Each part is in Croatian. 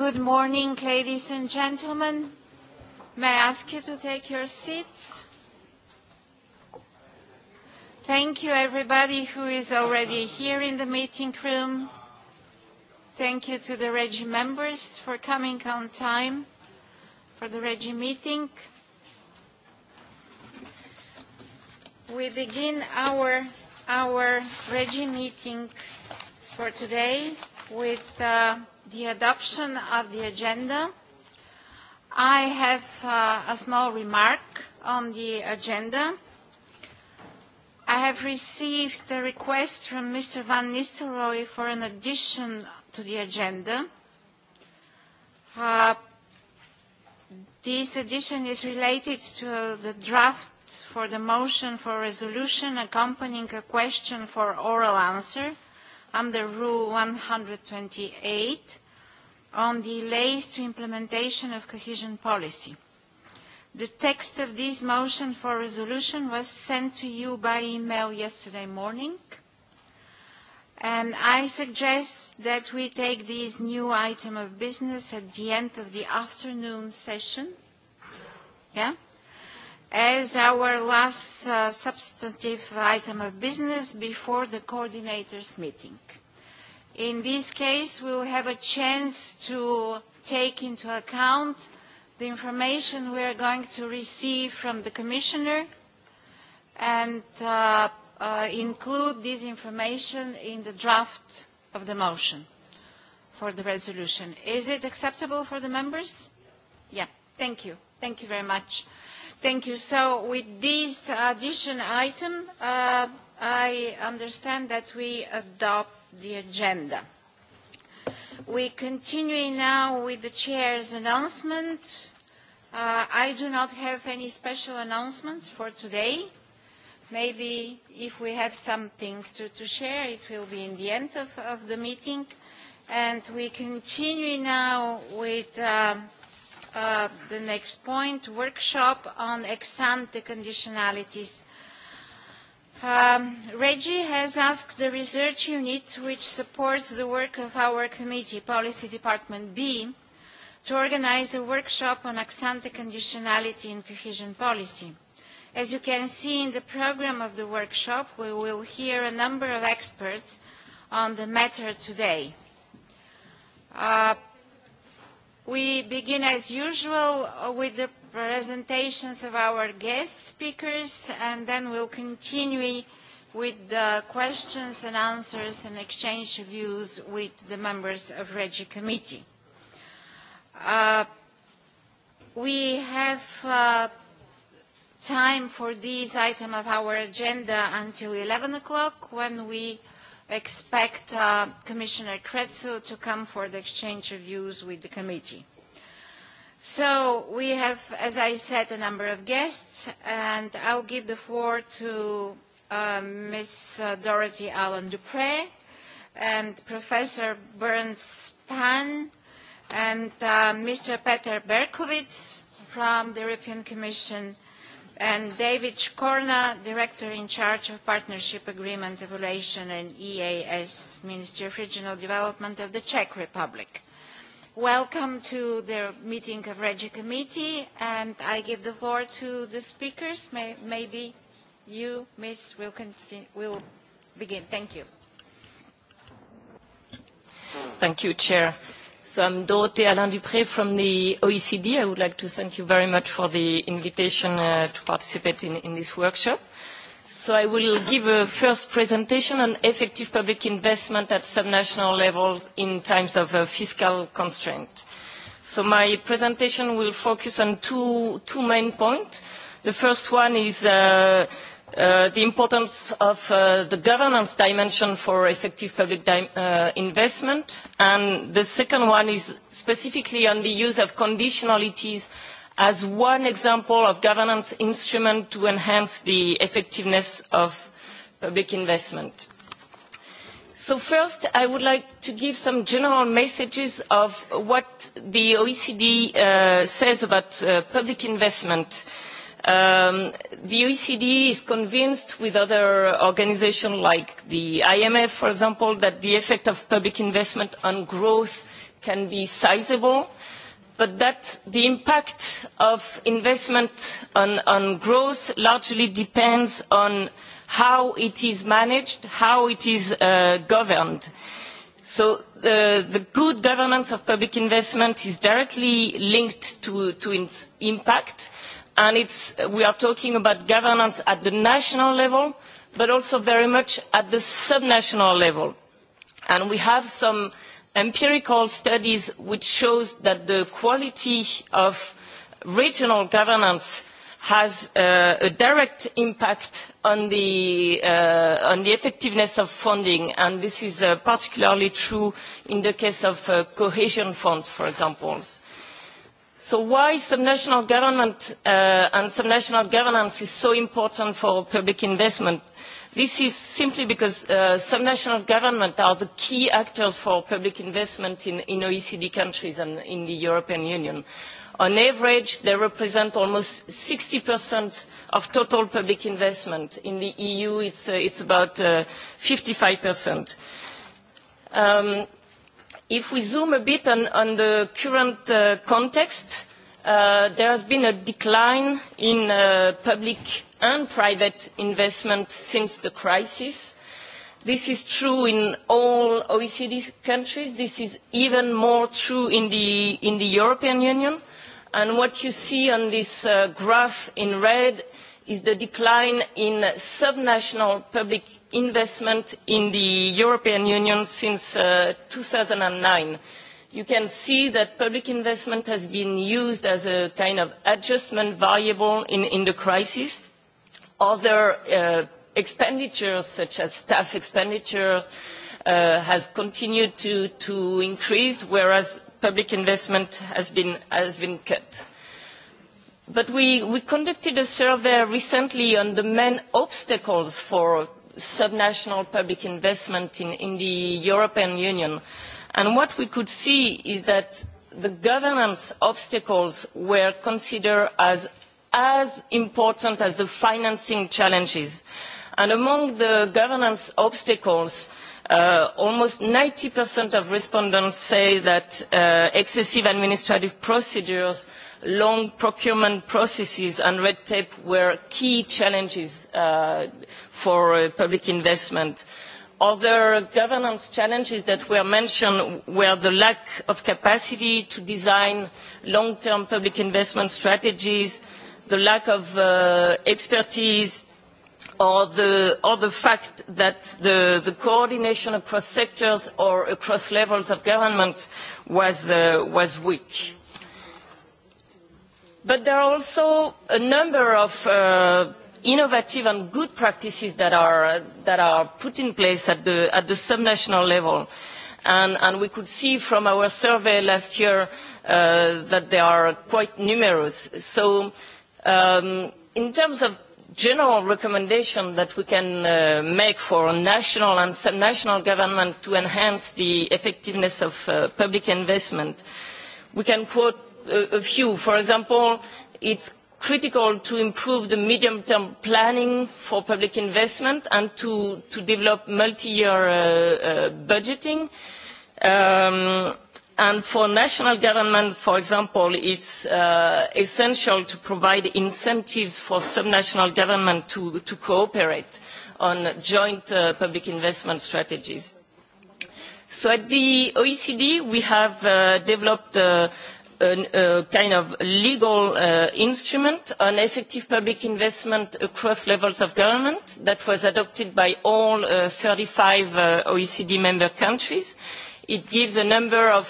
Good morning, ladies and gentlemen. May I ask you to take your seats? Thank you, everybody who is already here in the meeting room. Thank you to the REGI members for coming on time for the REGI meeting. We begin our, our REGI meeting for today with uh, the adoption of the agenda. I have uh, a small remark on the agenda. I have received a request from Mr. Van Nistelrooy for an addition to the agenda. Uh, this addition is related to the draft for the motion for resolution accompanying a question for oral answer under Rule 128 on delays to implementation of cohesion policy. The text of this motion for resolution was sent to you by email yesterday morning, and I suggest that we take this new item of business at the end of the afternoon session, yeah? as our last uh, substantive item of business before the coordinators' meeting. In this case, we will have a chance to take into account the information we are going to receive from the Commissioner and uh, uh, include this information in the draft of the motion for the resolution. Is it acceptable for the members? Yeah, thank you. Thank you very much. Thank you. So with this addition item, uh, I understand that we adopt the agenda. We continue now with the chair's announcement. Uh, I do not have any special announcements for today. Maybe if we have something to, to share, it will be in the end of, of the meeting. And we continue now with uh, uh, the next point, workshop on ex-ante conditionalities Um, Reggie has asked the research unit, which supports the work of our committee, Policy Department B, to organize a workshop on ex conditionality in cohesion policy. As you can see in the program of the workshop, we will hear a number of experts on the matter today. Uh, we begin as usual with the presentations of our guest speakers, and then we'll continue with the questions and answers and exchange of views with the members of Regi Committee. Uh, we have uh, time for this item of our agenda until 11 o'clock when we expect uh, Commissioner Kretsu to come for the exchange of views with the committee. So we have, as I said, a number of guests, and I'll give the floor to uh, Ms. Uh, Dorothy Allen Dupre and Professor Bernd Span, and uh, Mr. Peter Berkowitz from the European Commission and David Shkorna, Director in charge of Partnership Agreement Evaluation and EAS, Ministry of Regional Development of the Czech Republic. Welcome to the meeting of Regi Committee, and I give the floor to the speakers. May, maybe you, Ms. will, continue, will begin. Thank you. Thank you, Chair. So I'm Dorothée Alain-Dupré from the OECD. I would like to thank you very much for the invitation uh, to participate in, in this workshop. So I will give a first presentation on effective public investment at subnational level in times of uh, fiscal constraint. So my presentation will focus on two, two main points. The first one is uh, uh, the importance of uh, the governance dimension for effective public uh, investment. And the second one is specifically on the use of conditionalities as one example of governance instrument to enhance the effectiveness of public investment. So first, I would like to give some general messages of what the OECD uh, says about uh, public investment. Um, the OECD is convinced with other organisations like the IMF, for example, that the effect of public investment on growth can be sizeable but that the impact of investment on, growth largely depends on how it is managed, how it is uh, governed. So uh, the good governance of public investment is directly linked to, its impact and we are talking about governance at the national level but also very much at the subnational level. And we have some empirical studies which show that the quality of regional governance has uh, a direct impact uh, on the, effectiveness of funding and this is uh, particularly true in the case of cohesion funds for example. so why subnational government and subnational governance is so important for public investment? This is simply because uh, some national governments are the key actors for public investment in, OECD countries and in the European Union. On average, they represent almost 60% of total public investment. In the EU, it's, uh, it's about uh, fifty 55%. Um, if we zoom a bit on, the current uh, context, there has been a decline in public and private investment since the crisis. This is true in all OECD countries. This is even more true in the, in the European Union. And what you see on this uh, graph in red is the decline in subnational public investment in the European Union since uh, 2009. You can see that public investment has been used as a kind of adjustment variable in, in the crisis other uh, expenditures such as staff expenditures, uh, has continued to, increase whereas public investment has been, cut. But we, conducted a survey recently on the main obstacles for subnational public investment in the European Union. And what we could see is that the governance obstacles were considered as as important as the financing challenges and among the governance obstacles uh, almost 90% of respondents say that uh, excessive administrative procedures long procurement processes and red tape were key challenges uh, for public investment other governance challenges that were mentioned were the lack of capacity to design long term public investment strategies the lack of uh, expertise or the, fact that the, coordination across sectors or across levels of government was, uh, was weak. But there are also a number of uh, innovative and good practices that are, that are put in place at the, at the subnational level. And, we could see from our survey last year that they are quite numerous. So Um, in terms of general recommendation that we can uh, make for national and subnational government to enhance the effectiveness of uh, public investment, we can quote a, few. For example, it's critical to improve the medium term planning for public investment and to, to develop multi year uh, budgeting. Um, and for national government for example it is uh, essential to provide incentives for subnational government to, cooperate on joint uh, public investment strategies so at the oecd we have uh, developed a, kind of legal instrument on effective public investment across levels of government that was adopted by all thirty five oecd member countries it gives a number of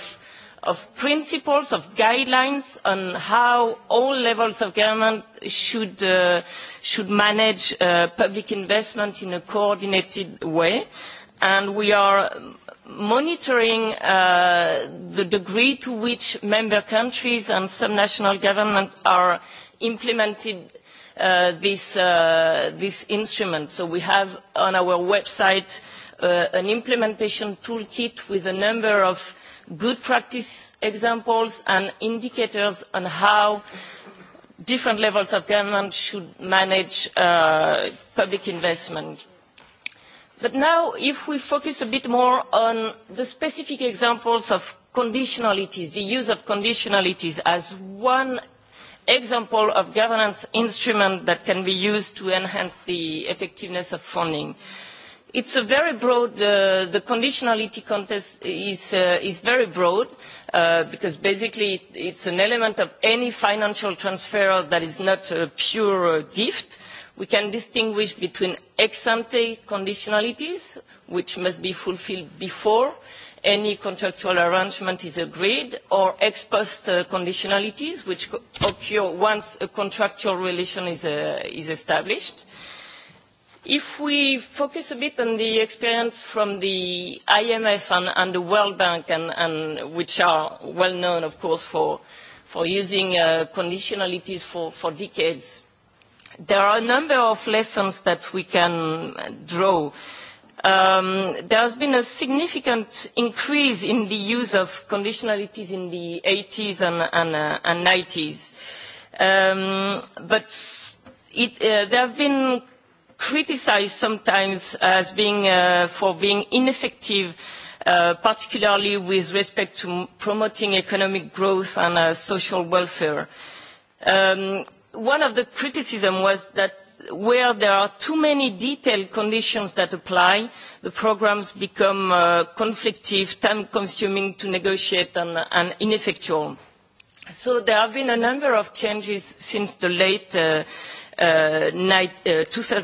of principles, of guidelines on how all levels of government should, uh, should manage uh, public investment in a coordinated way. And we are monitoring uh, the degree to which member countries and some national governments are implementing this, this instrument. So we have on our website an implementation toolkit with a number of good practice examples and indicators on how different levels of government should manage uh, public investment. But now if we focus a bit more on the specific examples of conditionalities, the use of conditionalities as one example of governance instrument that can be used to enhance the effectiveness of funding it's a very broad uh, the conditionality contest is uh, is very broad uh, because basically it's an element of any financial transfer that is not a pure uh, gift we can distinguish between ex ante conditionalities which must be fulfilled before any contractual arrangement is agreed or ex post uh, conditionalities which occur once a contractual relation is, uh, is established If we focus a bit on the experience from the IMF and, the World Bank, and, which are well known, of course, for, using uh, conditionalities for, decades, there are a number of lessons that we can draw. Um, there has been a significant increase in the use of conditionalities in the 80s and, 90s. Uh, um, but uh, there have been criticized sometimes as being uh, for being ineffective uh, particularly with respect to promoting economic growth and uh, social welfare um, one of the criticisms was that where there are too many detailed conditions that apply the programs become conflictive time consuming to negotiate and, and ineffectual so there have been a number of changes since the late Uh, uh,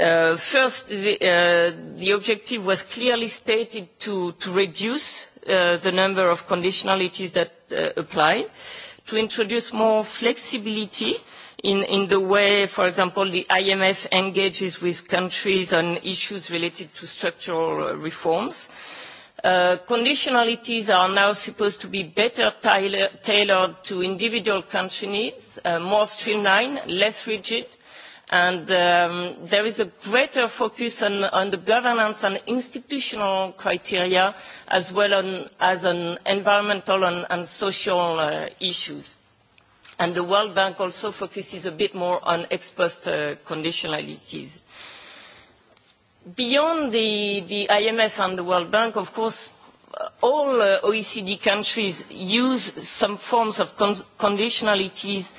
uh, first, the, objective was clearly stated to, reduce the number of conditionalities that apply, to introduce more flexibility in the way, for example, the IMF engages with countries on issues related to structural reforms, Uh, conditionalities are now supposed to be better tailored to individual country needs, uh, more streamlined, less rigid, and um, there is a greater focus on, the governance and institutional criteria as well as on environmental and, social uh, issues. the World Bank also focuses a bit more on ex post conditionalities beyond the, the imf and the world bank of course all uh, oecd countries use some forms of con conditionalities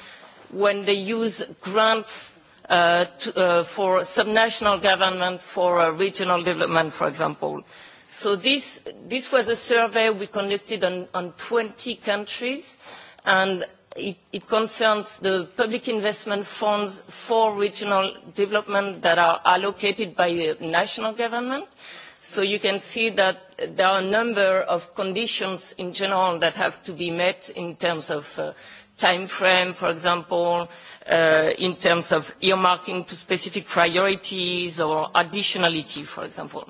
when they use grants uh, to, uh, for subnational government for uh, regional development for example. so this, this was a survey we conducted on twenty countries and it, concerns the public investment funds for regional development that are allocated by the national government. So you can see that there are a number of conditions in general that have to be met in terms of uh, time frame, for example, uh, in terms of earmarking to specific priorities or additionality, for example.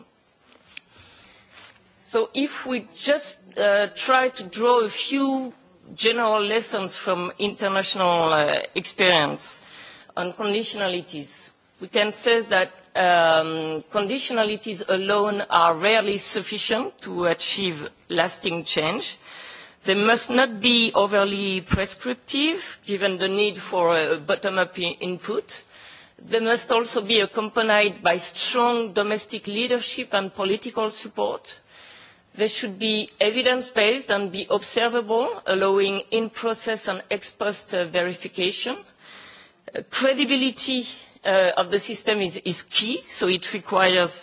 So if we just uh, try to draw a few general lessons from international uh, experience on conditionalities. We can say that um, conditionalities alone are rarely sufficient to achieve lasting change. They must not be overly prescriptive, given the need for a bottom-up input. They must also be accompanied by strong domestic leadership and political support They should be evidence-based and be observable, allowing in-process and ex-post uh, verification. Uh, credibility Uh, of the system is, is key, so it requires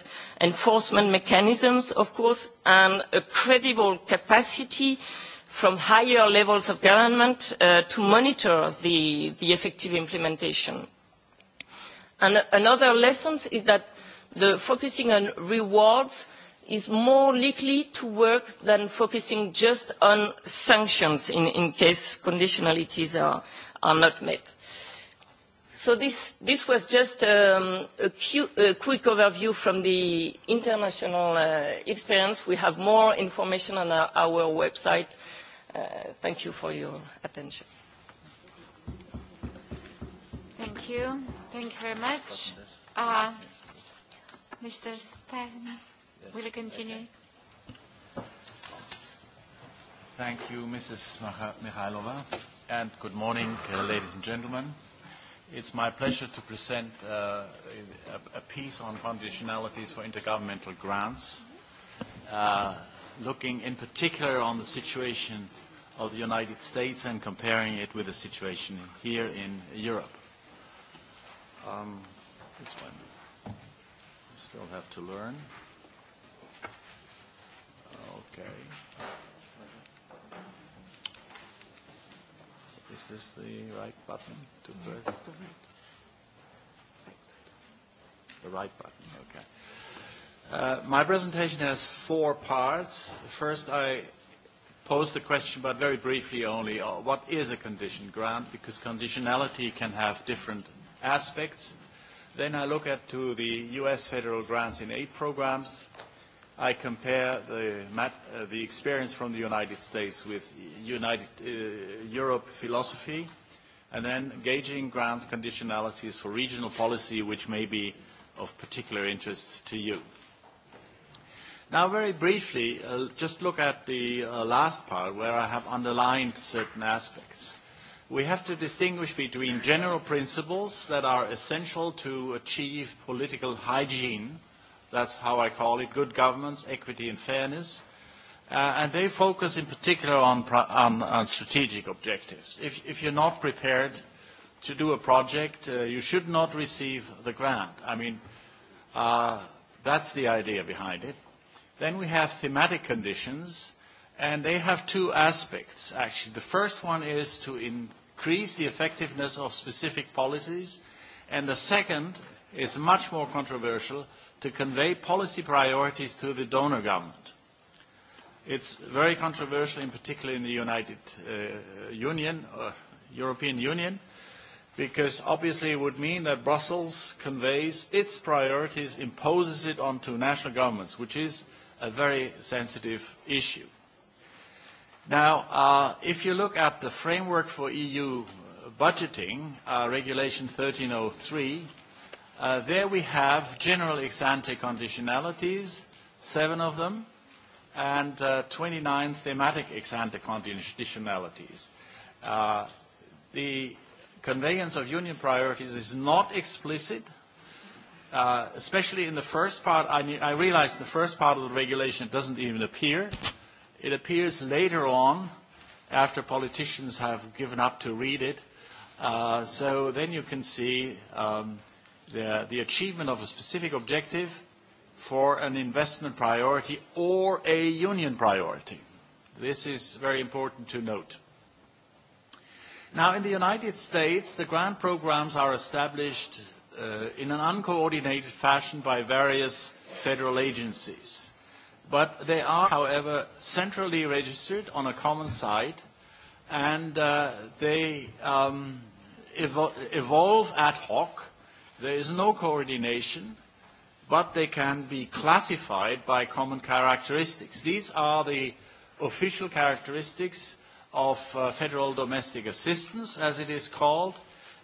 enforcement mechanisms, of course, and a credible capacity from higher levels of government uh, to monitor the, the effective implementation. And another lesson is that the focusing on rewards is more likely to work than focusing just on sanctions in, in case conditionalities are, are not met. So this, this was just um, a, quick overview from the international uh, experience. We have more information on our, website. Uh, thank you for your attention. Thank you. Thank you very much. Uh, Mr. Spagna. Will you continue? Thank you, Mrs. Mikhailova, and good morning, uh, ladies and gentlemen. It's my pleasure to present uh, a, a piece on conditionalities for intergovernmental grants, uh, looking in particular on the situation of the United States and comparing it with the situation here in Europe. Um, this one, I still have to learn. Okay. Is this the right button to mm. press? The right button, okay. Uh, my presentation has four parts. First, I pose the question, but very briefly only, uh, what is a condition grant? Because conditionality can have different aspects. Then I look at to the U.S. federal grants in aid programs, i compare the, uh, the experience from the United States with United uh, Europe philosophy, and then gauging grants conditionalities for regional policy, which may be of particular interest to you. Now, very briefly, uh, just look at the uh, last part, where I have underlined certain aspects. We have to distinguish between general principles that are essential to achieve political hygiene That's how I call it, good governance, equity and fairness. Uh, and they focus in particular on, on, strategic objectives. If, if you're not prepared to do a project, uh, you should not receive the grant. I mean, uh, that's the idea behind it. Then we have thematic conditions, and they have two aspects, actually. The first one is to increase the effectiveness of specific policies, and the second is much more controversial – to convey policy priorities to the donor government. It's very controversial, in particular in the United uh, Union, uh, European Union, because obviously it would mean that Brussels conveys its priorities, imposes it onto national governments, which is a very sensitive issue. Now, uh, if you look at the framework for EU budgeting, uh, Regulation 1303, Uh, there we have general ex-ante conditionalities, seven of them, and uh, 29 thematic ex-ante conditionalities. Uh, the conveyance of union priorities is not explicit, uh, especially in the first part. I, I realize the first part of the regulation doesn't even appear. It appears later on after politicians have given up to read it. Uh, so then you can see um, – the, achievement of a specific objective for an investment priority or a union priority. This is very important to note. Now, in the United States, the grant programs are established uh, in an uncoordinated fashion by various federal agencies. But they are, however, centrally registered on a common site, and uh, they um, evol evolve ad hoc There is no coordination, but they can be classified by common characteristics. These are the official characteristics of uh, federal domestic assistance, as it is called,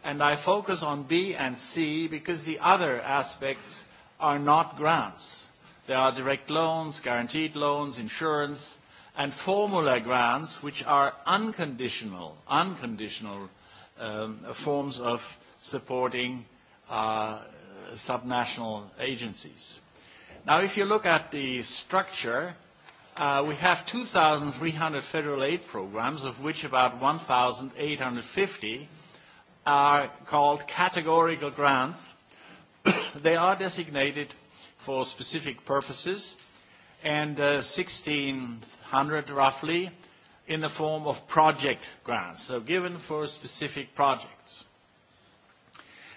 and I focus on B and C because the other aspects are not grants. There are direct loans, guaranteed loans, insurance, and formula grants, which are unconditional, unconditional um, forms of supporting Uh, subnational agencies. Now, if you look at the structure, uh, we have 2,300 federal aid programs, of which about 1,850 are called categorical grants. they are designated for specific purposes, and 1,600 uh, roughly in the form of project grants, so given for specific projects.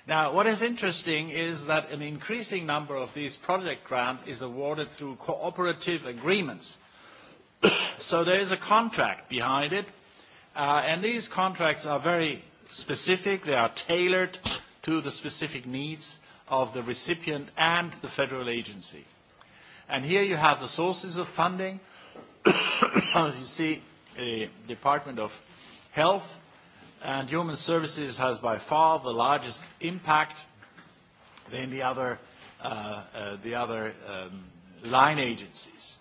Now, what is interesting is that an increasing number of these project grants is awarded through cooperative agreements. so there is a contract behind it, uh, and these contracts are very specific. They are tailored to the specific needs of the recipient and the federal agency. And here you have the sources of funding. you see the Department of Health, and human services has by far the largest impact than the other, uh, uh, um, line agencies.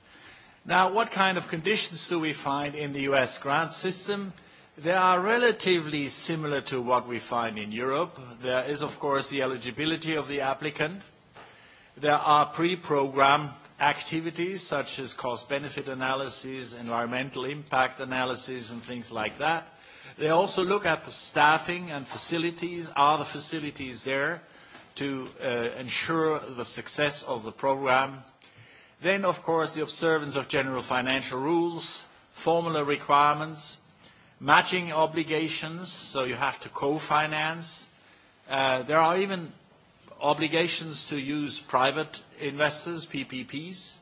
Now, what kind of conditions do we find in the U.S. grant system? They are relatively similar to what we find in Europe. There is, of course, the eligibility of the applicant. There are pre-program activities such as cost-benefit analyses, environmental impact analyses, and things like that. They also look at the staffing and facilities. Are the facilities there to uh, ensure the success of the program? Then, of course, the observance of general financial rules, formula requirements, matching obligations, so you have to co-finance. Uh, there are even obligations to use private investors, PPPs.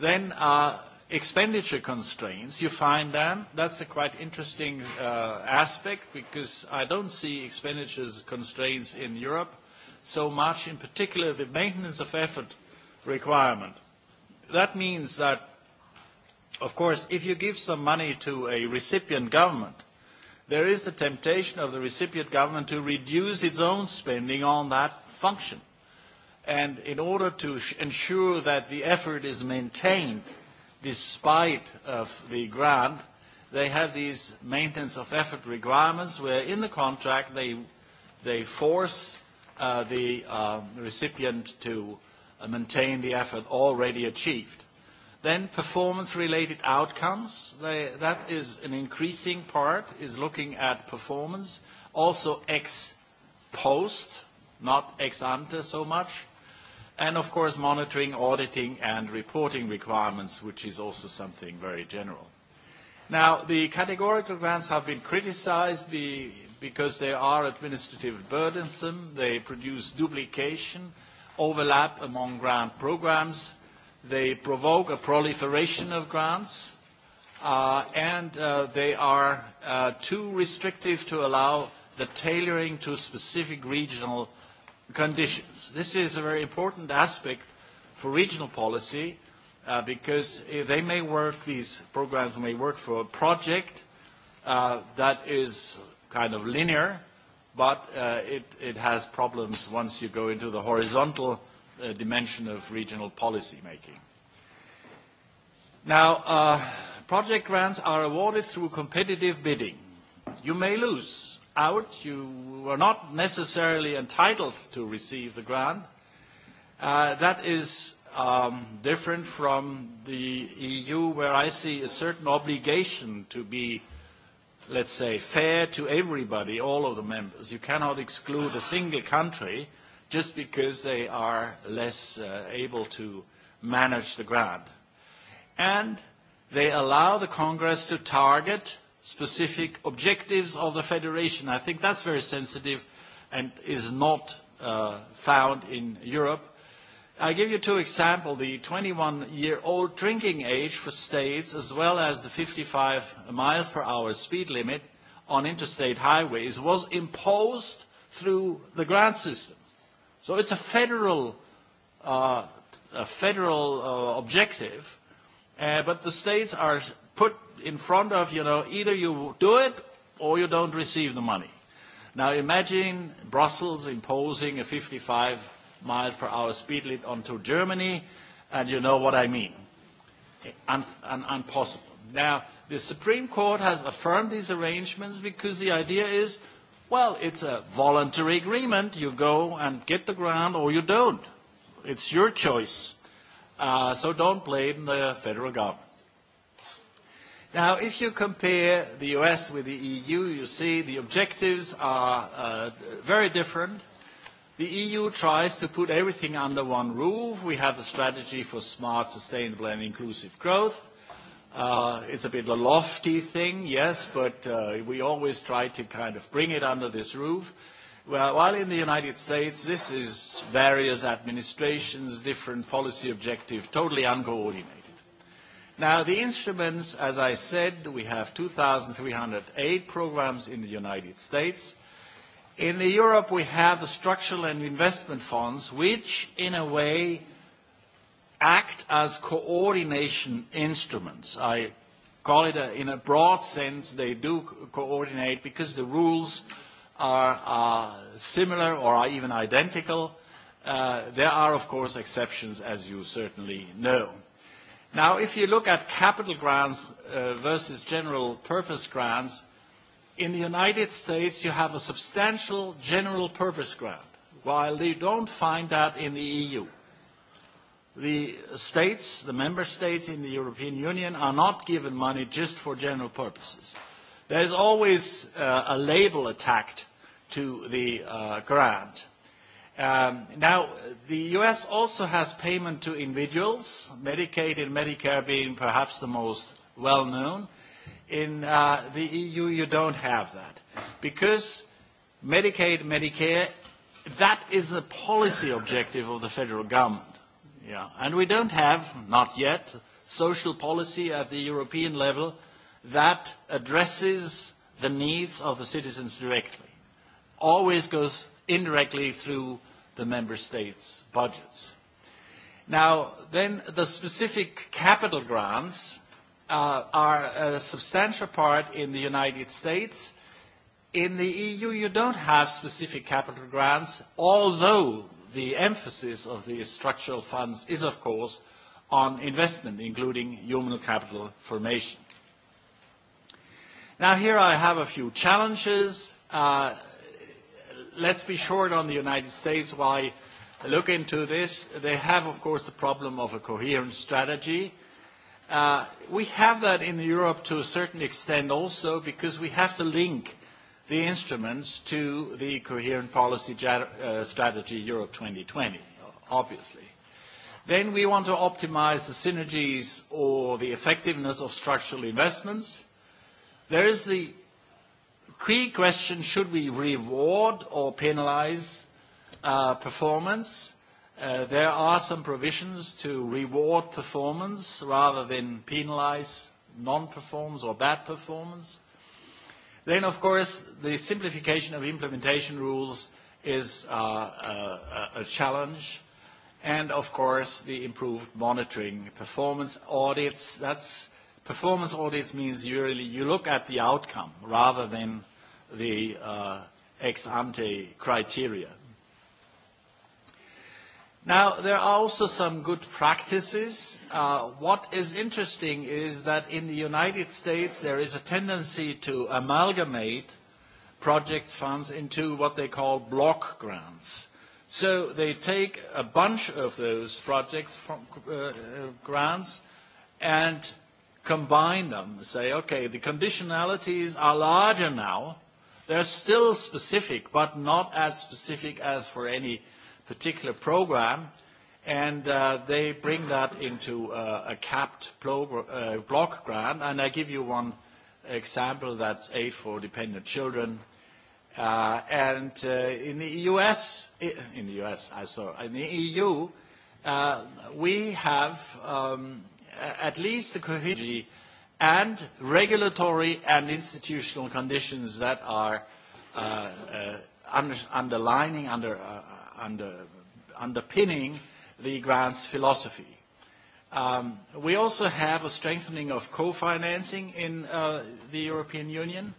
Then uh, expenditure constraints, you find them. That's a quite interesting uh, aspect because I don't see expenditure constraints in Europe so much, in particular the maintenance of effort requirement. That means that, of course, if you give some money to a recipient government, there is the temptation of the recipient government to reduce its own spending on that function. And in order to ensure that the effort is maintained despite of the grant, they have these maintenance of effort requirements where in the contract they, they force uh, the uh, recipient to uh, maintain the effort already achieved. Then performance-related outcomes, they, that is an increasing part, is looking at performance, also ex post, not ex ante so much and of course monitoring, auditing and reporting requirements, which is also something very general. Now, the categorical grants have been criticized because they are administrative burdensome, they produce duplication, overlap among grant programs, they provoke a proliferation of grants, uh, and uh, they are uh, too restrictive to allow the tailoring to specific regional conditions. This is a very important aspect for regional policy uh, because eh, they may work, these programs may work for a project uh, that is kind of linear, but uh, it, it has problems once you go into the horizontal uh, dimension of regional policy making. Now, uh, project grants are awarded through competitive bidding. You may lose out, you were not necessarily entitled to receive the grant. Uh, that is um, different from the EU, where I see a certain obligation to be, let's say, fair to everybody, all of the members. You cannot exclude a single country just because they are less uh, able to manage the grant. And they allow the Congress to target specific objectives of the federation. I think that's very sensitive and is not uh, found in Europe. I give you two examples, the 21-year-old drinking age for states as well as the 55 miles per hour speed limit on interstate highways was imposed through the grant system. So it's a federal, uh, a federal uh, objective, but the states are put in front of, you know, either you do it or you don't receive the money. Now imagine Brussels imposing a 55 miles per hour speed limit onto Germany, and you know what I mean. Un impossible. Now, the Supreme Court has affirmed these arrangements because the idea is, well, it's a voluntary agreement. You go and get the ground or you don't. It's your choice. Uh, so don't blame the federal government. Now, if you compare the U.S. with the EU, you see the objectives are uh, very different. The EU tries to put everything under one roof. We have a strategy for smart, sustainable, and inclusive growth. Uh, it's a bit of a lofty thing, yes, but uh, we always try to kind of bring it under this roof. while in the United States, this is various administrations, different policy objectives, totally uncoordinated. Now, the instruments, as I said, we have 2,308 programs in the United States. In the Europe, we have the structural and investment funds, which in a way act as coordination instruments. I call it in a broad sense, they do coordinate because the rules are, similar or are even identical. Uh, there are, of course, exceptions, as you certainly know. Now, if you look at capital grants uh, versus general purpose grants, in the United States you have a substantial general purpose grant, while you don't find that in the EU. The states, the member states in the European Union are not given money just for general purposes. There is always uh, a label attacked to the uh, grant Um, now, the U.S. also has payment to individuals, Medicaid and Medicare being perhaps the most well-known. In uh, the EU, you don't have that because Medicaid, Medicare, that is a policy objective of the federal government. Yeah. And we don't have, not yet, social policy at the European level that addresses the needs of the citizens directly. Always goes indirectly through the member states' budgets. Now, then the specific capital grants uh, are a substantial part in the United States. In the EU, you don't have specific capital grants, although the emphasis of the structural funds is, of course, on investment, including human capital formation. Now, here I have a few challenges. Uh, let's be short on the United States while I look into this. They have, of course, the problem of a coherent strategy. Uh, we have that in Europe to a certain extent also because we have to link the instruments to the coherent policy uh, strategy Europe 2020, obviously. Then we want to optimize the synergies or the effectiveness of structural investments. There is the key question, should we reward or penalize uh, performance? Uh, there are some provisions to reward performance rather than penalize non-performance or bad performance. Then, of course, the simplification of implementation rules is uh, a, a challenge. And, of course, the improved monitoring performance audits. That's performance audits means you really you look at the outcome rather than the uh, ex ante criteria. Now, there are also some good practices. Uh, what is interesting is that in the United States, there is a tendency to amalgamate projects funds into what they call block grants. So they take a bunch of those projects from, uh, grants and combine them. Say, okay, the conditionalities are larger now, They are still specific, but not as specific as for any particular program, and uh, they bring that into uh, a capped uh, block grant. And I give you one example that's aid for dependent children. And in the U.S., in the U.S., I in the EU, e we have um, at least the cohesion and regulatory and institutional conditions that are uh, uh, under, underlining, uh, under, underpinning the grants philosophy. Um, we also have a strengthening of co-financing in the European Union.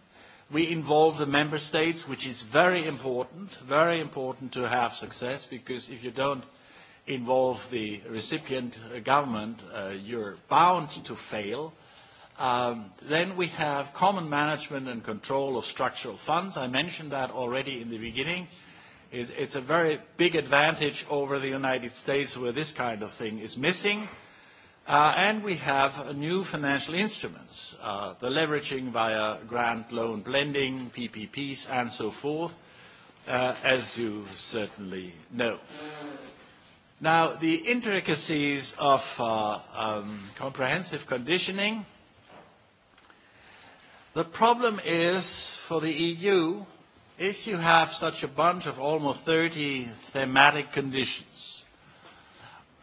We involve the member states, which is very important, very important to have success, because if you don't involve the recipient government, uh, you're bound to fail. Um, then we have common management and control of structural funds. I mentioned that already in the beginning. it's a very big advantage over the United States where this kind of thing is missing. Uh, and we have new financial instruments, uh, the leveraging via grant loan blending, PPPs, and so forth, uh, as you certainly know. Now, the intricacies of um, comprehensive conditioning The problem is for the EU, if you have such a bunch of almost 30 thematic conditions,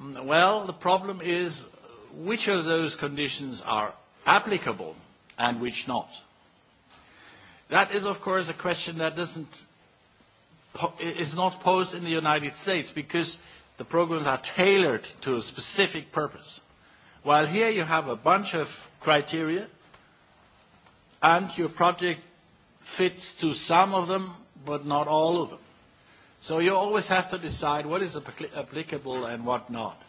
mm, well, the problem is which of those conditions are applicable and which not. That is, of course, a question that doesn't, is not posed in the United States because the programs are tailored to a specific purpose. While here you have a bunch of criteria and your project fits to some of them, but not all of them. So you always have to decide what is applicable and what not.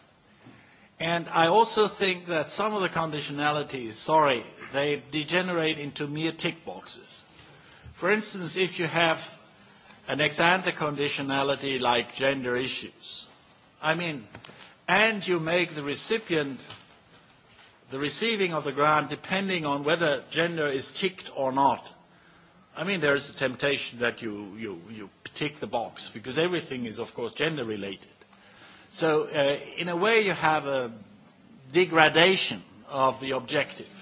And I also think that some of the conditionalities, sorry, they degenerate into mere tick boxes. For instance, if you have an ex-ante conditionality like gender issues, I mean, and you make the recipient the receiving of the grant depending on whether gender is ticked or not. I mean, there is a temptation that you, you, you tick the box because everything is, of course, gender related. So, uh, in a way, you have a degradation of the objective.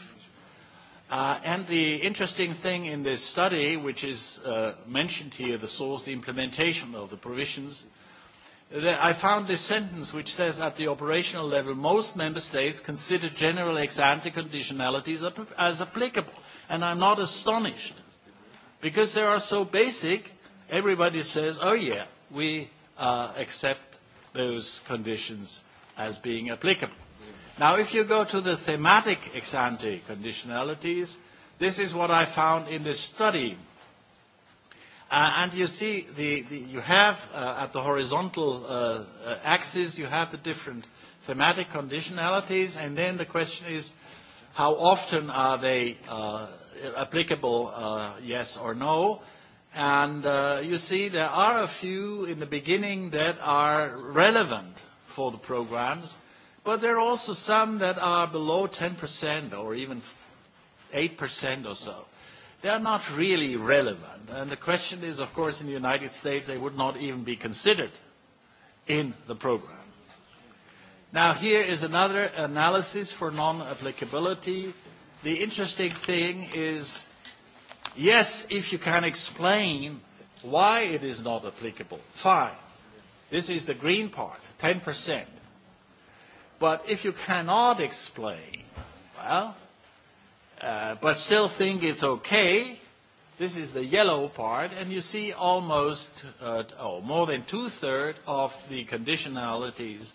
Uh, and the interesting thing in this study, which is uh, mentioned here, the source, the implementation of the provisions, i found this sentence which says at the operational level, most member states consider general ex-ante conditionalities as applicable. And I'm not astonished because they are so basic, everybody says, oh yeah, we uh, accept those conditions as being applicable. Now, if you go to the thematic ex-ante conditionalities, this is what I found in this study Uh, and you see, the, the, you have uh, at the horizontal uh, uh, axis, you have the different thematic conditionalities, and then the question is, how often are they uh, applicable, uh, yes or no? And you see, there are a few in the beginning that are relevant for the programs, but there are also some that are below 10% or even 8% or so they are not really relevant. And the question is, of course, in the United States, they would not even be considered in the program. Now, here is another analysis for non-applicability. The interesting thing is, yes, if you can explain why it is not applicable, fine. This is the green part, 10%. But if you cannot explain, well, Uh, but still think it's okay. This is the yellow part, and you see almost, uh, oh, more than two-thirds of the conditionalities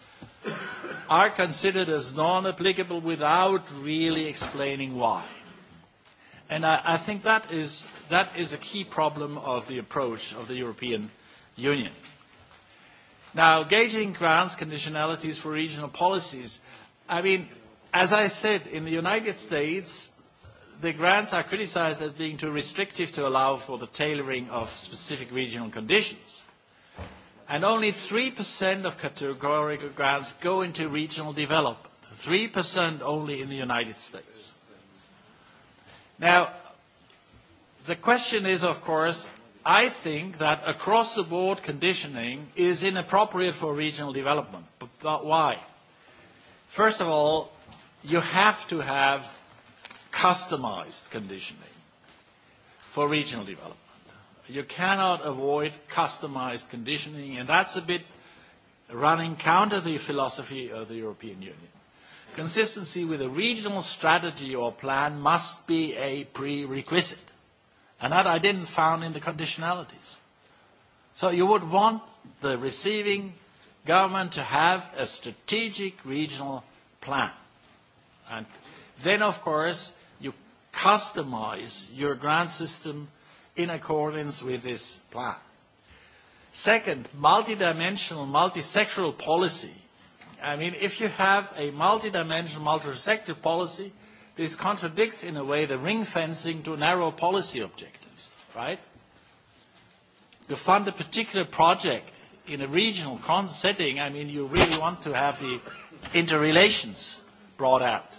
are considered as non-applicable without really explaining why. And I, I think that is, that is a key problem of the approach of the European Union. Now, gauging grants conditionalities for regional policies, I mean, as I said, in the United States, the grants are criticized as being too restrictive to allow for the tailoring of specific regional conditions. And only 3% of categorical grants go into regional development, 3% only in the United States. Now, the question is, of course, I think that across the board conditioning is inappropriate for regional development. But, but why? First of all, you have to have customised conditioning for regional development. You cannot avoid customized conditioning, and that's a bit running counter the philosophy of the European Union. Consistency with a regional strategy or plan must be a prerequisite. And that I didn't found in the conditionalities. So you would want the receiving government to have a strategic regional plan. And then, of course, customize your grant system in accordance with this plan. Second, multidimensional, multisectoral policy. I mean, if you have a multidimensional, multisectoral policy, this contradicts in a way the ring fencing to narrow policy objectives, right? To fund a particular project in a regional setting, I mean, you really want to have the interrelations brought out.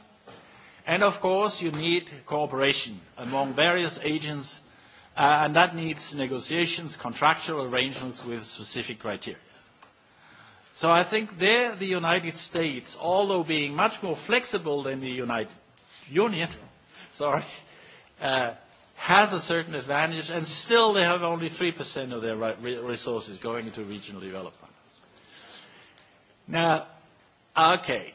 And of course, you need cooperation among various agents, uh, and that needs negotiations, contractual arrangements with specific criteria. So I think there the United States, although being much more flexible than the United Union, sorry, uh, has a certain advantage, and still they have only 3% of their resources going into regional development. Now, okay,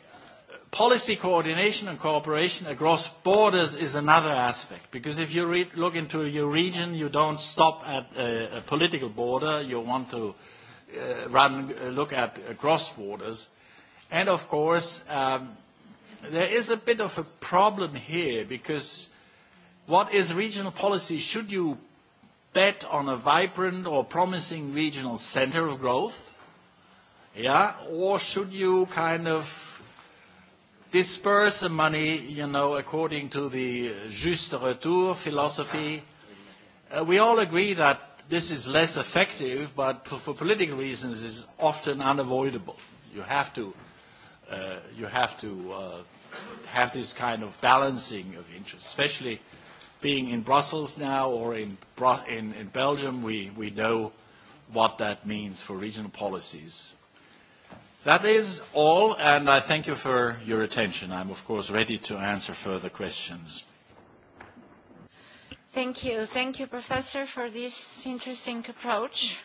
Policy coordination and cooperation across borders is another aspect, because if you re look into your region, you don't stop at a, a political border. You want to uh, run, uh, look at across cross borders. And of course, um, there is a bit of a problem here, because what is regional policy? Should you bet on a vibrant or promising regional center of growth? Yeah, or should you kind of disperse the money, you know, according to the juste retour philosophy. Uh, we all agree that this is less effective, but for political reasons is often unavoidable. You have to, uh, you have to uh, have this kind of balancing of interests, especially being in Brussels now or in, in, in Belgium, we, we know what that means for regional policies That is all, and I thank you for your attention. I'm, of course, ready to answer further questions. Thank you. Thank you, Professor, for this interesting approach,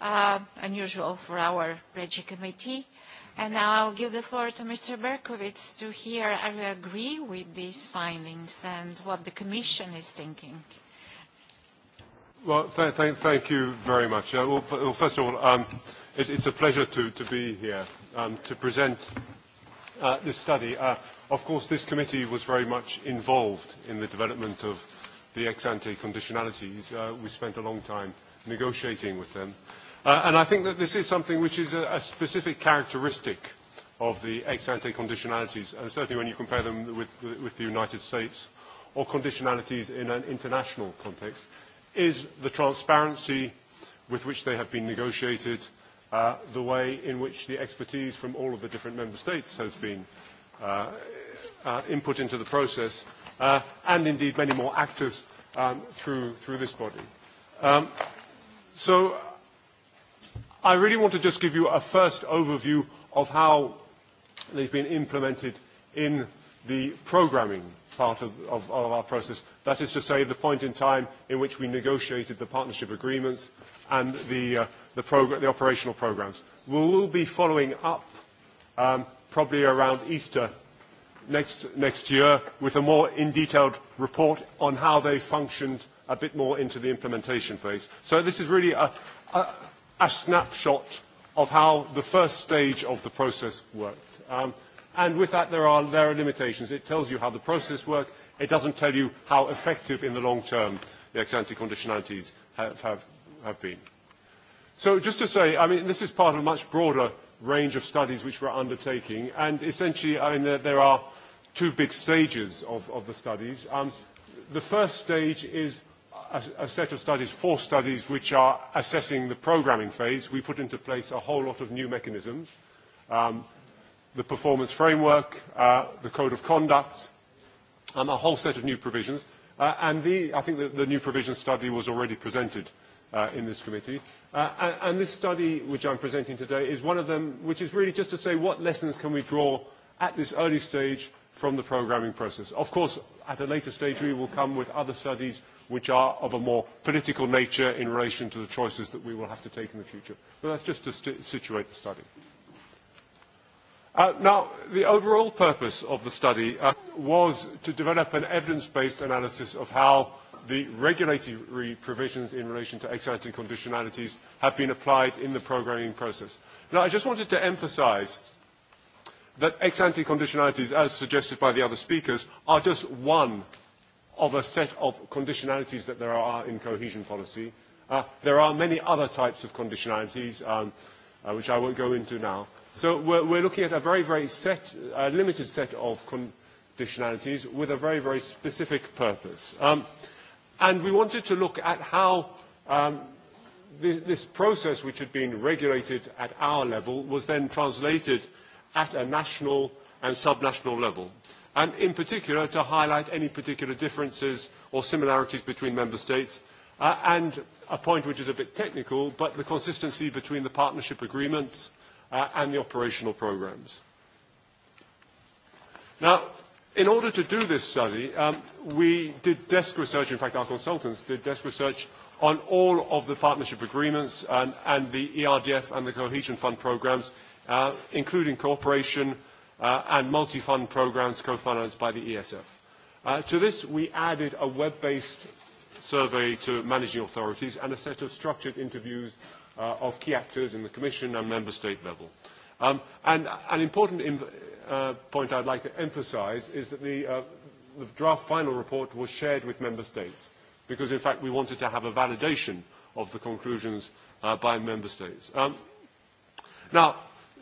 uh, unusual for our Regi Committee. And now I'll give the floor to Mr. Berkowitz to hear I agree with these findings and what the Commission is thinking. Well, thank you very much. Uh, well, first of all, um, It, it's a pleasure to, to be here um, to present uh, this study. Uh, of course, this committee was very much involved in the development of the ex-ante conditionalities. Uh, we spent a long time negotiating with them. Uh, and I think that this is something which is a, a specific characteristic of the ex-ante conditionalities, and certainly when you compare them with, with the United States, or conditionalities in an international context, is the transparency with which they have been negotiated, Uh, the way in which the expertise from all of the different member states has been uh, uh, input into the process, and indeed many more actors um, through, this body. Um, so I really want to just give you a first overview of how they've been implemented in the programming part of, our process. That is to say, the point in time in which we negotiated the partnership agreements and the the, the operational programs. We will be following up um, probably around Easter next, next year with a more in-detailed report on how they functioned a bit more into the implementation phase. So this is really a, a, snapshot of how the first stage of the process worked. Um, and with that, there are, there are limitations. It tells you how the process worked. It doesn't tell you how effective in the long term the ex-ante conditionalities have, have, have been. So just to say, I mean, this is part of a much broader range of studies which we're undertaking, and essentially, I mean, there, are two big stages of, of the studies. Um, the first stage is a, a set of studies, four studies, which are assessing the programming phase. We put into place a whole lot of new mechanisms. Um, the performance framework, uh, the code of conduct, and um, a whole set of new provisions. Uh, and the, I think the, the new provision study was already presented uh, in this committee. Uh, and this study, which I'm presenting today, is one of them, which is really just to say what lessons can we draw at this early stage from the programming process. Of course, at a later stage, we will come with other studies which are of a more political nature in relation to the choices that we will have to take in the future. But that's just to situate the study. Uh, now, the overall purpose of the study uh, was to develop an evidence-based analysis of how the regulatory provisions in relation to ex-ante conditionalities have been applied in the programming process. Now, I just wanted to emphasize that ex-ante conditionalities, as suggested by the other speakers, are just one of a set of conditionalities that there are in cohesion policy. Uh, there are many other types of conditionalities, um, uh, which I won't go into now. So we're, we're looking at a very, very set, limited set of conditionalities with a very, very specific purpose. Um, And we wanted to look at how um, this process, which had been regulated at our level, was then translated at a national and subnational level, and in particular to highlight any particular differences or similarities between member states, uh, and a point which is a bit technical, but the consistency between the partnership agreements uh, and the operational programs. Now, In order to do this study, um, we did desk research, in fact our consultants did desk research on all of the partnership agreements and, um, and the ERDF and the Cohesion Fund programs, uh, including cooperation uh, and multi-fund programs co-financed by the ESF. Uh, to this, we added a web-based survey to managing authorities and a set of structured interviews of key actors in the Commission and Member State level. Um, and an important Uh, point I'd like to emphasize is that the, uh, the draft final report was shared with member states because, in fact, we wanted to have a validation of the conclusions uh, by member states. Um, now,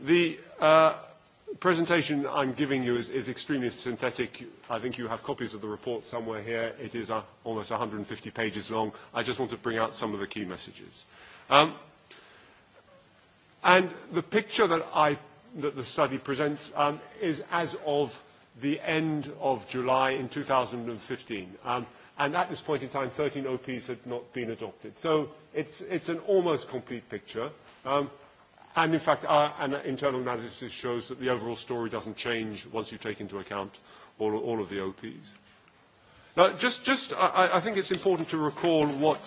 the uh, presentation I'm giving you is, is extremely synthetic. I think you have copies of the report somewhere here. It is uh, almost 150 pages long. I just want to bring out some of the key messages. Um, and the picture that I that the study presents um, is as of the end of July in 2015. Um, and at this point in time, 13 OPs had not been adopted. So it's, it's an almost complete picture. Um, and in fact, our an internal analysis shows that the overall story doesn't change once you take into account all, of the OPs. Now, just, just I, I think it's important to recall what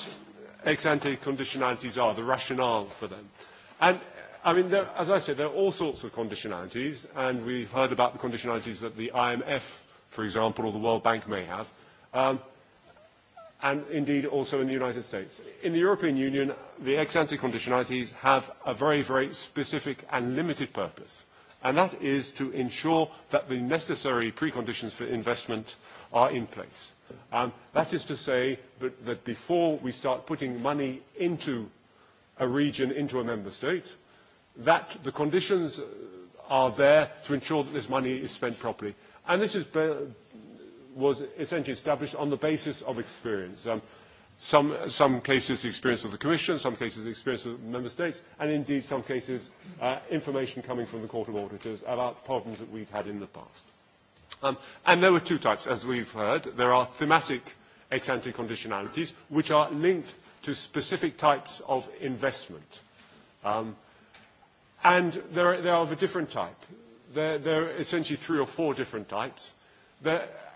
ex-ante conditionalities are, the rationale for them. And i mean, there, as I said, there are all sorts of conditionalities, and we've heard about the conditionalities that the IMF, for example, or the World Bank may have, um, and indeed also in the United States. In the European Union, the ex-ante conditionalities have a very, very specific and limited purpose, and that is to ensure that the necessary preconditions for investment are in place. Um, that is to say that, that before we start putting money into a region, into a member state, that the conditions are there to ensure that this money is spent properly. And this is, uh, was essentially established on the basis of experience. Um, some, some cases the experience of the Commission, some cases the experience of the Member States, and indeed some cases uh, information coming from the Court of Auditors about problems that we've had in the past. Um, and there were two types, as we've heard. There are thematic ex ante conditionalities, which are linked to specific types of investment. Um, And they're, are of a different type. There, there are essentially three or four different types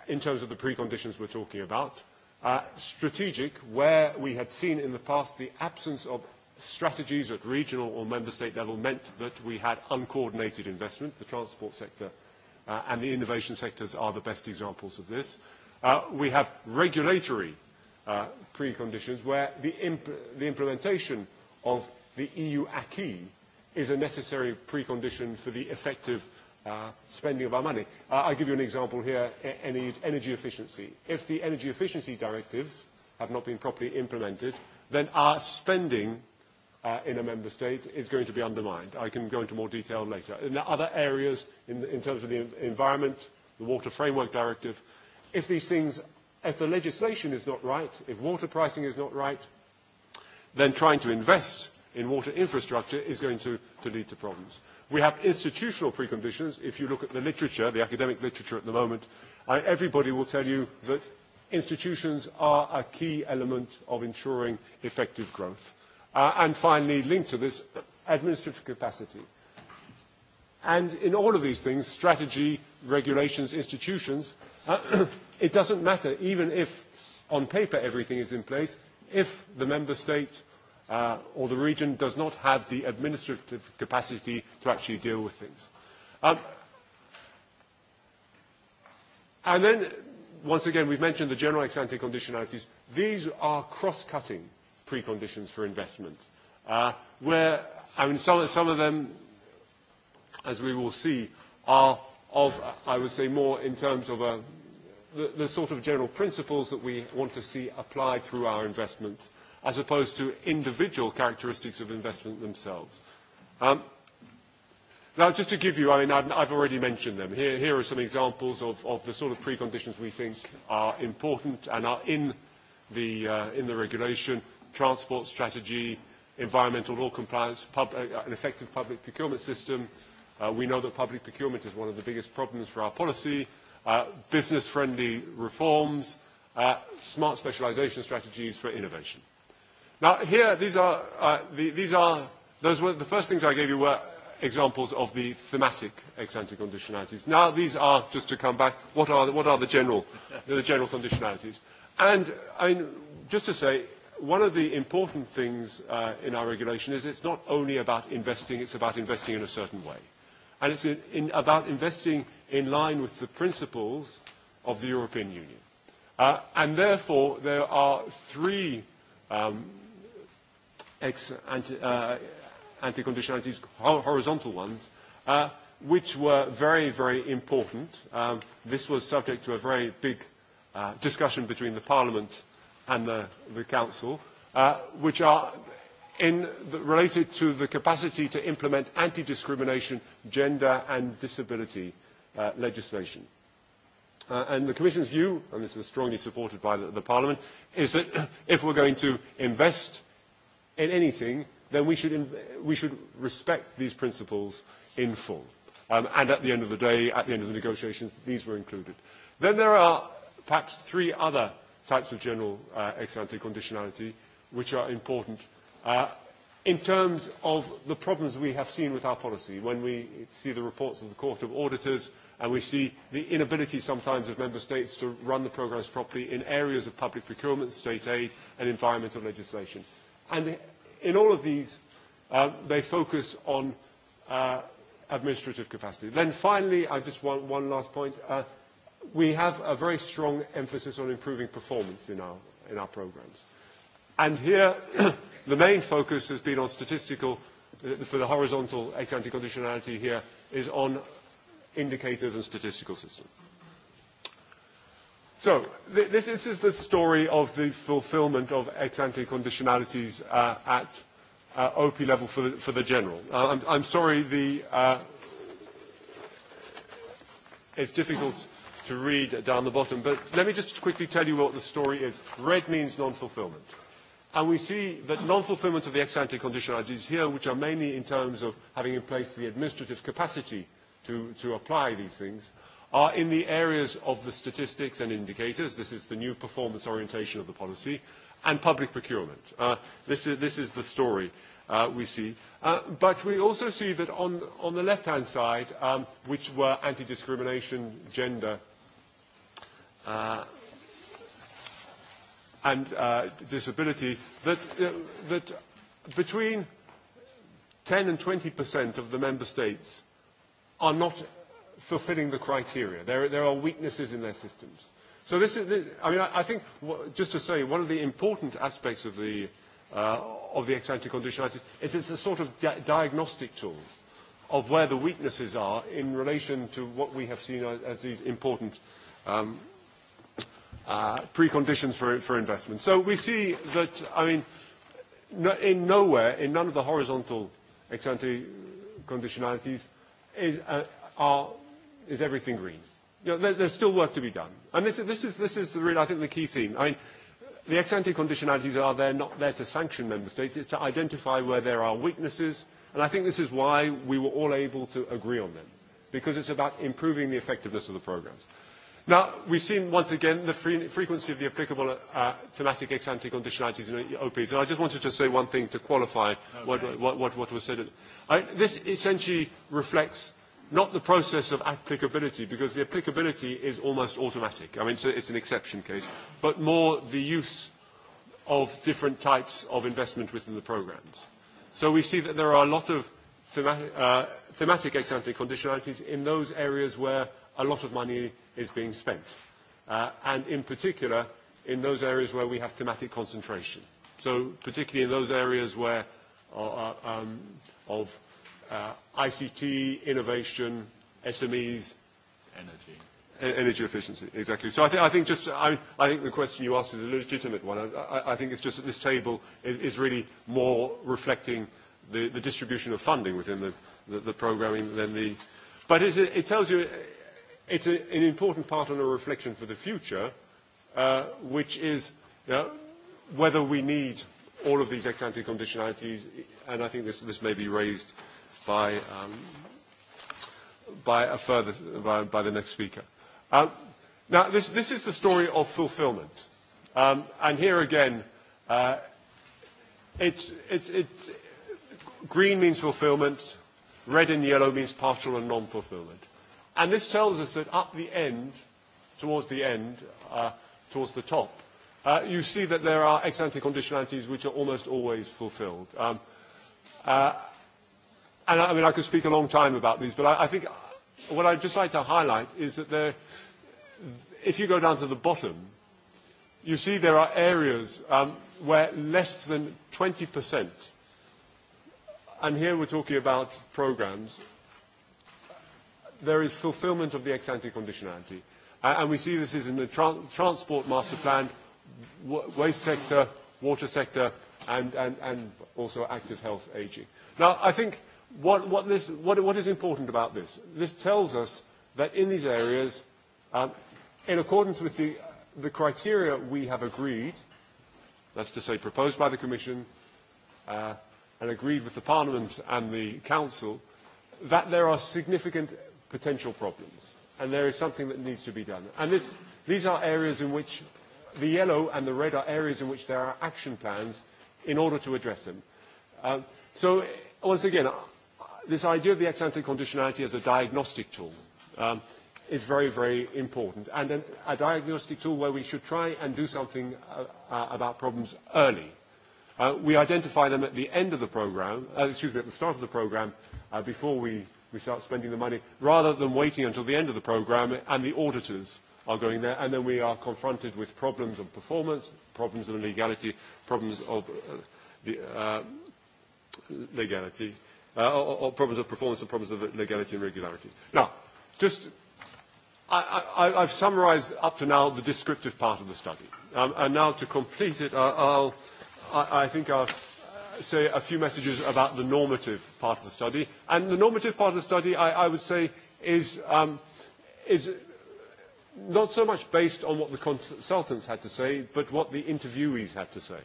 in terms of the preconditions we're talking about. Uh, strategic, where we had seen in the past the absence of strategies at regional or member state level meant that we had uncoordinated investment. The transport sector uh, and the innovation sectors are the best examples of this. Uh, we have regulatory preconditions where the, the implementation of the EU acquis is a necessary precondition for the effective uh, spending of our money. Uh, I'll give you an example here, e energy efficiency. If the energy efficiency directives have not been properly implemented, then our spending uh, in a member state is going to be undermined. I can go into more detail later. In other areas, in, in terms of the environment, the Water Framework Directive, if these things, if the legislation is not right, if water pricing is not right, then trying to invest in water infrastructure is going to, to lead to problems. We have institutional preconditions. If you look at the literature, the academic literature at the moment, everybody will tell you that institutions are a key element of ensuring effective growth. Uh, and finally, linked to this, administrative capacity. And in all of these things, strategy, regulations, institutions, uh, it doesn't matter, even if on paper everything is in place, if the member state Uh, or the region does not have the administrative capacity to actually deal with things. Um, and then, once again, we've mentioned the general ex-ante conditionalities. These are cross-cutting preconditions for investment, uh, where, I mean, some, of them, as we will see, are of, I would say, more in terms of a, the, the sort of general principles that we want to see applied through our investments as opposed to individual characteristics of investment themselves. Um, now, just to give you, I mean, I've, I've already mentioned them. Here, are some examples of, of the sort of preconditions we think are important and are in the, uh, in the regulation, transport strategy, environmental law compliance, uh, an effective public procurement system. Uh, we know that public procurement is one of the biggest problems for our policy, business-friendly reforms, smart specialization strategies for innovation. Now, here, these are, uh, the, these are, those were, the first things I gave you were examples of the thematic ex-ante conditionalities. Now, these are, just to come back, what are the, what are the general, the general conditionalities? And, I mean, just to say, one of the important things uh, in our regulation is it's not only about investing, it's about investing in a certain way. And it's in, in, about investing in line with the principles of the European Union. Uh, and therefore, there are three um, ex anti uh, conditionalities, horizontal ones, uh, which were very, very important. Um, this was subject to a very big uh, discussion between the Parliament and the, the Council, uh, which are in the, related to the capacity to implement anti-discrimination, gender and disability uh, legislation. Uh, and the Commission's view, and this is strongly supported by the, the Parliament, is that if we're going to invest in anything, then we should, we should respect these principles in full. Um, and at the end of the day, at the end of the negotiations, these were included. Then there are perhaps three other types of general uh, ex ante conditionality which are important uh, in terms of the problems we have seen with our policy when we see the reports of the Court of Auditors and we see the inability sometimes of member states to run the programs properly in areas of public procurement, state aid and environmental legislation. And in all of these, uh, they focus on uh, administrative capacity. Then finally, I just want one last point. Uh, we have a very strong emphasis on improving performance in our, in our programs. And here, the main focus has been on statistical, uh, for the horizontal ex-ante conditionality here, is on indicators and statistical systems. So this, this is the story of the fulfillment of ex-ante conditionalities uh, at uh, OP level for the, general. Uh, I'm, sorry, the, uh, it's difficult to read down the bottom, but let me just quickly tell you what the story is. Red means non-fulfillment. And we see that non-fulfillment of the ex-ante conditionalities here, which are mainly in terms of having in place the administrative capacity to, to apply these things, are in the areas of the statistics and indicators. This is the new performance orientation of the policy and public procurement. Uh, this, is, this is the story uh, we see. Uh, but we also see that on, on the left-hand side, um, which were anti-discrimination, gender, uh, and uh, disability, that, uh, that between 10 and 20% of the member states are not fulfilling the criteria. There, there are weaknesses in their systems. So this is, I mean, I, I think, just to say, one of the important aspects of the, uh, of the ex-ante conditionalities is it's a sort of di diagnostic tool of where the weaknesses are in relation to what we have seen as these important um, uh, preconditions for, for investment. So we see that, I mean, no, in nowhere, in none of the horizontal ex-ante conditionalities, is, uh, are is everything green? You know, there's still work to be done. And this, this is, this is the I think, the key theme. I mean, the ex ante conditionalities are there not there to sanction member states, it's to identify where there are weaknesses. And I think this is why we were all able to agree on them, because it's about improving the effectiveness of the programs. Now, we've seen once again the free, frequency of the applicable uh, thematic ex ante conditionalities in OPs. And I just wanted to say one thing to qualify what, what, what, what was said. I, this essentially reflects not the process of applicability, because the applicability is almost automatic. I mean, so it's an exception case, but more the use of different types of investment within the programs. So we see that there are a lot of thematic, uh, thematic ex-ante conditionalities in those areas where a lot of money is being spent, uh, and in particular, in those areas where we have thematic concentration. So particularly in those areas where uh, uh, um, of Uh, ICT, innovation, SMEs. Energy. E-, energy efficiency, exactly. So I, th I think just I, I think the question you asked is a legitimate one. I, I, I think it's just that this table is, is really more reflecting the, the distribution of funding within the, the, the programming than the. But it's it tells you it's a, an important part and a reflection for the future, uh, which is whether we need all of these ex ante conditionalities. And I think this, this may be raised by, um, by a further, by, by the next speaker. Um, now, this, this is the story of fulfillment. Um, and here again, uh, it's, it's, it's, green means fulfillment, red and yellow means partial and non-fulfillment. And this tells us that up the end, towards the end, uh, towards the top, uh, you see that there are ex-ante conditionalities which are almost always fulfilled. Um, uh, and I mean, I could speak a long time about these, but I, I think what I'd just like to highlight is that there, if you go down to the bottom, you see there are areas um, where less than 20%, and here we're talking about programs, there is fulfillment of the ex-ante conditionality. and we see this is in the transport master plan, w waste sector, water sector, and, and, and also active health aging. Now, I think What, what, this, what, what is important about this? This tells us that in these areas, um, in accordance with the, the criteria we have agreed, that's to say proposed by the Commission uh, and agreed with the Parliament and the Council, that there are significant potential problems and there is something that needs to be done. And this, these are areas in which the yellow and the red are areas in which there are action plans in order to address them. Um, so once again, this idea of the ex ante conditionality as a diagnostic tool um, is very, very important, and a diagnostic tool where we should try and do something uh, uh, about problems early. Uh, we identify them at the end of the program, uh, excuse me, at the start of the program, uh, before we, we start spending the money, rather than waiting until the end of the program and the auditors are going there, and then we are confronted with problems of performance, problems of legality, problems of uh, the, legality. Uh, or, problems of performance and problems of legality and regularity. Now, just I, I, I've summarized up to now the descriptive part of the study. Um, and now to complete it, I, I'll, I, I think I'll uh, say a few messages about the normative part of the study. And the normative part of the study, I, I would say, is, um, is not so much based on what the consultants had to say, but what the interviewees had to say,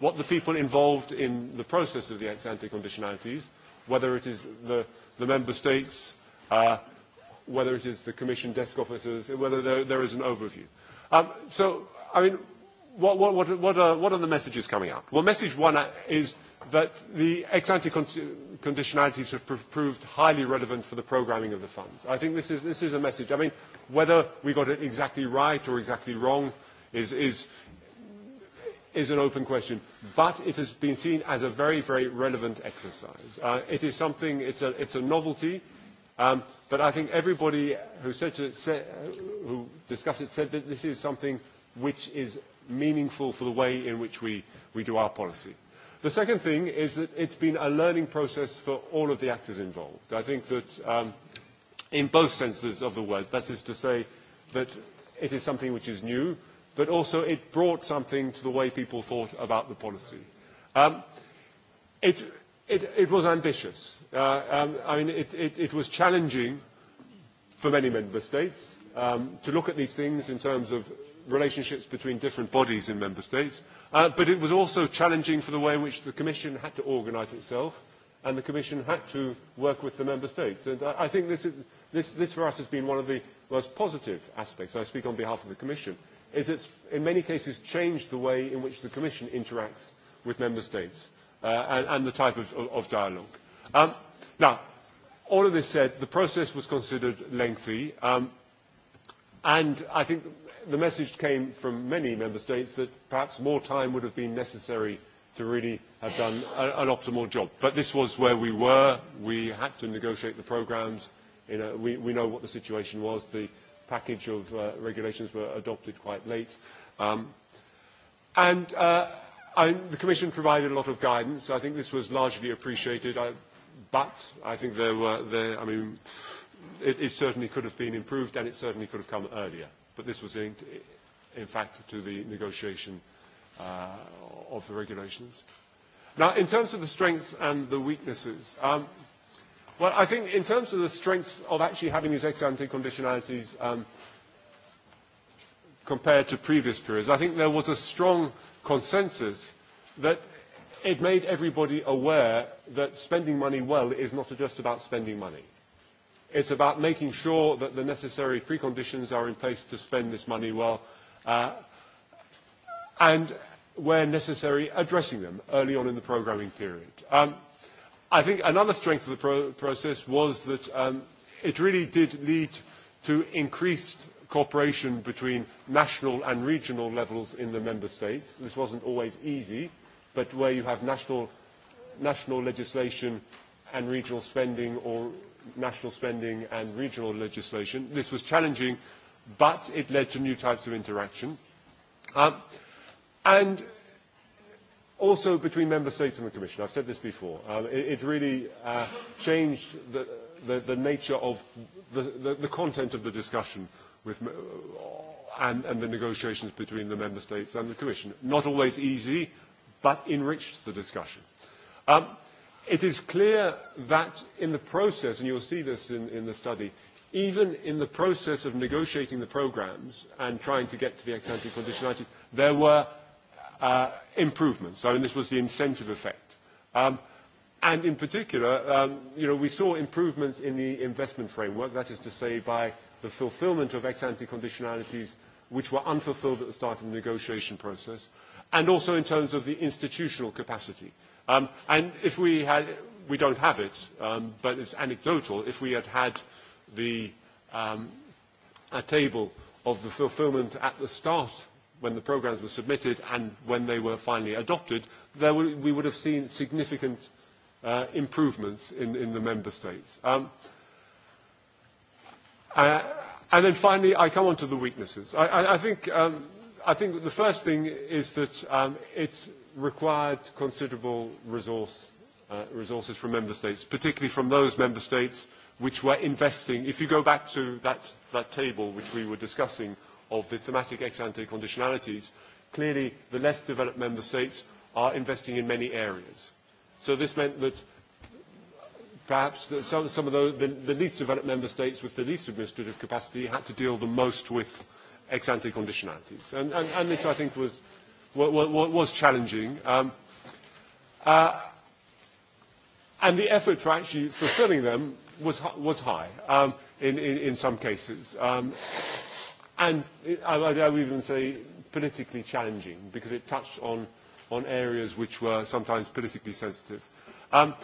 what the people involved in the process of the ex-ante conditionalities whether it is the, the member states, uh, whether it is the commission desk officers, whether there, there is an overview. Um, so, I mean, what, what, what, what, are, what are the messages coming out? Well, message one is that the ex-ante conditionalities have proved highly relevant for the programming of the funds. I think this is, this is a message. I mean, whether we got it exactly right or exactly wrong is, is, is an open question, but it has been seen as a very, very relevant exercise. Uh, it is something, it's a, it's a novelty, um, but I think everybody who, said to, who discussed it said that this is something which is meaningful for the way in which we, we do our policy. The second thing is that it's been a learning process for all of the actors involved. I think that um, in both senses of the word, that is to say that it is something which is new, but also it brought something to the way people thought about the policy. Um, it, it, it was ambitious. Uh, um, I mean, it, it, it was challenging for many member states um, to look at these things in terms of relationships between different bodies in member states, uh, but it was also challenging for the way in which the Commission had to organise itself and the Commission had to work with the member states. And I, I think this, is, this, this for us has been one of the most positive aspects. I speak on behalf of the Commission is it's in many cases changed the way in which the Commission interacts with Member States uh, and, and the type of, of dialogue. Um, now, all of this said, the process was considered lengthy, um, and I think the message came from many Member States that perhaps more time would have been necessary to really have done a, an optimal job. But this was where we were. We had to negotiate the programmes. You know, we, we know what the situation was. The, package of uh, regulations were adopted quite late. Um, and uh, I, the Commission provided a lot of guidance. I think this was largely appreciated, I, but I think there were, there, I mean, it, it certainly could have been improved and it certainly could have come earlier. But this was, in, in fact, to the negotiation uh, of the regulations. Now, in terms of the strengths and the weaknesses, um, – Well, I think in terms of the strength of actually having these ex ante conditionalities um, compared to previous periods, I think there was a strong consensus that it made everybody aware that spending money well is not just about spending money. It's about making sure that the necessary preconditions are in place to spend this money well uh, and, where necessary, addressing them early on in the programming period. Um, i think another strength of the pro process was that um, it really did lead to increased cooperation between national and regional levels in the member states. This wasn't always easy, but where you have national, national legislation and regional spending or national spending and regional legislation, this was challenging, but it led to new types of interaction. Um, and Also between member states and the Commission. I've said this before. Uh, it, really uh, changed the, the, nature of the, the, the content of the discussion with, uh, and, and the negotiations between the member states and the Commission. Not always easy, but enriched the discussion. Um, it is clear that in the process, and you'll see this in, in the study, even in the process of negotiating the programs and trying to get to the ex-ante conditionalities, there were uh, improvements. I mean, this was the incentive effect. Um, and in particular, um, you know, we saw improvements in the investment framework, that is to say by the fulfillment of ex-ante conditionalities which were unfulfilled at the start of the negotiation process, and also in terms of the institutional capacity. Um, and if we had, we don't have it, um, but it's anecdotal, if we had had the, a table of the fulfillment at the start when the programmes were submitted and when they were finally adopted, there were, we would have seen significant uh, improvements in, in the member states. Um, uh, and then finally, I come on to the weaknesses. I, I, I, think, um, I think that the first thing is that um, it required considerable resource, uh, resources from member states, particularly from those member states which were investing. If you go back to that, that table which we were discussing of the thematic ex ante conditionalities, clearly the less developed member states are investing in many areas. So this meant that perhaps some, of the, the, least developed member states with the least administrative capacity had to deal the most with ex ante conditionalities. And, and, and this, I think, was, was, was challenging. Um, uh, and the effort for actually fulfilling them was, was high um, in, in, in some cases. Um, and I would even say politically challenging because it touched on, on areas which were sometimes politically sensitive. Um,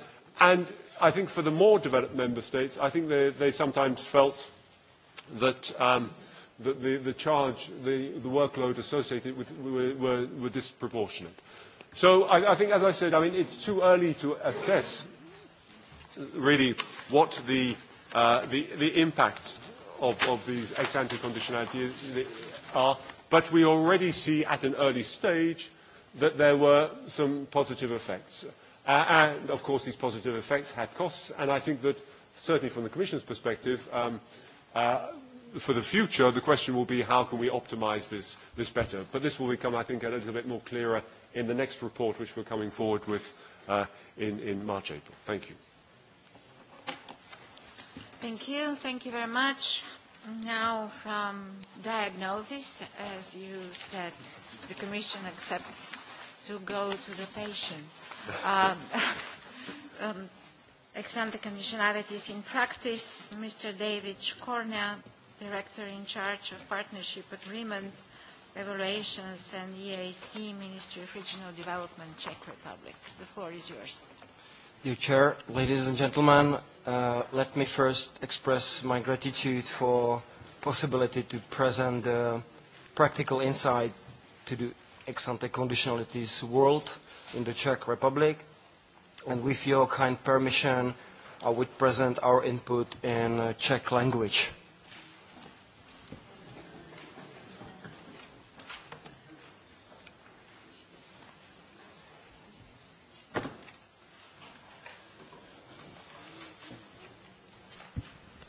and I think for the more developed member states, I think they, they sometimes felt um, that, the, the charge, the, the workload associated with were, were, were disproportionate. So I, I think, as I said, I mean, it's too early to assess really what the, uh, the, the impact of, these ex-ante conditionalities are, but we already see at an early stage that there were some positive effects. Uh, and of course, these positive effects had costs, and I think that certainly from the Commission's perspective, um, uh, for the future, the question will be how can we optimize this, better? But this will become, I think, a little bit more clearer in the next report, which we're coming forward with uh, in March, April. Thank you. Thank you. Thank you very much. Now from diagnosis, as you said, the Commission accepts to go to the patient. Um, um, conditionalities in practice, Mr. David Cornea, Director in charge of Partnership Agreement, Evaluations and EAC, Ministry of Regional Development, Czech Republic. The floor is yours. Mr Chair, ladies and gentlemen, uh, let me first express my gratitude for possibility to present the practical insight to the ex-ante conditionalities world in the Czech Republic. And with your kind permission, I would present our input in Czech language.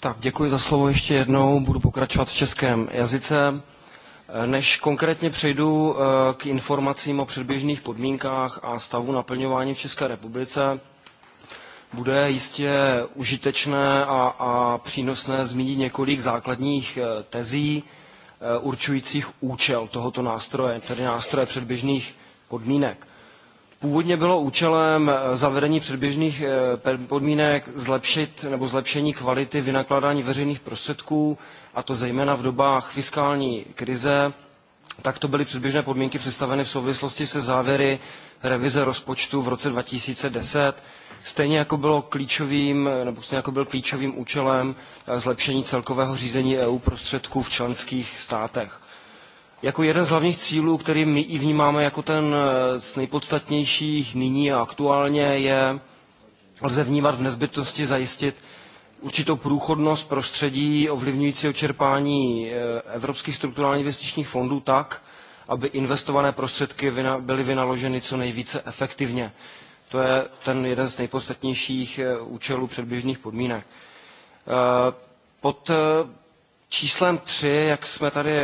Tak děkuji za slovo ještě jednou, budu pokračovat v českém jazyce. Eh, než konkrétně přejdu eh, k informacím o předběžných podmínkách a stavu naplňování v České republice, bude jistě užitečné a, a přínosné zmínit několik základních eh, tezí určujících účel tohoto nástroje, tedy nástroje předběžných podmínek. Původně bylo účelem eh, zavedení předběžných eh, podmínek zlepšit nebo zlepšení kvality vynakládání veřejných prostředků, a to zejména v dobách fiskální krize. Takto byly předběžné podmínky představeny v souvislosti se závěry revize rozpočtu v roce 2010, stejně jako bylo klíčovým, eh, nebo stejně jako byl klíčovým účelem zlepšení celkového řízení EU prostředků v členských státech jako jeden z hlavních cílů, který my i vnímáme jako ten eh, z nejpodstatnějších nyní a aktuálně, je lze vnímat v nezbytnosti zajistit určitou průchodnost prostředí ovlivňujícího očerpání eh, evropských strukturálních investičních fondů tak, aby investované prostředky byly vynaloženy co nejvíce efektivně. To je ten jeden z nejpodstatnějších eh, účelů předběžných podmínek. Pod číslem 3, jak jsme tady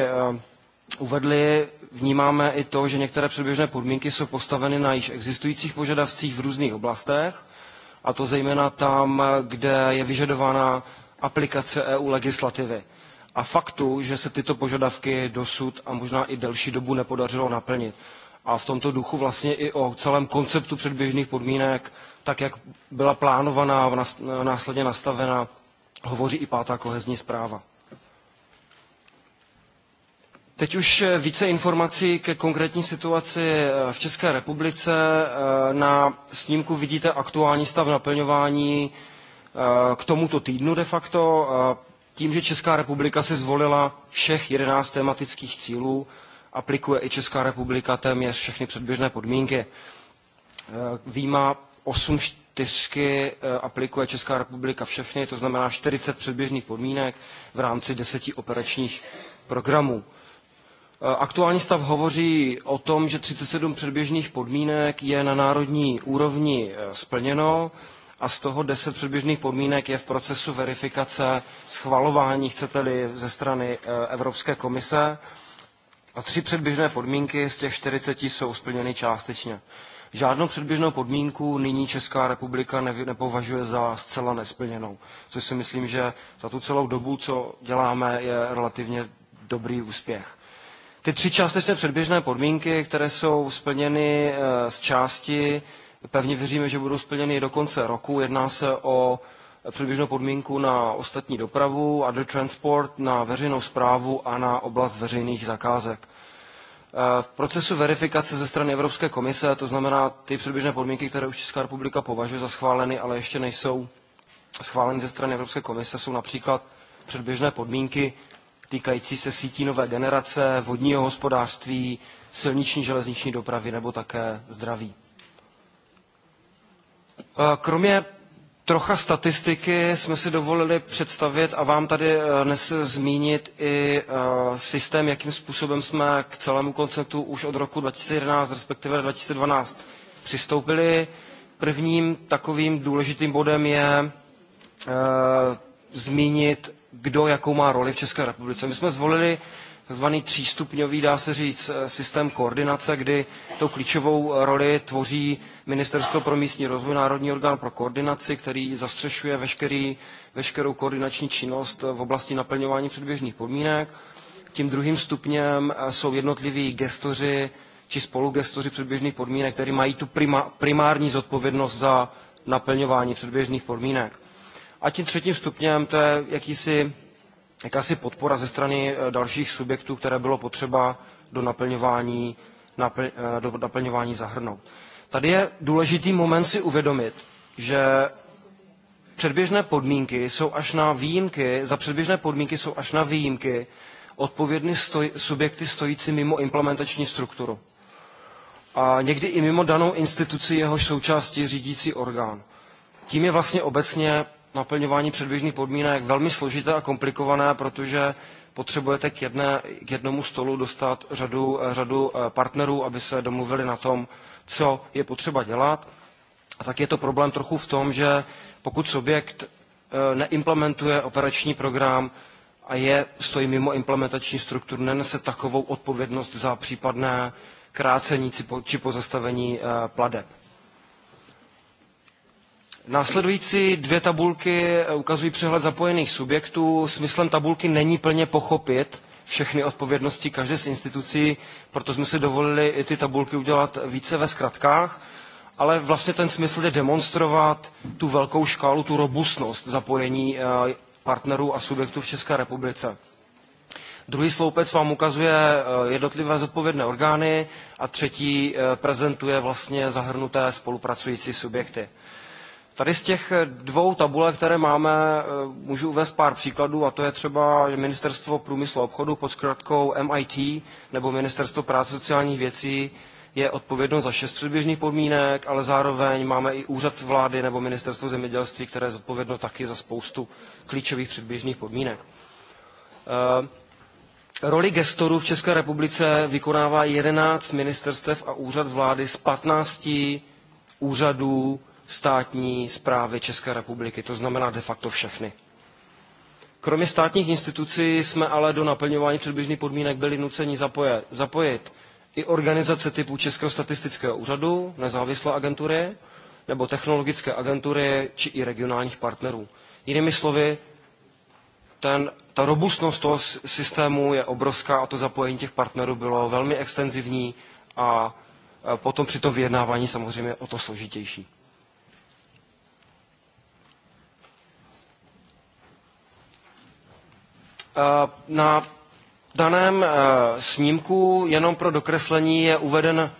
uvedli, vnímáme i to, že některé předběžné podmínky jsou postaveny na již existujících požadavcích v různých oblastech, a to zejména tam, kde je vyžadována aplikace EU legislativy. A faktu, že se tyto požadavky dosud a možná i delší dobu nepodařilo naplnit. A v tomto duchu vlastně i o celém konceptu předběžných podmínek, tak jak byla plánovaná a následně nastavena, hovoří i pátá kohezní zpráva. Teď už eh, více informací ke konkrétní situaci eh, v České republice. Eh, na snímku vidíte aktuální stav naplňování k tomuto týdnu de facto. Tím, že Česká republika si zvolila všech 11 tematických cílů, aplikuje i Česká republika téměř všechny předběžné podmínky. Výjima 8 čtyřky aplikuje Česká republika všechny, to znamená 40 předběžných podmínek v rámci deseti operačních programů. Eh, aktuální stav hovoří o tom, že 37 předběžných podmínek je na národní úrovni eh, splněno a z toho 10 předběžných podmínek je v procesu verifikace schvalování, chcete-li, ze strany eh, Evropské komise. A tři předběžné podmínky z těch 40 jsou splněny částečně. Žádnou předběžnou podmínku nyní Česká republika nepovažuje za zcela nesplněnou, což si myslím, že za tu celou dobu, co děláme, je relativně dobrý úspěch. Ty tři částečné předběžné podmínky, které jsou splněny eh, z části, pevně věříme, že budou splněny do konce roku. Jedná se o předběžnou podmínku na ostatní dopravu, other transport, na veřejnou zprávu a na oblast veřejných zakázek. Eh, v procesu verifikace ze strany Evropské komise, to znamená ty předběžné podmínky, které už Česká republika považuje za schváleny, ale ještě nejsou schváleny ze strany Evropské komise, jsou například předběžné podmínky týkající se sítí nové generace, vodního hospodářství, silniční železniční dopravy nebo také zdraví. E, kromě trocha statistiky jsme si dovolili představit a vám tady e, dnes zmínit i e, systém, jakým způsobem jsme k celému konceptu už od roku 2011, respektive 2012 přistoupili. Prvním takovým důležitým bodem je zmínit kdo jakou má roli v České republice. My jsme zvolili takzvaný třístupňový, dá se říct, eh, systém koordinace, kdy tou klíčovou roli tvoří Ministerstvo pro místní rozvoj, Národní orgán pro koordinaci, který zastřešuje veškerý, veškerou koordinační činnost eh, v oblasti naplňování předběžných podmínek. Tím druhým stupněm eh, jsou jednotliví gestoři či spolugestoři předběžných podmínek, kteří mají tu primární zodpovědnost za naplňování předběžných podmínek. A tím třetím stupněm to je jakýsi, jakási podpora ze strany eh, dalších subjektů, které bylo potřeba do naplňování, napl, eh, do naplňování zahrnout. Tady je důležitý moment si uvědomit, že předběžné podmínky jsou až na výjimky, za předběžné podmínky jsou až na výjimky odpovědny stoj, subjekty stojící mimo implementační strukturu. A někdy i mimo danou instituci jehož součástí řídící orgán. Tím je vlastně obecně naplňování předběžných podmínek velmi složité a komplikované, protože potřebujete k, jedné, k jednomu stolu dostat řadu, řadu eh, partnerů, aby se domluvili na tom, co je potřeba dělat. A tak je to problém trochu v tom, že pokud subjekt eh, neimplementuje operační program a je, stojí mimo implementační strukturu, nenese takovou odpovědnost za případné krácení či pozastavení eh, plade. Následující dvě tabulky eh, ukazují přehled zapojených subjektů. Smyslem tabulky není plně pochopit všechny odpovědnosti každé z institucí, proto jsme si dovolili i ty tabulky udělat více ve zkratkách, ale vlastně ten smysl je demonstrovat tu velkou škálu, tu robustnost zapojení eh, partnerů a subjektů v České republice. Druhý sloupec vám ukazuje eh, jednotlivé zodpovědné orgány a třetí prezentuje vlastně zahrnuté spolupracující subjekty. Tady z těch eh, dvou tabulek, které máme, eh, můžu uvést pár příkladů, a to je třeba Ministerstvo průmyslu a obchodu pod zkratkou MIT nebo Ministerstvo práce sociálních věcí je odpovědno za šest předběžných podmínek, ale zároveň máme i úřad vlády nebo ministerstvo zemědělství, které je zodpovědno taky za spoustu klíčových předběžných podmínek. Eh, roli gestorů v České republice vykonává 11 ministerstev a úřad z vlády z 15 úřadů státní správy České republiky, to znamená de facto všechny. Kromě státních institucí jsme ale do naplňování předběžných podmínek byli nuceni zapojit, zapojit i organizace typu Českého statistického úřadu, nezávislé agentury, nebo technologické agentury, či i regionálních partnerů. Jinými slovy, ten, ta robustnost toho systému je obrovská a to zapojení těch partnerů bylo velmi extenzivní a potom při tom vyjednávání samozřejmě o to složitější. Eh, na daném eh, snímku jenom pro dokreslení je uveden,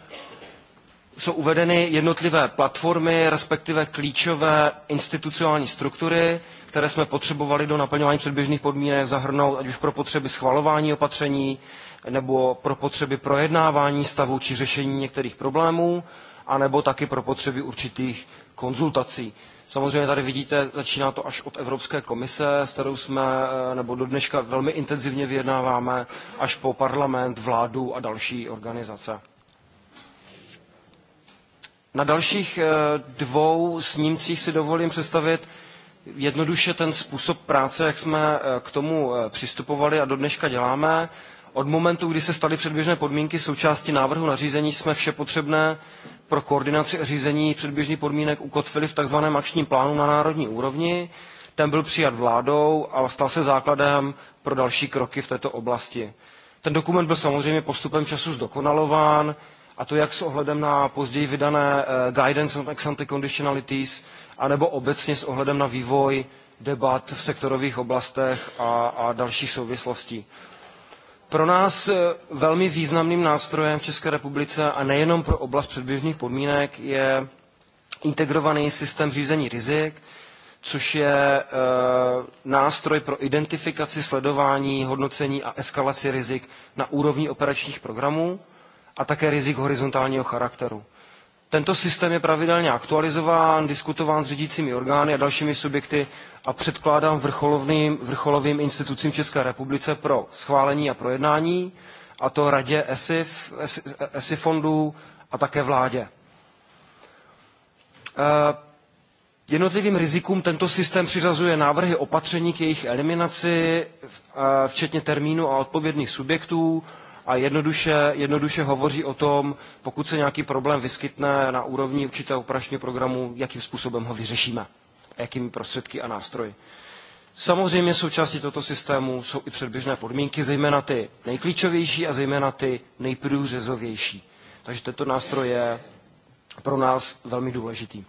jsou uvedeny jednotlivé platformy, respektive klíčové institucionální struktury, které jsme potřebovali do naplňování předběžných podmínek zahrnout, ať už pro potřeby schvalování opatření, nebo pro potřeby projednávání stavu či řešení některých problémů, anebo taky pro potřeby určitých konzultací. Samozřejmě tady vidíte, začíná to až od Evropské komise, s kterou jsme eh, nebo do dneška velmi intenzivně vyjednáváme, až po parlament, vládu a další organizace. Na dalších eh, dvou snímcích si dovolím představit jednoduše ten způsob práce, jak jsme eh, k tomu přistupovali a do dneška děláme. Od momentu, kdy se staly předběžné podmínky součástí návrhu nařízení, jsme vše potřebné pro koordinaci řízení předběžných podmínek ukotvili v tzv. akčním plánu na národní úrovni. Ten byl přijat vládou a stal se základem pro další kroky v této oblasti. Ten dokument byl samozřejmě postupem času zdokonalován, a to jak s ohledem na později vydané eh, Guidance on ex ante conditionalities, anebo obecně s ohledem na vývoj debat v sektorových oblastech a, a dalších souvislostí pro nás eh, velmi významným nástrojem v České republice a nejenom pro oblast předběžných podmínek je integrovaný systém řízení rizik, což je eh, nástroj pro identifikaci, sledování, hodnocení a eskalaci rizik na úrovni operačních programů a také rizik horizontálního charakteru. Tento systém je pravidelně aktualizován, diskutován s řídícími orgány a dalšími subjekty a předkládám vrcholovým, vrcholovým institucím České republice pro schválení a projednání, a to radě ESIF, ESI fondů a také vládě. Eh, jednotlivým rizikům tento systém přiřazuje návrhy opatření k jejich eliminaci, eh, včetně termínu a odpovědných subjektů, a jednoduše, jednoduše hovoří o tom, pokud se nějaký problém vyskytne na úrovni určitého operačního programu, jakým způsobem ho vyřešíme, jakými prostředky a nástroji. Samozřejmě součástí tohoto systému jsou i předběžné podmínky, zejména ty nejklíčovější a zejména ty nejprůřezovější. Takže tento nástroj je pro nás velmi důležitý.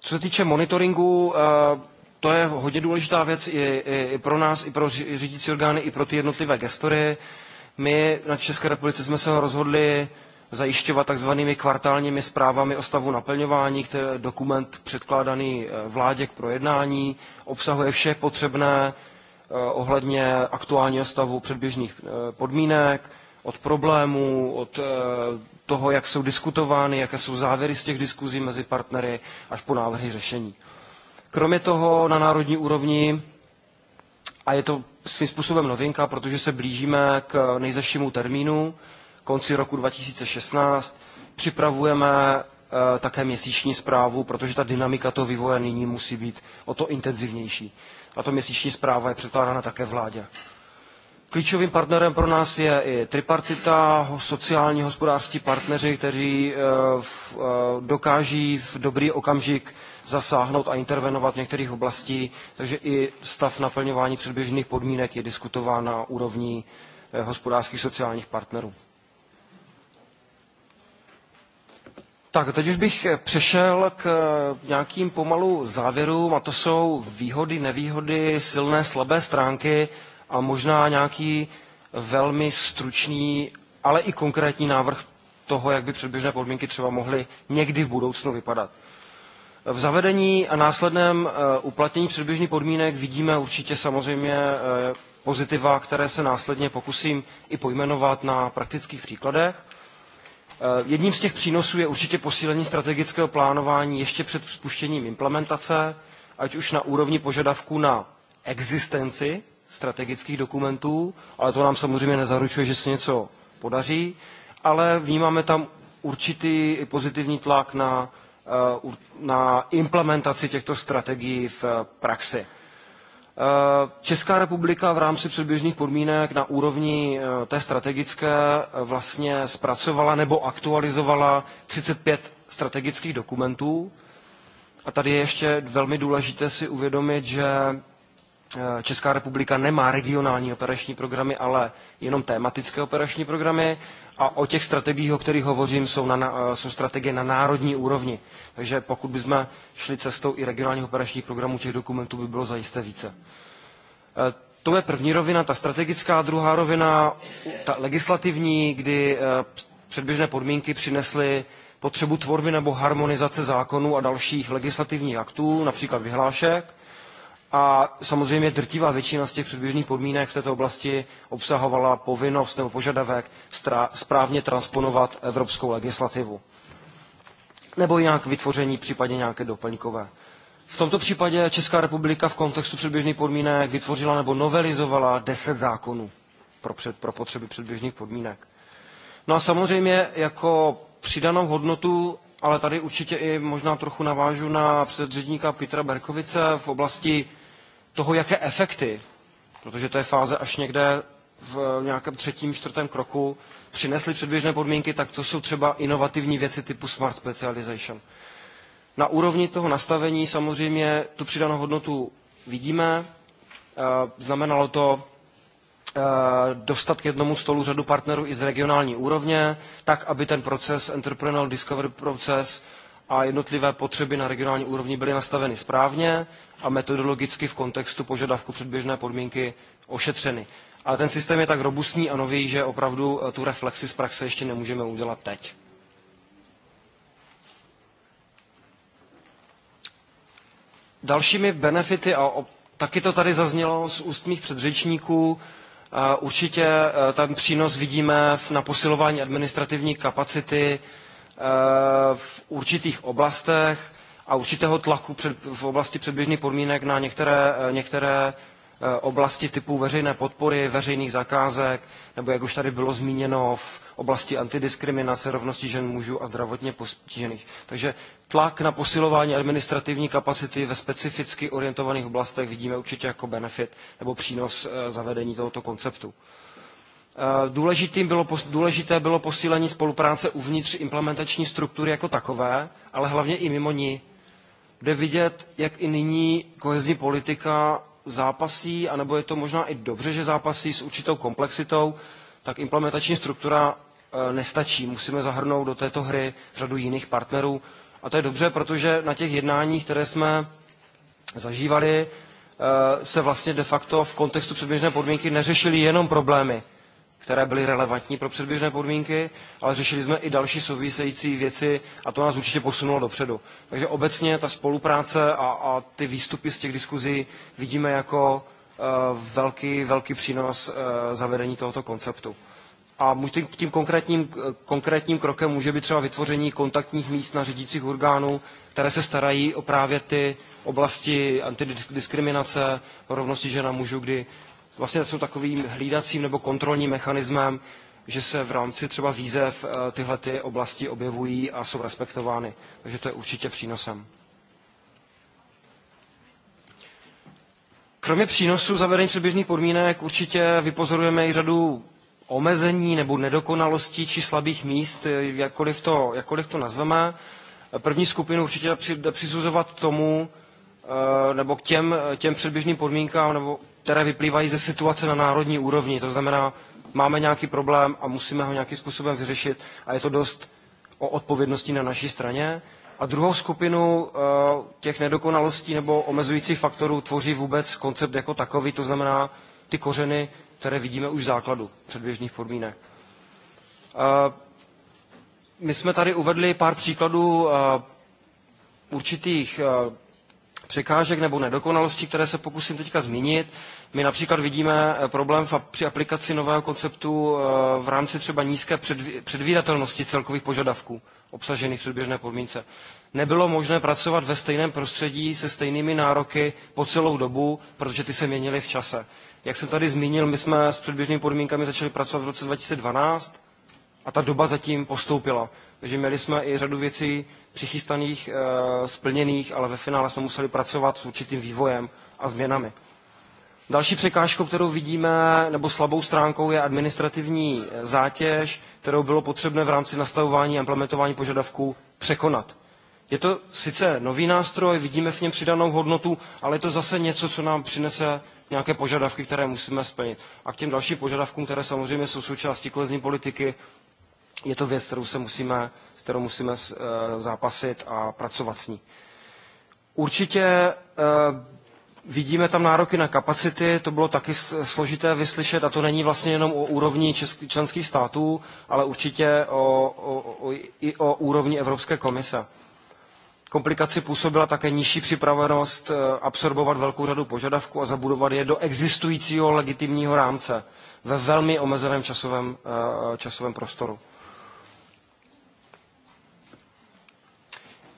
Co se týče monitoringu, eh, to je hodně důležitá věc i, pro nás, i pro řídící orgány, i pro ty jednotlivé gestory. My na České republice jsme se rozhodli zajišťovat takzvanými kvartálními zprávami o stavu naplňování, který dokument předkládaný eh, vládě k projednání obsahuje vše potřebné eh, ohledně aktuálního stavu předběžných eh, podmínek, od problémů, od toho, jak jsou diskutovány, jaké jsou závěry z těch diskuzí mezi partnery, až po návrhy řešení. Kromě toho na národní úrovni, a je to svým způsobem novinka, protože se blížíme k nejzašímu termínu, konci roku 2016, připravujeme eh, také měsíční zprávu, protože ta dynamika toho vývoje nyní musí být o to intenzivnější. A to měsíční zpráva je předkládána také vládě. Klíčovým partnerem pro nás je i tripartita, sociální hospodářství partneři, kteří eh, eh, dokáží v dobrý okamžik zasáhnout a intervenovat v některých oblastí, takže i stav naplňování předběžných podmínek je diskutován na úrovni eh, hospodářských sociálních partnerů. Tak, teď už bych eh, přešel k eh, nějakým pomalu závěrům a to jsou výhody, nevýhody, silné, slabé stránky a možná nějaký velmi stručný, ale i konkrétní návrh toho, jak by předběžné podmínky třeba mohly někdy v budoucnu vypadat. V zavedení a následném eh, uplatnění předběžných podmínek vidíme určitě samozřejmě eh, pozitiva, které se následně pokusím i pojmenovat na praktických příkladech. Eh, jedním z těch přínosů je určitě posílení strategického plánování ještě před spuštěním implementace, ať už na úrovni požadavků na existenci strategických dokumentů, ale to nám samozřejmě nezaručuje, že se něco podaří, ale vnímáme tam určitý pozitivní tlak na Eh, na implementaci těchto strategií v eh, praxi. Eh, Česká republika v rámci předběžných podmínek na úrovni té strategické vlastně zpracovala nebo aktualizovala 35 strategických dokumentů. A tady je ještě velmi důležité si uvědomit, že Česká republika nemá regionální operační programy, ale jenom tématické operační programy a o těch strategiích, o kterých hovořím, jsou, na, eh, jsou strategie na národní úrovni. Takže pokud bychom šli cestou i regionálního operačních programů, těch dokumentů by bylo zajisté více. Eh, to je první rovina, ta strategická, druhá rovina, ta legislativní, kdy eh, předběžné podmínky přinesly potřebu tvorby nebo harmonizace zákonů a dalších legislativních aktů, například vyhlášek, a samozřejmě drtivá většina z těch předběžných podmínek v této oblasti obsahovala povinnost nebo požadavek správně transponovat evropskou legislativu nebo jinak vytvoření případně nějaké doplňkové. V tomto případě Česká republika v kontextu předběžných podmínek vytvořila nebo novelizovala deset zákonů pro, před, pro potřeby předběžných podmínek. No a samozřejmě jako přidanou hodnotu ale tady určitě i možná trochu navážu na předředníka Petra Berkovice v oblasti toho, jaké efekty, protože to je fáze až někde v nějakém třetím, čtvrtém kroku, přinesly předběžné podmínky, tak to jsou třeba inovativní věci typu smart specialization. Na úrovni toho nastavení samozřejmě tu přidanou hodnotu vidíme, eh, znamenalo to Eh, dostat k jednomu stolu řadu partnerů i z regionální úrovně, tak aby ten proces, entrepreneurial discovery proces a jednotlivé potřeby na regionální úrovni byly nastaveny správně a metodologicky v kontextu požadavku předběžné podmínky ošetřeny. A ten systém je tak robustní a nový, že opravdu eh, tu reflexi z praxe ještě nemůžeme udělat teď. Dalšími benefity, a taky to tady zaznělo z úst mých předřečníků, Určitě e, ten přínos vidíme na posilování administrativní kapacity e, v určitých oblastech a určitého tlaku v oblasti předběžných podmínek na některé, e, některé Eh, oblasti typu veřejné podpory, veřejných zakázek, nebo jak už tady bylo zmíněno v oblasti antidiskriminace, rovnosti žen mužů a zdravotně postižených. Takže tlak na posilování administrativní kapacity ve specificky orientovaných oblastech vidíme určitě jako benefit nebo přínos eh, zavedení tohoto konceptu. Eh, důležitým bylo, důležité bylo posílení spolupráce uvnitř implementační struktury jako takové, ale hlavně i mimo ní, kde vidět, jak i nyní kohezní politika zápasí, anebo je to možná i dobře, že zápasí s určitou komplexitou, tak implementační struktura e, nestačí. Musíme zahrnout do této hry řadu jiných partnerů. A to je dobře, protože na těch jednáních, které jsme zažívali, e, se vlastně de facto v kontextu předběžné podmínky neřešily jenom problémy které byly relevantní pro předběžné podmínky, ale řešili jsme i další související věci a to nás určitě posunulo dopředu. Takže obecně ta spolupráce a, a ty výstupy z těch diskuzí vidíme jako eh, velký, velký přínos eh, zavedení tohoto konceptu. A tím konkrétním, konkrétním krokem může být třeba vytvoření kontaktních míst na řídících orgánů, které se starají o právě ty oblasti antidiskriminace, rovnosti žena mužů, kdy vlastně jsou takovým hlídacím nebo kontrolním mechanismem, že se v rámci třeba výzev eh, tyhle ty oblasti objevují a jsou respektovány. Takže to je určitě přínosem. Kromě přínosu zavedení předběžných podmínek určitě vypozorujeme i řadu omezení nebo nedokonalostí či slabých míst, jakkoliv to, jakkoliv to nazveme. První skupinu určitě přisuzovat tomu, eh, nebo k těm, těm předběžným podmínkám, nebo které vyplývají ze situace na národní úrovni. To znamená, máme nějaký problém a musíme ho nějakým způsobem vyřešit a je to dost o odpovědnosti na naší straně. A druhou skupinu eh, těch nedokonalostí nebo omezujících faktorů tvoří vůbec koncept jako takový, to znamená ty kořeny, které vidíme už v základu předběžných podmínek. Eh, my jsme tady uvedli pár příkladů eh, určitých překážek nebo nedokonalostí, které se pokusím teďka zmínit. My například vidíme eh, problém při aplikaci nového konceptu eh, v rámci třeba nízké předvídatelnosti celkových požadavků obsažených v předběžné podmínce. Nebylo možné pracovat ve stejném prostředí se stejnými nároky po celou dobu, protože ty se měnily v čase. Jak jsem tady zmínil, my jsme s předběžnými podmínkami začali pracovat v roce 2012 a ta doba zatím postoupila. Takže měli jsme i řadu věcí přichystaných, eh, splněných, ale ve finále jsme museli pracovat s určitým vývojem a změnami. Další překážkou, kterou vidíme, nebo slabou stránkou, je administrativní eh, zátěž, kterou bylo potřebné v rámci nastavování a implementování požadavků překonat. Je to sice nový nástroj, vidíme v něm přidanou hodnotu, ale je to zase něco, co nám přinese nějaké požadavky, které musíme splnit. A k těm dalším požadavkům, které samozřejmě jsou součástí kolezní politiky, je to věc, kterou se musíme, s kterou musíme eh, zápasit a pracovat s ní. Určitě eh, Vidíme tam nároky na kapacity, to bylo taky složité vyslyšet a to není vlastně jenom o úrovni členských států, ale určitě o, o, o, i o úrovni Evropské komise. Komplikaci působila také nižší připravenost eh, absorbovat velkou řadu požadavků a zabudovat je do existujícího legitimního rámce ve velmi omezeném časovém, eh, časovém prostoru.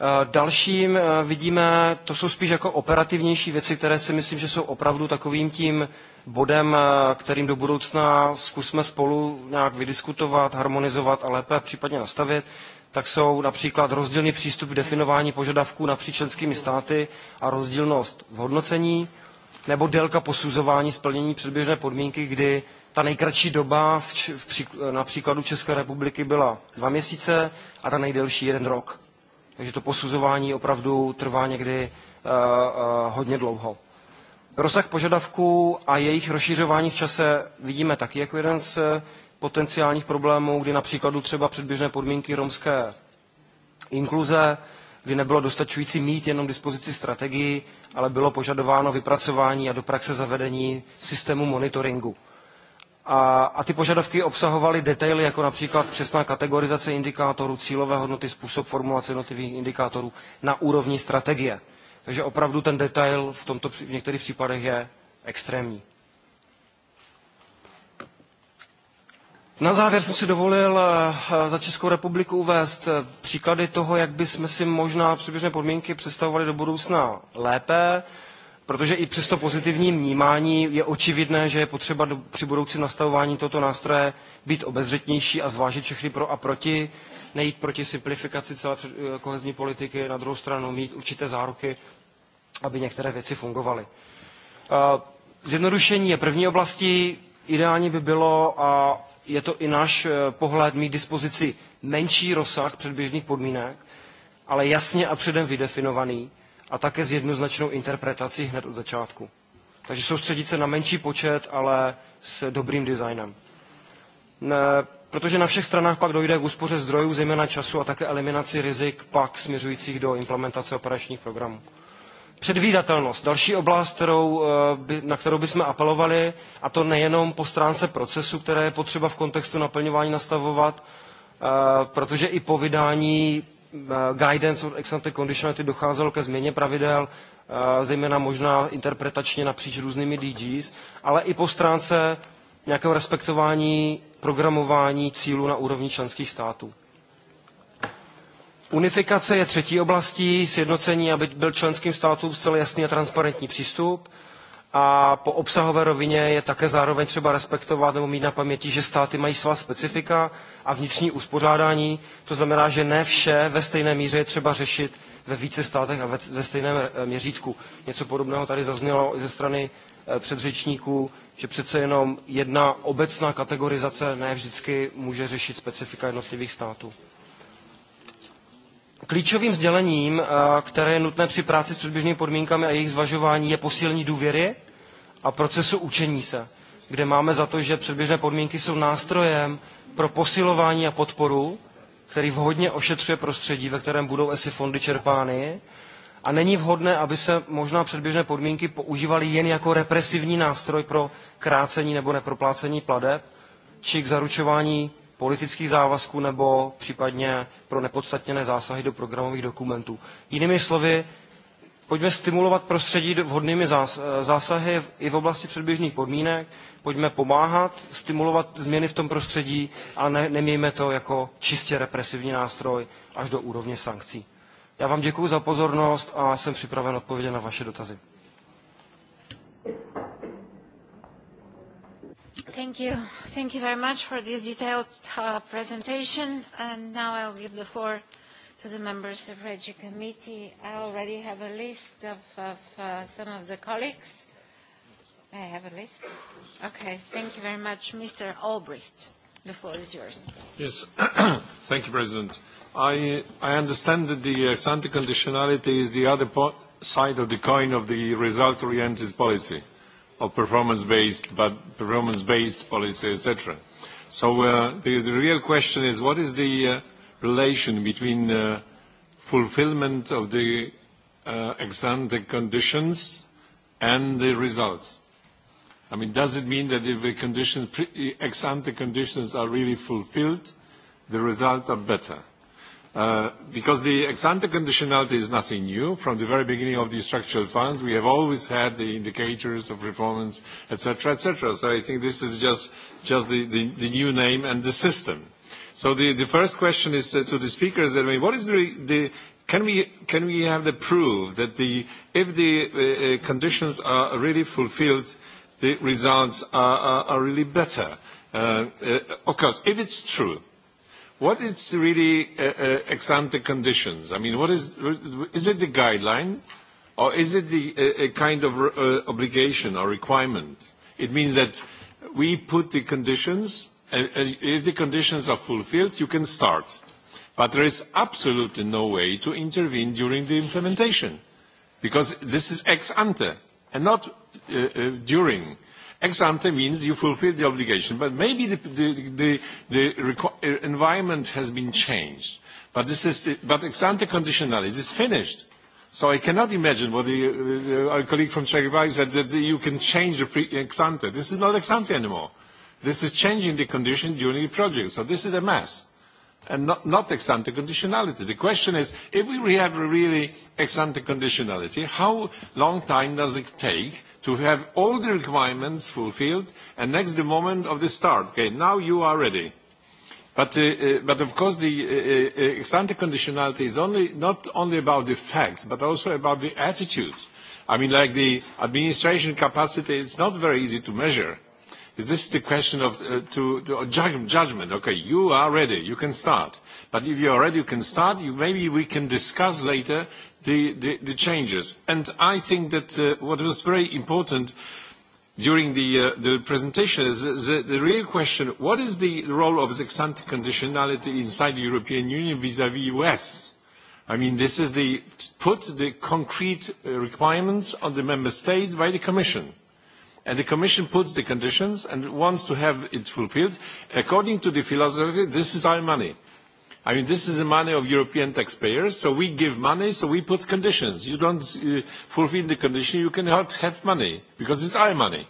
Eh, dalším eh, vidíme, to jsou spíš jako operativnější věci, které si myslím, že jsou opravdu takovým tím bodem, eh, kterým do budoucna zkusme spolu nějak vydiskutovat, harmonizovat a lépe případně nastavit tak jsou například rozdílný přístup k definování požadavků napříč členskými státy a rozdílnost v hodnocení, nebo délka posuzování splnění předběžné podmínky, kdy ta nejkratší doba v, na příkladu České republiky byla dva měsíce a ta nejdelší jeden rok takže to posuzování opravdu trvá někdy eh, eh, hodně dlouho. Rozsah požadavků a jejich rozšířování v čase vidíme taky jako jeden z eh, potenciálních problémů, kdy například třeba předběžné podmínky romské inkluze, kdy nebylo dostačující mít jenom dispozici strategii, ale bylo požadováno vypracování a do praxe zavedení systému monitoringu. A, a ty požadavky obsahovaly detaily, jako například přesná kategorizace indikátorů, cílové hodnoty, způsob formulace jednotlivých indikátorů na úrovni strategie. Takže opravdu ten detail v, tomto, v některých případech je extrémní. Na závěr jsem si dovolil eh, eh, za Českou republiku uvést eh, příklady toho, jak bychom si možná přibližné podmínky představovali do budoucna lépe. Protože i přesto pozitivní vnímání je očividné, že je potřeba do, při budoucí nastavování tohoto nástroje být obezřetnější a zvážit všechny pro a proti, nejít proti simplifikaci celé eh, kohezní politiky, na druhou stranu mít určité záruky, aby některé věci fungovaly. Eh, zjednodušení je první oblasti, ideální by bylo, a je to i náš eh, pohled, mít dispozici menší rozsah předběžných podmínek, ale jasně a předem vydefinovaný, a také s jednoznačnou interpretací hned od začátku. Takže soustředit se na menší počet, ale s dobrým designem. Ne, protože na všech stranách pak dojde k úspoře zdrojů, zejména času a také eliminaci rizik pak směřujících do implementace operačních programů. Předvídatelnost. Další oblast, kterou, eh, na kterou bychom apelovali, a to nejenom po stránce procesu, které je potřeba v kontextu naplňování nastavovat, eh, protože i po Eh, guidance od ex ante conditionality docházelo ke změně pravidel, eh, zejména možná interpretačně napříč různými DGs, ale i po stránce nějakého respektování programování cílů na úrovni členských států. Unifikace je třetí oblastí, sjednocení, aby byl členským státům zcela jasný a transparentní přístup. A po obsahové rovině je také zároveň třeba respektovat nebo mít na paměti, že státy mají svá specifika a vnitřní uspořádání. To znamená, že ne vše ve stejné míře je třeba řešit ve více státech a ve, stejném e, měřítku. Něco podobného tady zaznělo ze strany e, předřečníků, že přece jenom jedna obecná kategorizace ne vždycky může řešit specifika jednotlivých států. Klíčovým sdělením, eh, které je nutné při práci s předběžnými podmínkami a jejich zvažování, je posílení důvěry a procesu učení se, kde máme za to, že předběžné podmínky jsou nástrojem pro posilování a podporu, který vhodně ošetřuje prostředí, ve kterém budou ESI fondy čerpány. A není vhodné, aby se možná předběžné podmínky používaly jen jako represivní nástroj pro krácení nebo neproplácení pladeb, či k zaručování politických závazků nebo případně pro nepodstatněné zásahy do programových dokumentů. Jinými slovy, pojďme stimulovat prostředí vhodnými zásahy i v oblasti předběžných podmínek, pojďme pomáhat, stimulovat změny v tom prostředí a ne, nemějme to jako čistě represivní nástroj až do úrovně sankcí. Já vám děkuji za pozornost a jsem připraven odpovědět na vaše dotazy. Thank you. Thank you very much for this detailed uh, presentation. And now I'll give the floor to the members of Regi Committee. I already have a list of, of uh, some of the colleagues. May I have a list? Okay. Thank you very much. Mr. Albrecht, the floor is yours. Yes. Thank you, President. I, I understand that the ex-ante conditionality is the other side of the coin of the result-oriented policy of performance-based, but performance-based policy, etc. So uh, the, real question is what is the uh, relation between uh, fulfillment of the uh, ex conditions and the results? I mean, does it mean that if the conditions, ex ante conditions are really fulfilled, the results are better? Uh, because the ex ante conditionality is nothing new. From the very beginning of the structural funds, we have always had the indicators of performance, etc., etc. So I think this is just, just the, the, the new name and the system. So the, the first question is uh, to the speakers, I mean, what is the, the can we can we have the proof that the if the uh, uh conditions are really fulfilled, the results are, are, are really better? Uh, uh, of course, if it's true, What is really uh, uh ex ante conditions? I mean, what is is it the guideline, or is it the uh, a kind of uh, obligation or requirement? It means that we put the conditions, and, and if the conditions are fulfilled, you can start. But there is absolutely no way to intervene during the implementation, because this is ex ante and not uh, uh, during Ex ante means you fulfill the obligation, but maybe the, the, the, the uh, environment has been changed. But, this is, but ex ante conditionality is finished. So I cannot imagine what the, the, uh, our colleague from Czech Republic said, that you can change the pre ex ante. This is not ex ante anymore. This is changing the condition during the project. So this is a mess. And not, not ex ante conditionality. The question is, if we have a really ex ante conditionality, how long time does it take to have all the requirements fulfilled and next the moment of the start? Okay, now you are ready. But, uh, uh, of course, the uh, ex ante conditionality is only, not only about the facts, but also about the attitudes. I mean, like the administration capacity, it's not very easy to measure. This is the question of to, to judgment. Okay, you are ready. You can start. But if you are ready, you can start. maybe we can discuss later the, the, the changes. And I think that uh, what was very important during the, uh, the presentation is the, the real question, what is the role of the ex-ante conditionality inside the European Union vis-à-vis -vis US? I mean, this is the, put the concrete uh, requirements on the member states by the Commission. And the Commission puts the conditions and wants to have it fulfilled. According to the philosophy, this is our money. I mean, this is the money of European taxpayers, so we give money, so we put conditions. You don't uh, fulfill the condition, you cannot have money, because it's our money.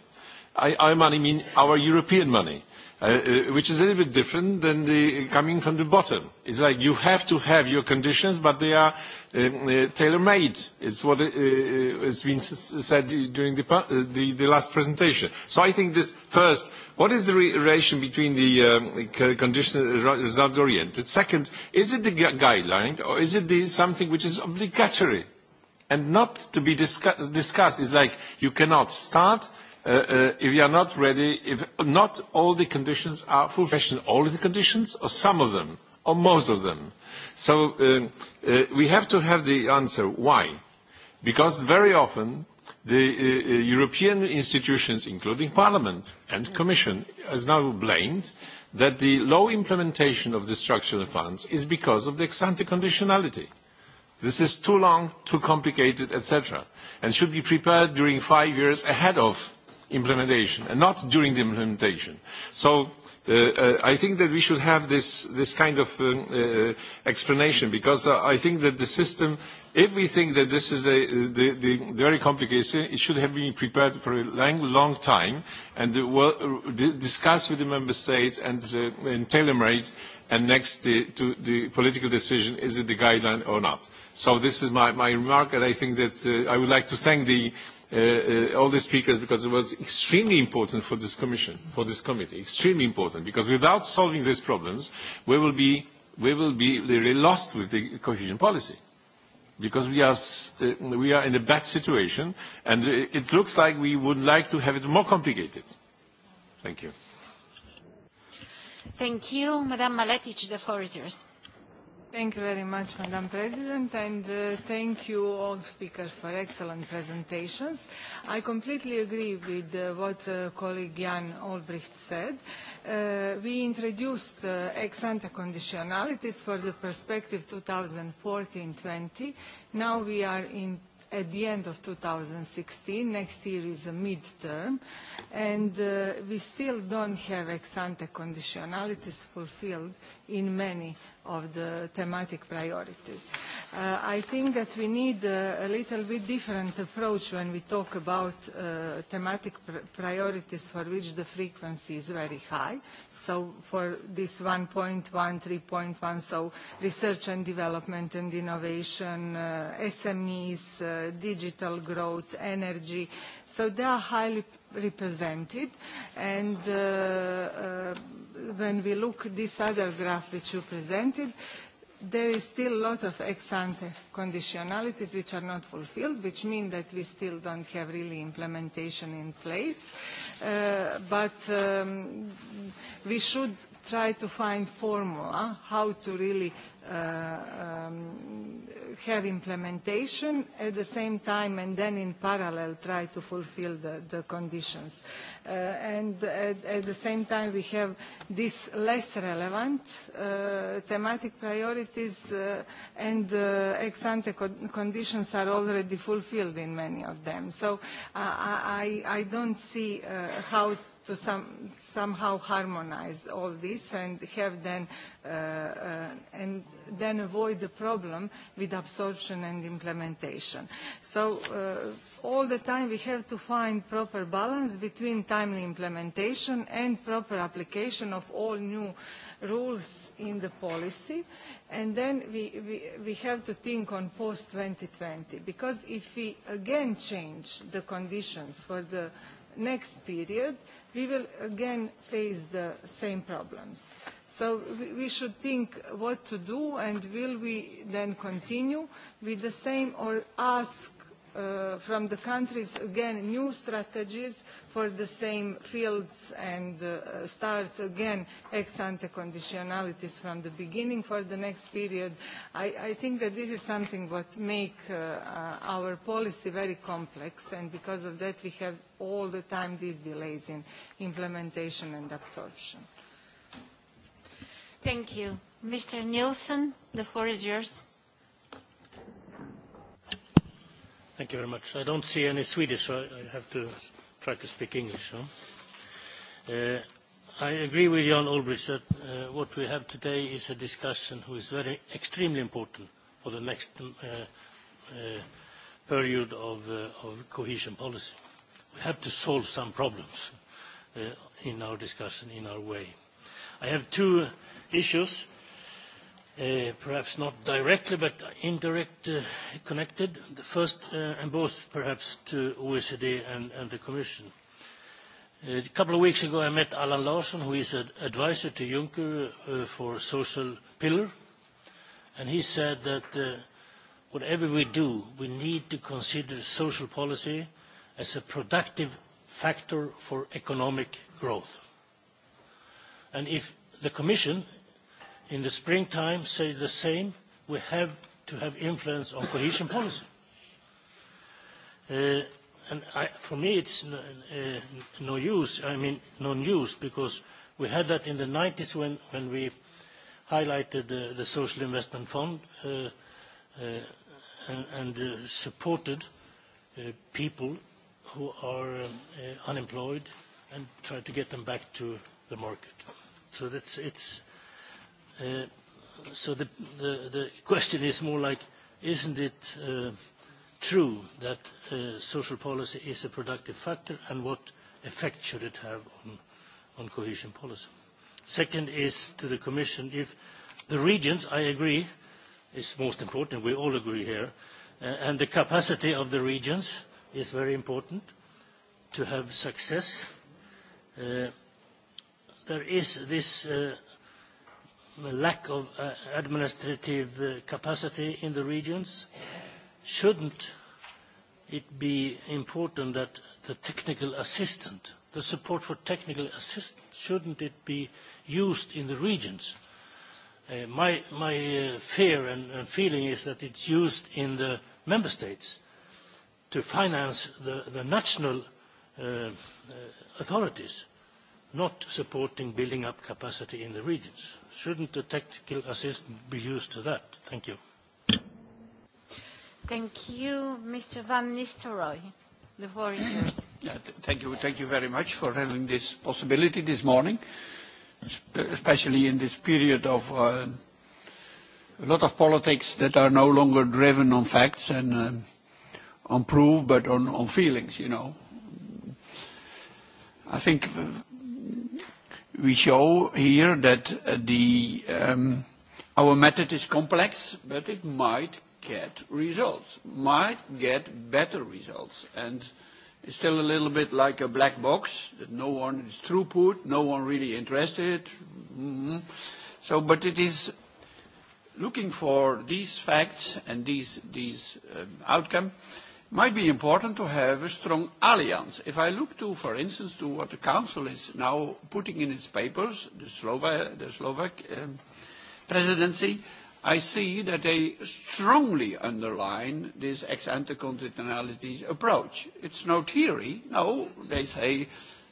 I, our money means our European money. Uh, uh, which is a little bit different than the coming from the bottom. It's like you have to have your conditions, but they are uh, uh tailor-made. It's what has uh, been said during the, pa-, the, the last presentation. So I think this first, what is the relation between the um, condition results-oriented? Second, is it the guideline or is it the, something which is obligatory and not to be discuss discussed? is like you cannot start Uh, uh, if you are not ready, if not all the conditions are fulfilled, all the conditions, or some of them, or most of them. So um, uh, we have to have the answer. Why? Because very often the European institutions, including Parliament and Commission, is now blamed that the low implementation of the structural funds is because of the ex-ante conditionality. This is too long, too complicated, etc. and should be prepared during five years ahead of implementation and not during the implementation. So uh, uh, I think that we should have this, this kind of um, uh, explanation because I think that the system, if we think that this is the, the, the very complicated, it should have been prepared for a long, time and discussed with the member states and, and tailor-made and next the, to the political decision, is it the guideline or not? So this is my, my remark, and I think that I would like to thank the, Uh, uh, all the speakers because it was extremely important for this commission, for this committee, extremely important because without solving these problems, we will be, we will be really lost with the cohesion policy because we are, uh, we are in a bad situation and it looks like we would like to have it more complicated. Thank you. Thank you. Madam Maletic, the floor Thank you very much, Madam President, and uh, thank you all speakers for excellent presentations. I completely agree with uh, what uh, colleague Jan Olbricht said. We introduced ex ante conditionalities for the perspective 2014-20. Now we are in at the end of 2016 next year is a mid term and we still don't have ex ante conditionalities fulfilled in many of the thematic priorities. Uh, I think that we need a, a little bit different approach when we talk about uh, thematic pr priorities for which the frequency is very high. So for this 1.1, 3.1, so research and development and innovation, uh, SMEs, uh, digital growth, energy. So they are highly represented and uh, uh, when we look at this other graph which you presented, there is still a lot of ex ante conditionalities which are not fulfilled, which mean that we still don't have really implementation in place. Uh, but um, we should try to find formula how to really uh, um, have implementation at the same time and then in parallel try to fulfill the, the conditions. Uh, and at, the same time we have these less relevant uh, thematic priorities uh, and ex ante conditions are already fulfilled in many of them. So I, I don't see how to some, somehow harmonize all this and have then uh, uh, and then avoid the problem with absorption and implementation. So uh, all the time we have to find proper balance between timely implementation and proper application of all new rules in the policy and then we, we, we have to think on post 2020 because if we again change the conditions for the next period we will again face the same problems. So we should think what to do and will we then continue with the same or ask uh, from the countries again new strategies for the same fields and uh, again ex ante conditionalities from the beginning for the next period. I, I think that this is something that makes uh, uh, our policy very complex and because of that we have all the time these delays in implementation and absorption. Thank you. Mr. Nielsen, the floor is yours. Thank you very much. I don't see any Swedish, so I have to try to speak English. Uh, I agree with Jan Olbrich that uh, what we have today is a discussion who is very extremely important for the next uh, uh period of, uh, of cohesion policy. We have to solve some problems uh, in our discussion, in our way. I have two issues Uh, perhaps not directly but indirectly uh, connected the first uh, and both perhaps to oecd and, and the commission. Uh, a couple of weeks ago i met alan larsson who is an advisor to juncker uh, for social pillar and he said that whatever we do we need to consider social policy as a productive factor for economic growth and if the commission in the springtime say the same we have to have influence on cohesion policy. Uh, and I, for me it's no, uh, no use, I mean no news, because we had that in the 90s when, when we highlighted the, the Social Investment Fund uh, uh and, and uh, supported uh, people who are um, unemployed and try to get them back to the market. So that's, it's, so the, the, the question is more like, isn't it uh, true that uh, social policy is a productive factor and what effect should it have on, on cohesion policy? Second is to the Commission, if the regions, I agree, is most important, we all agree here, uh, and the capacity of the regions is very important to have success. There is this the lack of uh, administrative uh, capacity in the regions. Shouldn't it be important that the technical assistant, the support for technical assistance, shouldn't it be used in the regions? Uh, my my uh, fear and, feeling is that it's used in the member states to finance the, the national authorities not supporting building up capacity in the regions? Shouldn't the technical assistance be used to that? Thank you. Thank you. Mr. Van Nistelrooy, the floor is yours. Yeah, thank you. Thank you very much for having this possibility this morning, especially in this period of uh, a lot of politics that are no longer driven on facts and uh, on proof, but on, on feelings, you know. I think we show here that the, um, our method is complex, but it might get results, might get better results. And it's still a little bit like a black box that no one is throughput, no one really interested. Mm-hmm. but it is looking for these facts and these, these um, outcome might be important to have a strong alliance. If I look to, for instance, to what the Council is now putting in its papers, the, the Slovak um, presidency, I see that they strongly underline this ex-ante conditionality approach. It's no theory. No, they say,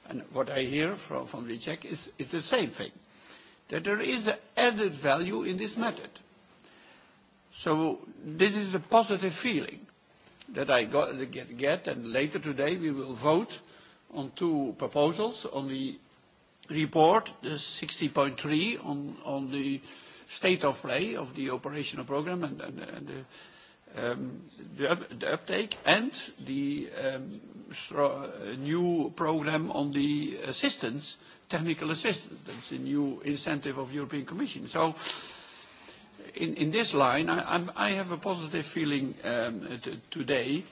and what I hear from, from the is, is the same thing, that there is an added value in this method. So this is a positive feeling that I got, get, get, and later today we will vote on two proposals on the report, the 60.3 on, on the state of play of the operational program and, and, and the Um, the, the uptake and the um, uh, new program on the assistance, technical assistance. That's a new incentive of European Commission. So in, this line, I, I have a positive feeling um, today.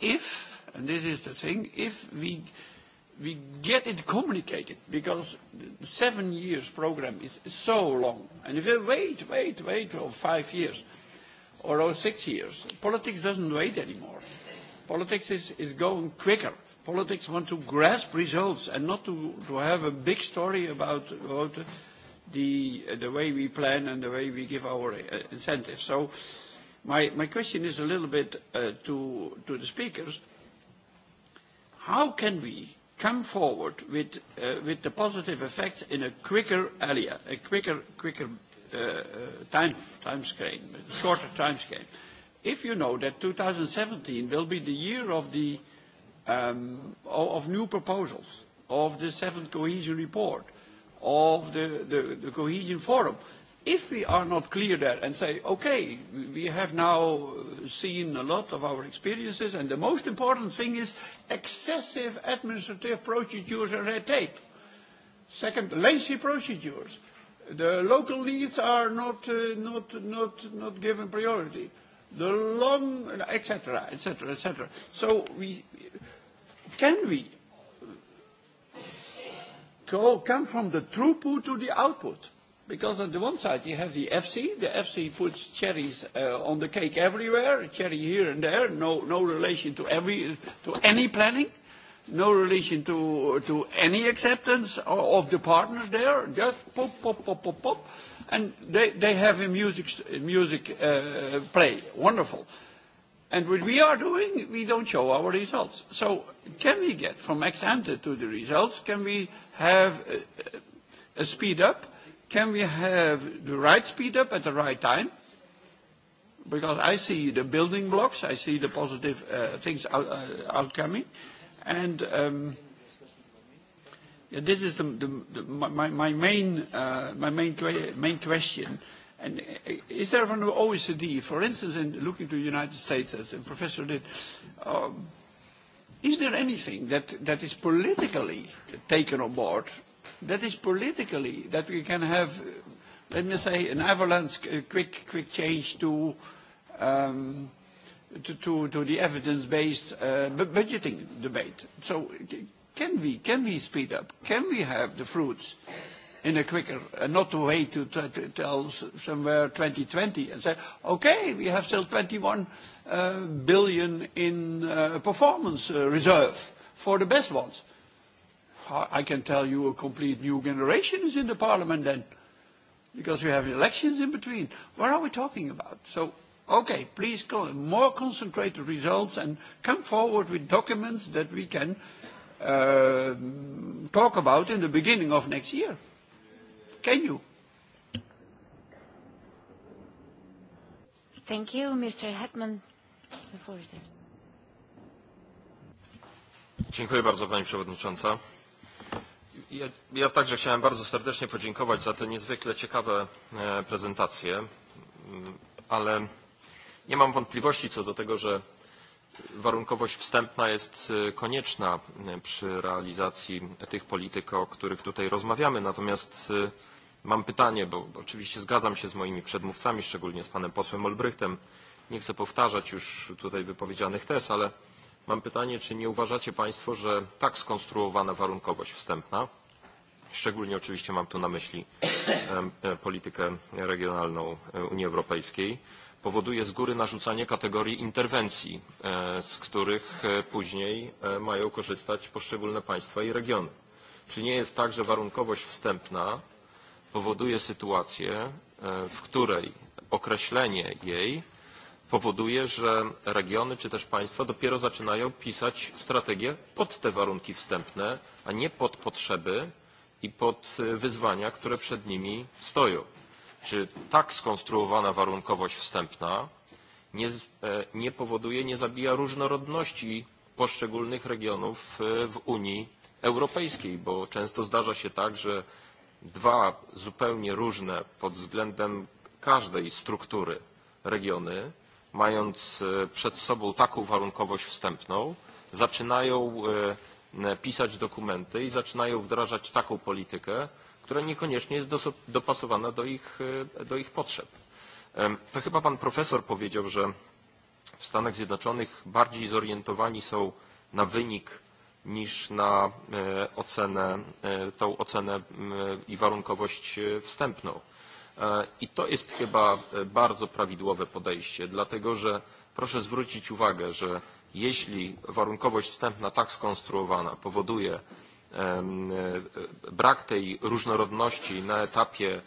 If, and this is the thing, if we, we get it communicated, because the seven years program is so long, and if you wait, wait, wait, for five years, or six years, politics doesn't wait anymore. Politics is, is going quicker. Politics want to grasp results and not to, to have a big story about, about the, the way we plan and the way we give our uh, incentives. So my, my question is a little bit uh, to, to the speakers. How can we come forward with, uh, with the positive effects in a quicker area, a quicker, quicker uh, time, time scale, a shorter time scale? If you know that 2017 will be the year of, the, um, of new proposals, of the seventh cohesion report, of the, the, the cohesion forum. If we are not clear there and say, okay, we have now seen a lot of our experiences, and the most important thing is excessive administrative procedures and red tape. Second, lazy procedures. The local needs are not, uh, not, not, not given priority. The long, etc., etc., etc. So we, can we come from the throughput to the output. Because on the one side you have the FC, the FC puts cherries uh, on the cake everywhere, a cherry here and there, no, no relation to, every, to any planning, no relation to, to any acceptance of the partners there, just pop, pop, pop, pop, pop. And they, they have a music, music uh, play, wonderful. And what we are doing, we don't show our results. So can we get from ex ante to the results? Can we have a, a speed up? Can we have the right speed up at the right time? Because I see the building blocks, I see the positive uh, things out, uh, outcoming. And um, yeah, this is the, the, the, my, my, main, uh, my main, main question And is there from the OECD, for instance, in looking to the United States, as the professor did, um, is there anything that, that is politically taken on board, that is politically, that we can have, let me say, an avalanche, a quick, quick change to, um, to, to, to the evidence-based uh, budgeting debate? So can we, can we speed up? Can we have the fruits in a quicker, uh, not to wait to, t to tell somewhere 2020 and say, okay, we have still 21 uh, billion in uh, performance uh, reserve for the best ones. I can tell you a complete new generation is in the parliament then, because we have elections in between. What are we talking about? So, okay, please more concentrated results and come forward with documents that we can uh, talk about in the beginning of next year. Thank you, Mr. Hetman. Dziękuję bardzo Pani Przewodnicząca. Ja, ja także chciałem bardzo serdecznie podziękować za te niezwykle ciekawe e, prezentacje, mm, ale nie mam wątpliwości co do tego, że warunkowość wstępna jest e, konieczna e, przy realizacji tych polityk, o których tutaj rozmawiamy. Natomiast Mam pytanie, bo oczywiście zgadzam się z moimi przedmówcami, szczególnie z panem posłem Olbrychtem. Nie chcę powtarzać już tutaj wypowiedzianych tez, ale mam pytanie, czy nie uważacie państwo, że tak skonstruowana warunkowość wstępna, szczególnie oczywiście mam tu na myśli e, politykę regionalną e, Unii Europejskiej, powoduje z góry narzucanie kategorii interwencji, e, z których później mają korzystać poszczególne państwa i regiony. Czy nie jest tak, że warunkowość wstępna powoduje sytuację, e, w której określenie jej powoduje, że regiony czy też państwa dopiero zaczynają pisać strategię pod te warunki wstępne, a nie pod potrzeby i pod e, wyzwania, które przed nimi stoją. Czy tak skonstruowana warunkowość wstępna nie, e, nie powoduje, nie zabija różnorodności poszczególnych regionów w Unii Europejskiej, bo często zdarza się tak, że dwa zupełnie różne pod względem każdej struktury regiony, mając e, przed sobą taką warunkowość wstępną, zaczynają e, pisać dokumenty i zaczynają wdrażać taką politykę, która niekoniecznie jest dopasowana do ich, e, do ich potrzeb. To chyba pan profesor powiedział, że w Stanach Zjednoczonych bardziej zorientowani są na wynik niż na e, ocenę, e, tą ocenę i warunkowość e, wstępną. I to jest chyba bardzo prawidłowe podejście, dlatego że proszę zwrócić uwagę, że jeśli warunkowość wstępna tak skonstruowana powoduje brak tej różnorodności na etapie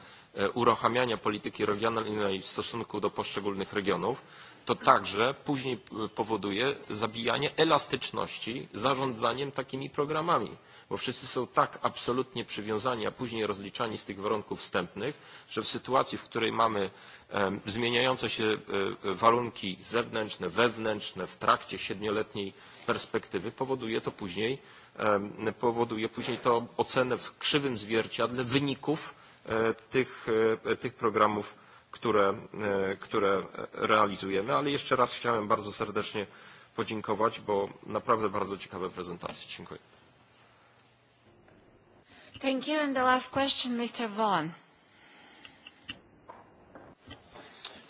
uruchamiania polityki regionalnej w stosunku do poszczególnych regionów, to także później e, powoduje zabijanie elastyczności zarządzaniem takimi programami, bo wszyscy są tak absolutnie przywiązani, a później rozliczani z tych warunków wstępnych, że w sytuacji, w której mamy zmieniające się e, e, warunki zewnętrzne, wewnętrzne w trakcie siedmioletniej perspektywy, powoduje to później, powoduje później to ocenę w krzywym zwierciadle wyników tych, tych programów które, e, które realizujemy. Ale jeszcze raz chciałem bardzo serdecznie podziękować, bo naprawdę bardzo ciekawe prezentacje. Dziękuję. Thank you. And the last question, Mr. Vaughan.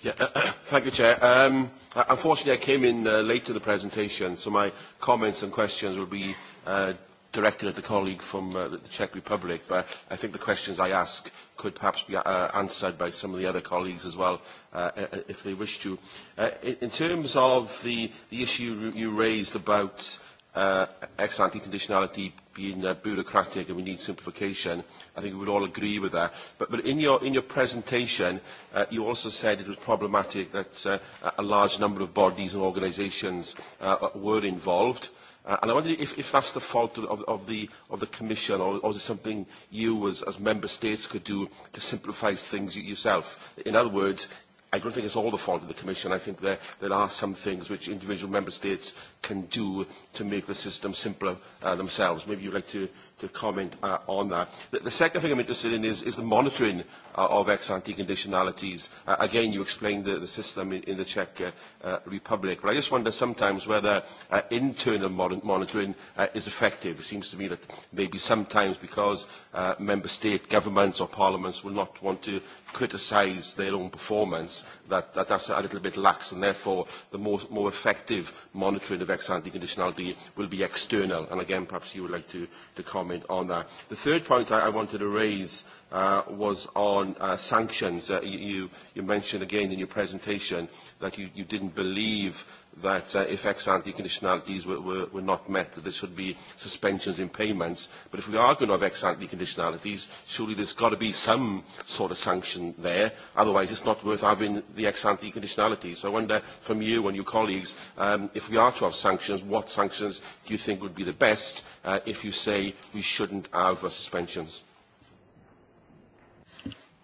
Yeah, uh, uh, thank you, Chair. Um, uh, unfortunately, I came in uh, late to the presentation, so my comments and questions will be uh, directed at the colleague from uh, the Czech Republic, but I think the questions I ask could perhaps be uh, answered by some of the other colleagues as well, uh, uh if they wish to. Uh, in terms of the, the issue you raised about uh, ex ante conditionality being uh, bureaucratic and we need simplification. I think we would all agree with that. But, but in, your, in your presentation, uh, you also said it was problematic that uh, a large number of bodies and organisations uh, were involved. Uh, and I wonder if, if that's the fault of, of, the, of the Commission, or, or is it something you as, as Member States could do to simplify things yourself? In other words, i don't think it's all the fault of the Commission. I think there, there are some things which individual member states can do to make the system simpler uh, themselves. Maybe you'd like to, to comment uh, on that. The, the second thing I'm interested in is, is the monitoring uh, of ex-ante conditionalities. Uh, again, you explained the, the system in, in the Czech uh, uh, Republic, but I just wonder sometimes whether uh, internal monitoring uh, is effective. It seems to me that maybe sometimes because uh, member state governments or parliaments will not want to criticise their own performance, that, that that's a little bit lax, and therefore the more, more effective monitoring of ex-ante conditionality will be external. And again, perhaps you would like to, to comment on that. The third point I, I wanted to raise uh, was on uh, sanctions. Uh, you, you mentioned again in your presentation that you, you didn't believe that uh, if ex ante conditionalities were, were, were not met, that there should be suspensions in payments. But if we are going to have ex ante conditionalities, surely there's got to be some sort of sanction there. Otherwise, it's not worth having the ex ante conditionalities. So I wonder from you and your colleagues, um, if we are to have sanctions, what sanctions do you think would be the best uh, if you say we shouldn't have uh, suspensions?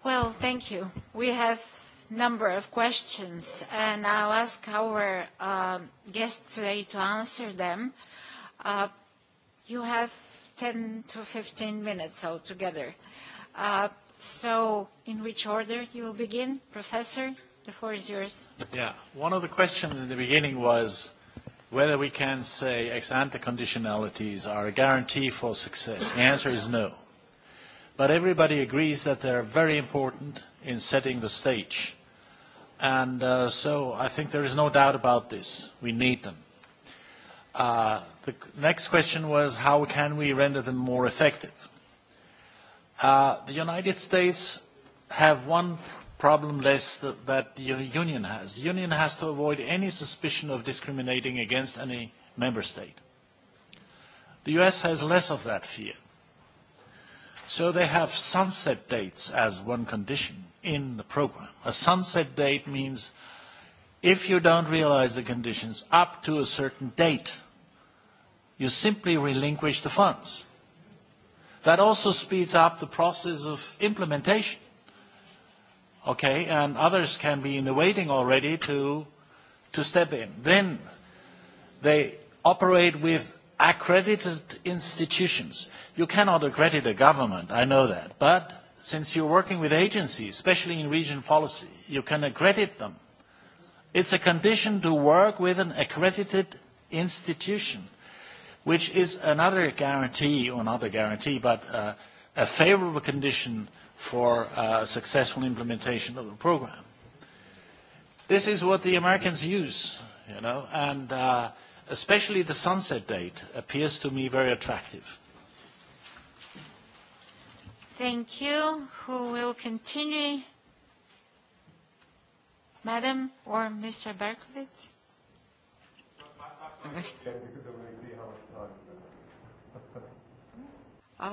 Well, thank you. We have number of questions, and I'll ask our um, guests today to answer them. Uh, you have 10 to 15 minutes altogether. Uh, so in which order you will begin? Professor, the floor is yours. Yeah. One of the questions in the beginning was whether we can say ex-ante conditionalities are a guarantee for success. The answer is no. But everybody agrees that they are very important in setting the stage And uh, so I think there is no doubt about this. We need them. Uh, the next question was how can we render them more effective? Uh, the United States have one problem less that, that the Union has. The Union has to avoid any suspicion of discriminating against any member state. The U.S. has less of that fear. So they have sunset dates as one condition in the program. A sunset date means if you don't realize the conditions up to a certain date, you simply relinquish the funds. That also speeds up the process of implementation. Okay, and others can be in the waiting already to, to step in. Then they operate with accredited institutions. You cannot accredit a government, I know that, but since you're working with agencies, especially in regional policy, you can accredit them. It's a condition to work with an accredited institution, which is another guarantee, or not a guarantee, but uh, a favorable condition for uh, successful implementation of the program. This is what the Americans use, you know, and uh, especially the sunset date appears to me very attractive Thank you. Who will continue? Madam or Mr. Berkowitz?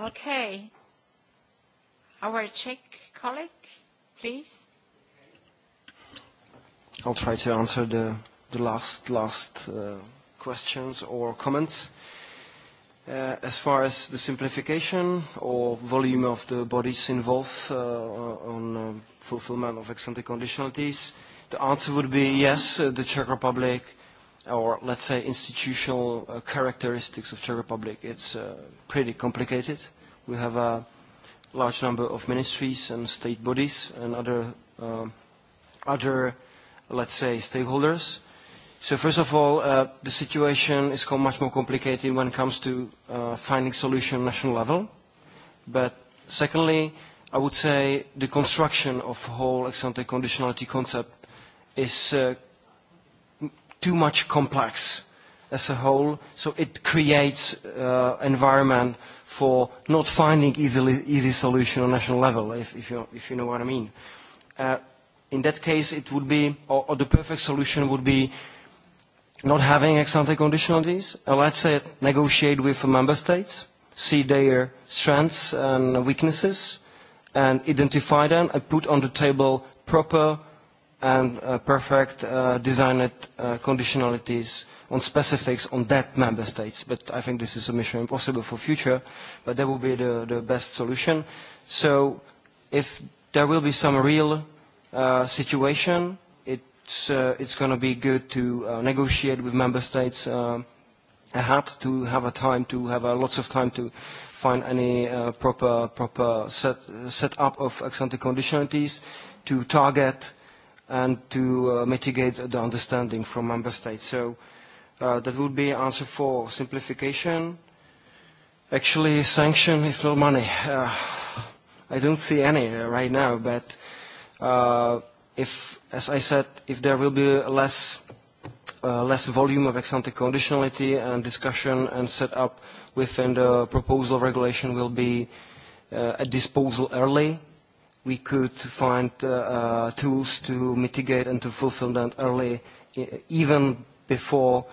Okay. Our Czech colleague, please. I'll try to answer the, last, last uh, questions or comments. Uh, as far as the simplification or volume of the bodies involved uh, on uh, fulfillment of ex-ante conditionalities, the answer would be yes, uh, the Czech Republic, or let's say institutional uh, characteristics of Czech Republic, it's pretty complicated. We have a large number of ministries and state bodies and other, other let's say, stakeholders So first of all, uh, the situation is much more complicated when it comes to uh, finding solution national level. But secondly, I would say the construction of whole ex ante conditionality concept is uh, too much complex as a whole, so it creates uh, environment for not finding easy solution on national level, if, if, you, know what I mean. in that case, it would be, or the perfect solution would be not having ex ante conditionalities. Let's say negotiate with member states, see their strengths and weaknesses, and identify them and put on the table proper and uh, perfect uh, designed uh, conditionalities on specifics on that member states. But I think this is a mission impossible for future, but that will be the, the best solution. So if there will be some real uh, situation So it's uh, going to be good to uh, negotiate with member states uh, ahead to have a time to have a, lots of time to find any uh, proper proper set, up of ex ante conditionalities to target and to mitigate the understanding from member states. So that would be answer for simplification. Actually, sanction if not money. Uh, I don't see any right now, but if, as I said, if there will be less, uh, volume of ex-ante conditionality and discussion and set up within the proposal regulation will be uh, at disposal early, we could find uh, tools to mitigate and to fulfill that early, e, even before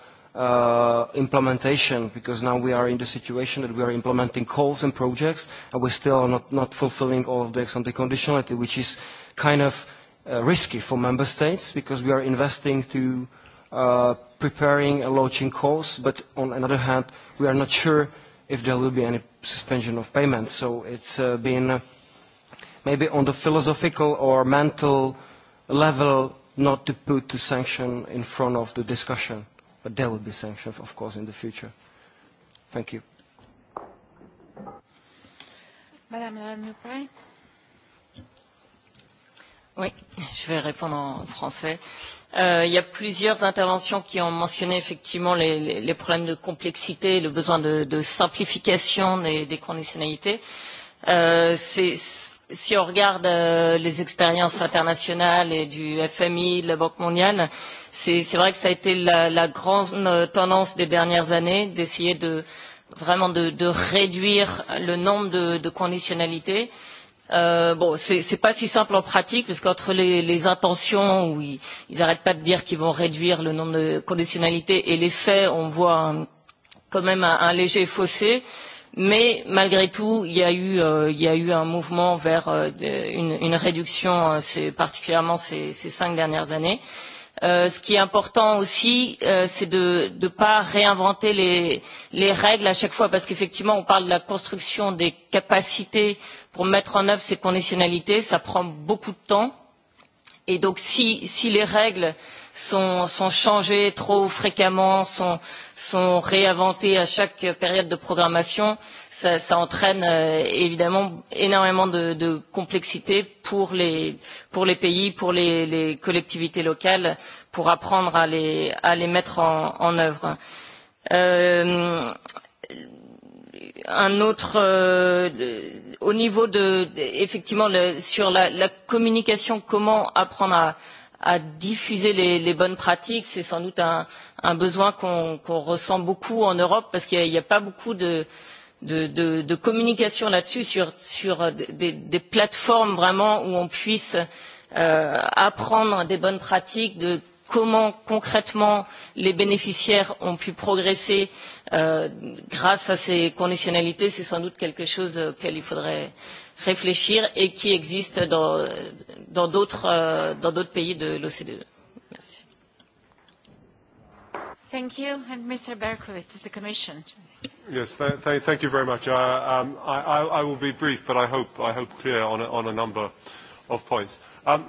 implementation, because now we are in the situation that we are implementing calls and projects, and we still are not, not fulfilling all of the ex-ante conditionality, which is kind of Uh, risky for member states because we are investing to uh, preparing a launching course, but on the other hand, we are not sure if there will be any suspension of payments. So it's has uh, been maybe on the philosophical or mental level not to put the sanction in front of the discussion, but there will be sanctions, of course, in the future. Thank you. Madame Oui, je vais répondre en français. Euh, il y a plusieurs interventions qui ont mentionné effectivement les, les, problèmes de complexité, le besoin de, de simplification des, des conditionnalités. Euh, si on regarde euh, les expériences internationales et du FMI, de la Banque mondiale, c'est vrai que ça a été la, la grande euh, tendance des dernières années d'essayer de vraiment de, de réduire le nombre de, de conditionnalités Euh, bon, bon, c'est pas si simple en pratique, parce qu'entre les, les intentions, où ils n'arrêtent pas de dire qu'ils vont réduire le nombre de conditionnalités, et les faits, on voit un, quand même un, un léger fossé. Mais malgré tout, il y a eu, euh, il y a eu un mouvement vers euh, une, une réduction, euh, particulièrement ces, ces cinq dernières années. Euh, ce qui est important aussi, euh, c'est de ne pas réinventer les, les règles à chaque fois, parce qu'effectivement, on parle de la construction des capacités pour mettre en œuvre ces conditionnalités cela prend beaucoup de temps et donc si, si les règles sont, sont changées trop fréquemment sont, sont réinventées à chaque période de programmation ça, ça entraîne euh, évidemment énormément de, de complexité pour les, pour les pays pour les, les collectivités locales pour apprendre à les, à les mettre en, œuvre. Euh, un autre euh, au niveau de effectivement le, sur la, la communication comment apprendre à, à diffuser les, les bonnes pratiques c'est sans doute un, un besoin qu'on qu ressent beaucoup en europe parce qu'il n'y a, a pas beaucoup de de, de, de communication là dessus sur, sur des, des plateformes vraiment où on puisse euh, apprendre des bonnes pratiques de comment concrètement les bénéficiaires ont pu progresser euh, grâce à ces conditionnalités, c'est sans doute quelque chose euh, auquel il faudrait réfléchir et qui existe dans d'autres euh, dans, d'autres pays de l'OCDE. Merci. Thank you. And Mr. Berkowitz, the Commission. Yes, th th thank you very much. I, uh, um, I, I, I will be brief, but I hope, I hope clear on a, on a number of points. Um,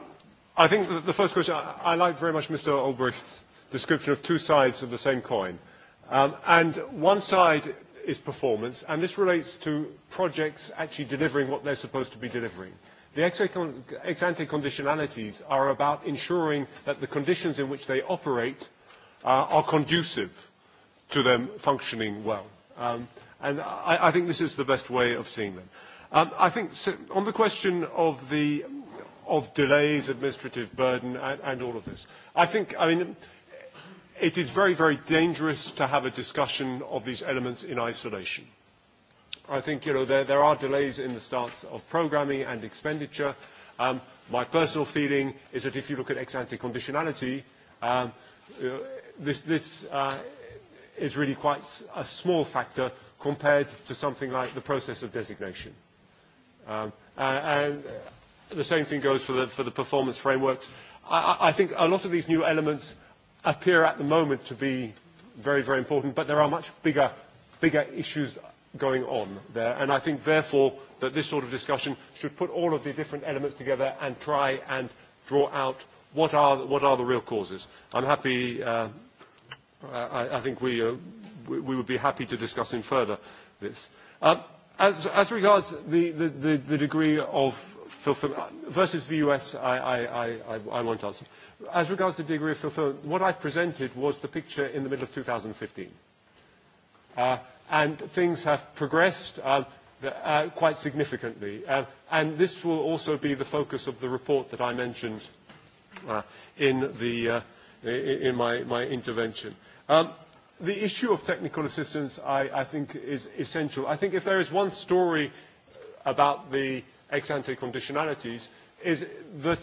i think the first question, I, like very much Mr. Albrecht's description of two sides of the same coin. Um, and one side is performance, and this relates to projects actually delivering what they're supposed to be delivering. The ex ante conditionalities are about ensuring that the conditions in which they operate uh, are conducive to them functioning well. Um, and I, I think this is the best way of seeing them. Um, I think so, on the question of the of delays, administrative burden, and, all of this. I think, I mean, it is very, very dangerous to have a discussion of these elements in isolation. I think, you know, there, there are delays in the starts of programming and expenditure. Um, my personal feeling is that if you look at ex-ante conditionality, um, uh, this, this uh, is really quite a small factor compared to something like the process of designation. Um, uh, and the same thing goes for the, for the performance frameworks. I, I think a lot of these new elements appear at the moment to be very, very important, but there are much bigger, bigger issues going on there. And I think, therefore, that this sort of discussion should put all of the different elements together and try and draw out what are, what are the real causes. I'm happy, uh, I, I think we, uh, we, would be happy to discuss in further this. Uh, as, as regards the, the, the degree of versus the US, I, I, won't answer. As regards the degree of fulfillment, what I presented was the picture in the middle of 2015. Uh, and things have progressed uh, uh, quite significantly. And this will also be the focus of the report that I mentioned in, my, intervention. Um, the issue of technical assistance, I think, is essential. I think if there is one story about the ex ante conditionalities is that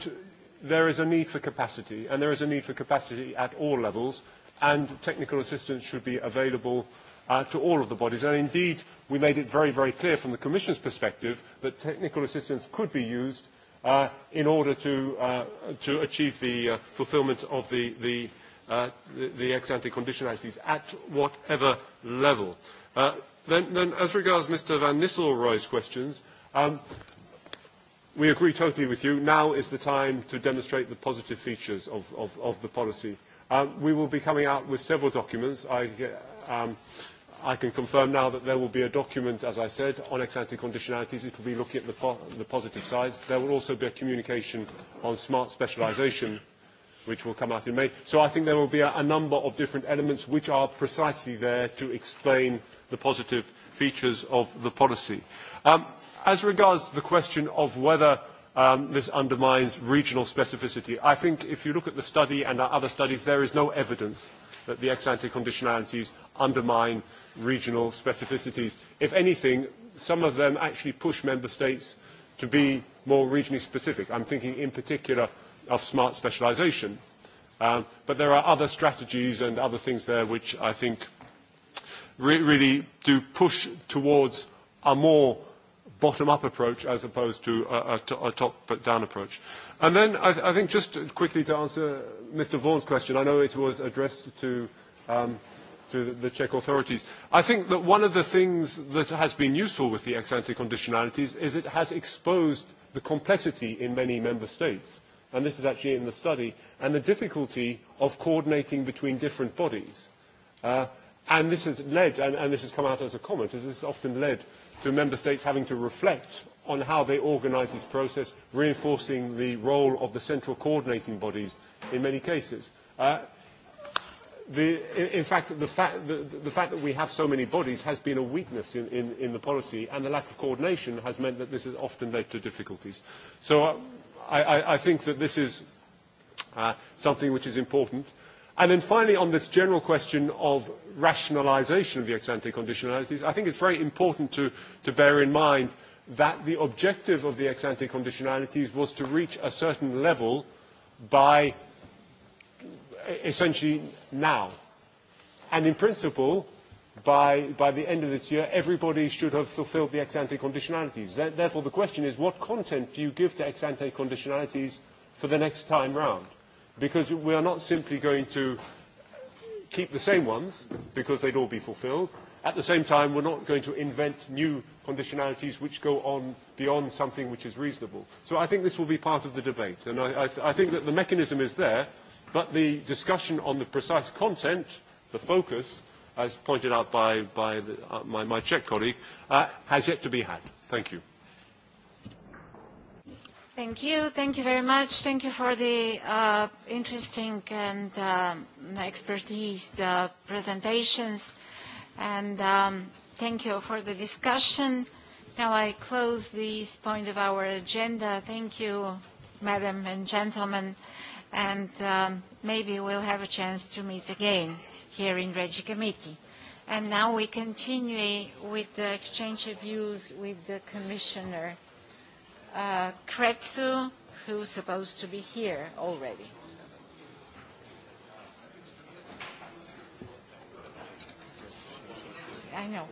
there is a need for capacity and there is a need for capacity at all levels and technical assistance should be available uh, to all of the bodies and indeed we made it very very clear from the commission's perspective that technical assistance could be used uh, in order to uh, to achieve the uh, fulfillment of the the the, ex ante conditionalities at whatever level then, then as regards mr van nistelrooij's questions um, we agree totally with you. Now is the time to demonstrate the positive features of, of, of the policy. Um, we will be coming out with several documents. I, um, I can confirm now that there will be a document, as I said, on ex-ante conditionalities. It will be looking at the, po the positive sides. There will also be a communication on smart specialisation, which will come out in May. So I think there will be a, a number of different elements which are precisely there to explain the positive features of the policy. Um, As regards the question of whether um, this undermines regional specificity, I think if you look at the study and our other studies, there is no evidence that the ex-ante conditionalities undermine regional specificities. If anything, some of them actually push member states to be more regionally specific. I'm thinking in particular of smart specialisation. Um, but there are other strategies and other things there which I think really do push towards a more bottom-up approach as opposed to a, top-down approach. And then I, think just quickly to answer Mr. Vaughan's question, I know it was addressed to, um, the, Czech authorities. I think that one of the things that has been useful with the ex-ante conditionalities is it has exposed the complexity in many member states. And this is actually in the study, and the difficulty of coordinating between different bodies. Uh, and this has led, and, this has come out as a comment, this has often led to member states having to reflect on how they organise this process, reinforcing the role of the central coordinating bodies in many cases. Uh, the, in fact, the fact, the, fact that we have so many bodies has been a weakness in, in, in the policy, and the lack of coordination has meant that this has often led to difficulties. So uh, I, I think that this is uh, something which is important. And then finally, on this general question of rationalisation of the ex-ante conditionalities, I think it's very important to, to bear in mind that the objective of the ex-ante conditionalities was to reach a certain level by essentially now. And in principle, by, by the end of this year, everybody should have fulfilled the ex-ante conditionalities. Therefore, the question is, what content do you give to ex-ante conditionalities for the next time round? because we are not simply going to keep the same ones because they'd all be fulfilled. At the same time, we're not going to invent new conditionalities which go on beyond something which is reasonable. So I think this will be part of the debate. And I, I, think that the mechanism is there, but the discussion on the precise content, the focus, as pointed out by, by uh, my, Czech colleague, uh, has yet to be had. Thank you. Thank you. Thank you very much. Thank you for the uh, interesting and uh, expertise uh, presentations. And um, thank you for the discussion. Now I close this point of our agenda. Thank you, madam and gentlemen. And um, maybe we'll have a chance to meet again here in Regi Committee. And now we continue with the exchange of views with the Commissioner. Uh, Kretsu, who's supposed to be here already. I know.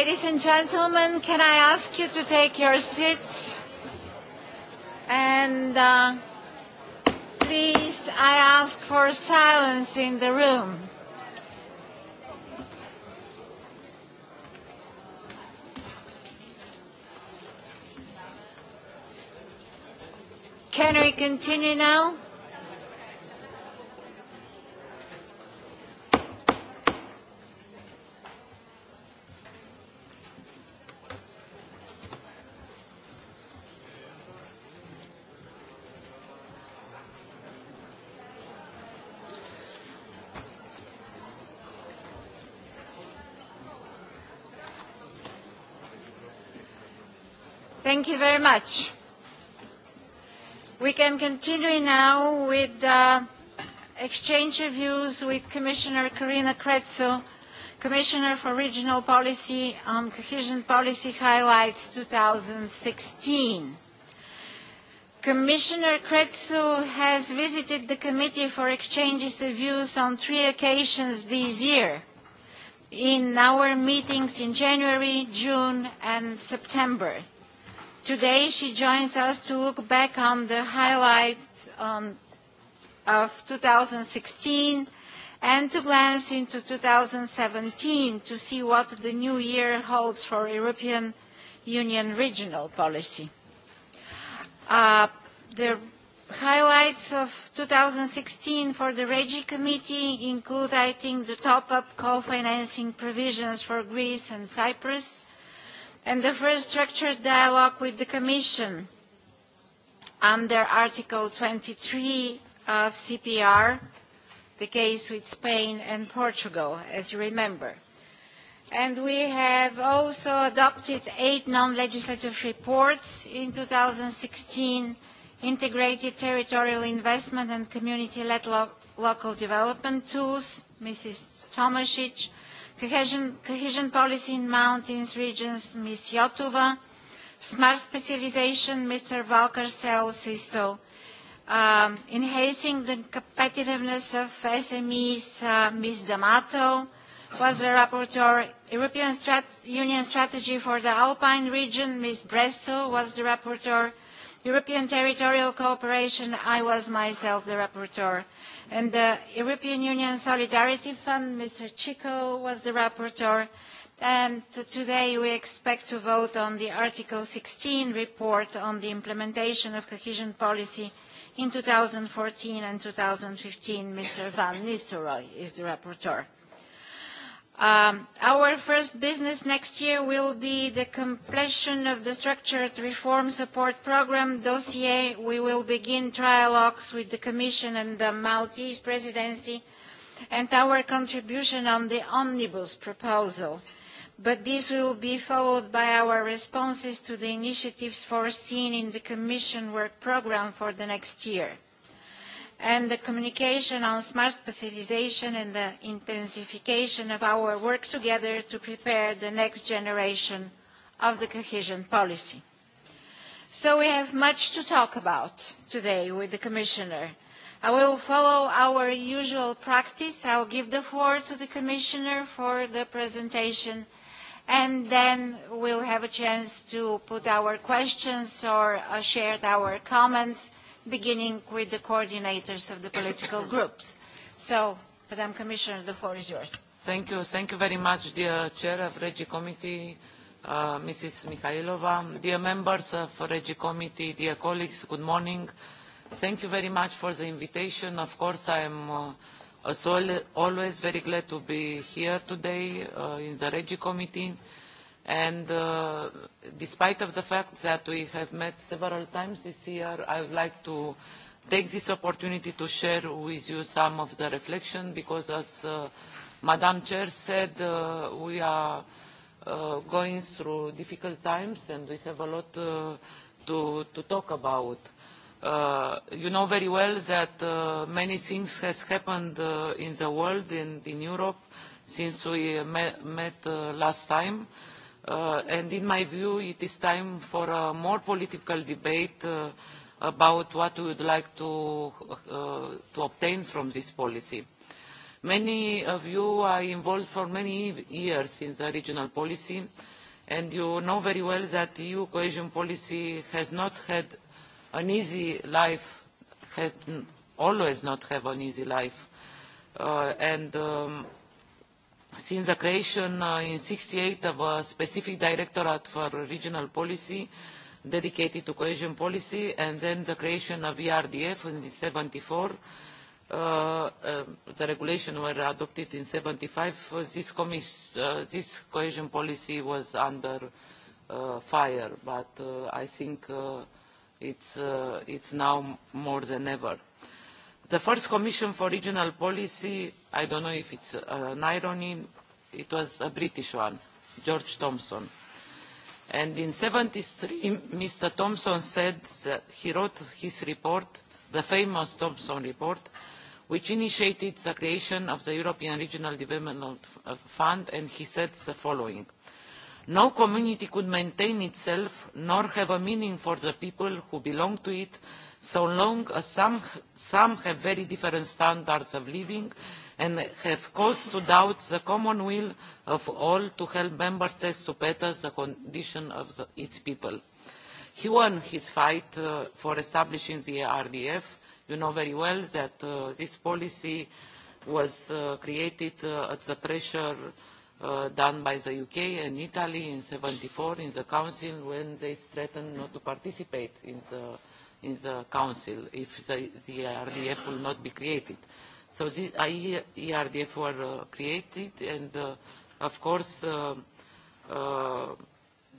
Ladies and gentlemen, can I ask you to take your seats? And uh, please, I ask for silence in the room. Can we continue now? you very much. We can continue now with the uh, exchange of views with Commissioner Karina Kretsu, Commissioner for Regional Policy on Cohesion Policy Highlights 2016. Commissioner Kretsu has visited the Committee for Exchanges of Views on three occasions this year, in our meetings in January, June and September Today she joins us to look back on the highlights um, of 2016 and to glance into 2017 to see what the new year holds for European Union regional policy. Uh, the highlights of 2016 for the REGI Committee include, I think, the top-up co-financing provisions for Greece and Cyprus, and the first structured dialogue with the Commission under Article 23 of CPR, the case with Spain and Portugal, as you remember. And we have also adopted eight non-legislative reports in 2016, integrated territorial investment and community-led lo local development tools, Mrs. Tomasic, cohesion, policy in mountains regions, Ms. Jotova. smart specialization, Mr. Volker Selsiso, um, enhancing the competitiveness of SMEs, uh, Ms. D'Amato, was the rapporteur. European Union Strategy for the Alpine Region, Ms. Bresso was the rapporteur. European Territorial Cooperation, I was myself the rapporteur. And the European Union Solidarity Fund, Mr. Chico was the rapporteur. And today we expect to vote on the Article 16 report on the implementation of cohesion policy in 2014 and 2015. Mr. Van Nistelrooy is the rapporteur. Um, our first business next year will be the completion of the structured reform support program dossier. We will begin trialogues with the Commission and the Maltese presidency and our contribution on the omnibus proposal. But this will be followed by our responses to the initiatives foreseen in the Commission work program for the next year and the communication on smart specialisation and the intensification of our work together to prepare the next generation of the cohesion policy. So we have much to talk about today with the Commissioner. I will follow our usual practice. I will give the floor to the Commissioner for the presentation and then we will have a chance to put our questions or uh, share our comments beginning with the coordinators of the political groups. So, Madam Commissioner, the floor is yours. Thank you. Thank you very much, dear Chair of Regi Committee, uh, Mrs. Mikhailova, dear members of Regi Committee, dear colleagues, good morning. Thank you very much for the invitation. Of course, I am uh, always very glad to be here today uh, in the Regi Committee and uh, despite of the fact that we have met several times this year i would like to take this opportunity to share with you some of the reflection because as uh, madam chair said uh, we are going through difficult times and we have a lot to talk about you know very well that many things has happened in the world and in, europe since we met last time Uh, and in my view, it is time for a more political debate uh, about what we would like to, uh, to obtain from this policy. Many of you are involved for many years in the regional policy, and you know very well that EU cohesion policy has not had an easy life, has always not had an easy life. Uh, and um, since the creation uh, in in eight of a specific directorate for regional policy dedicated to cohesion policy and then the creation of ERDF in 74 uh, um, the regulation were adopted in 75 this uh, this cohesion policy was under uh, fire but I think it's it's now more than ever the first commission for regional policy i don't know if it's uh, an irony it was a british one george thompson and in seventy three mr thompson said that he wrote his report the famous thompson report which initiated the creation of the european regional development fund and he said the following no community could maintain itself nor have a meaning for the people who belong to it so long as some, some have very different standards of living and have cause to doubt the common will of all to help member states to better the condition of its people. He won his fight uh, for establishing the RDF. You know very well that uh, this policy was uh, created at the pressure done by the UK and Italy in 74 in the Council when they threatened not to participate in the in the Council if the, the e RDF will not be created. So the ERDF were uh, created and uh, of course uh, uh,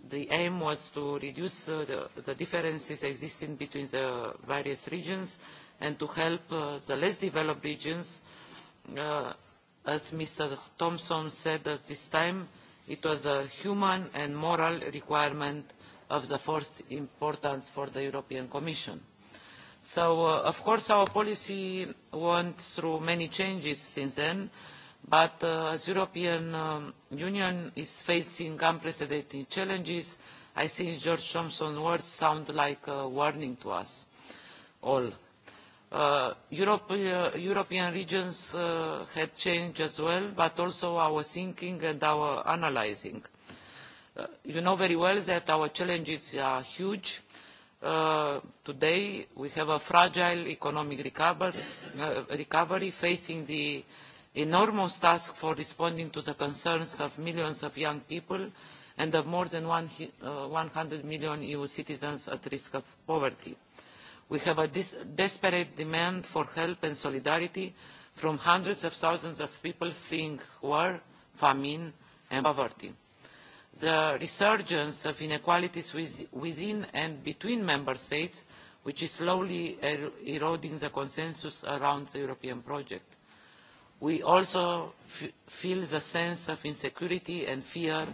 the aim was to reduce uh, the, the differences existing between the various regions and to help uh, the less developed regions. Uh, as Mr. Thompson said at this time, it was a human and moral requirement of the fourth importance for the European Commission. So, uh, of course, our policy went through many changes since then, but uh, as European um, Union is facing unprecedented challenges, I think George Thompson's words sound like a warning to us all. Uh, uh, European regions had changed as well, but also our thinking and our analyzing. Uh, you know very well that our challenges are huge. Uh, today we have a fragile economic uh, recovery facing the enormous task for responding to the concerns of millions of young people and of more than one, uh, 100 million EU citizens at risk of poverty. We have a desperate demand for help and solidarity from hundreds of thousands of people fleeing war, famine and poverty the resurgence of inequalities within and between member states, which is slowly er, eroding the consensus around the European project. We also feel the sense of insecurity and fear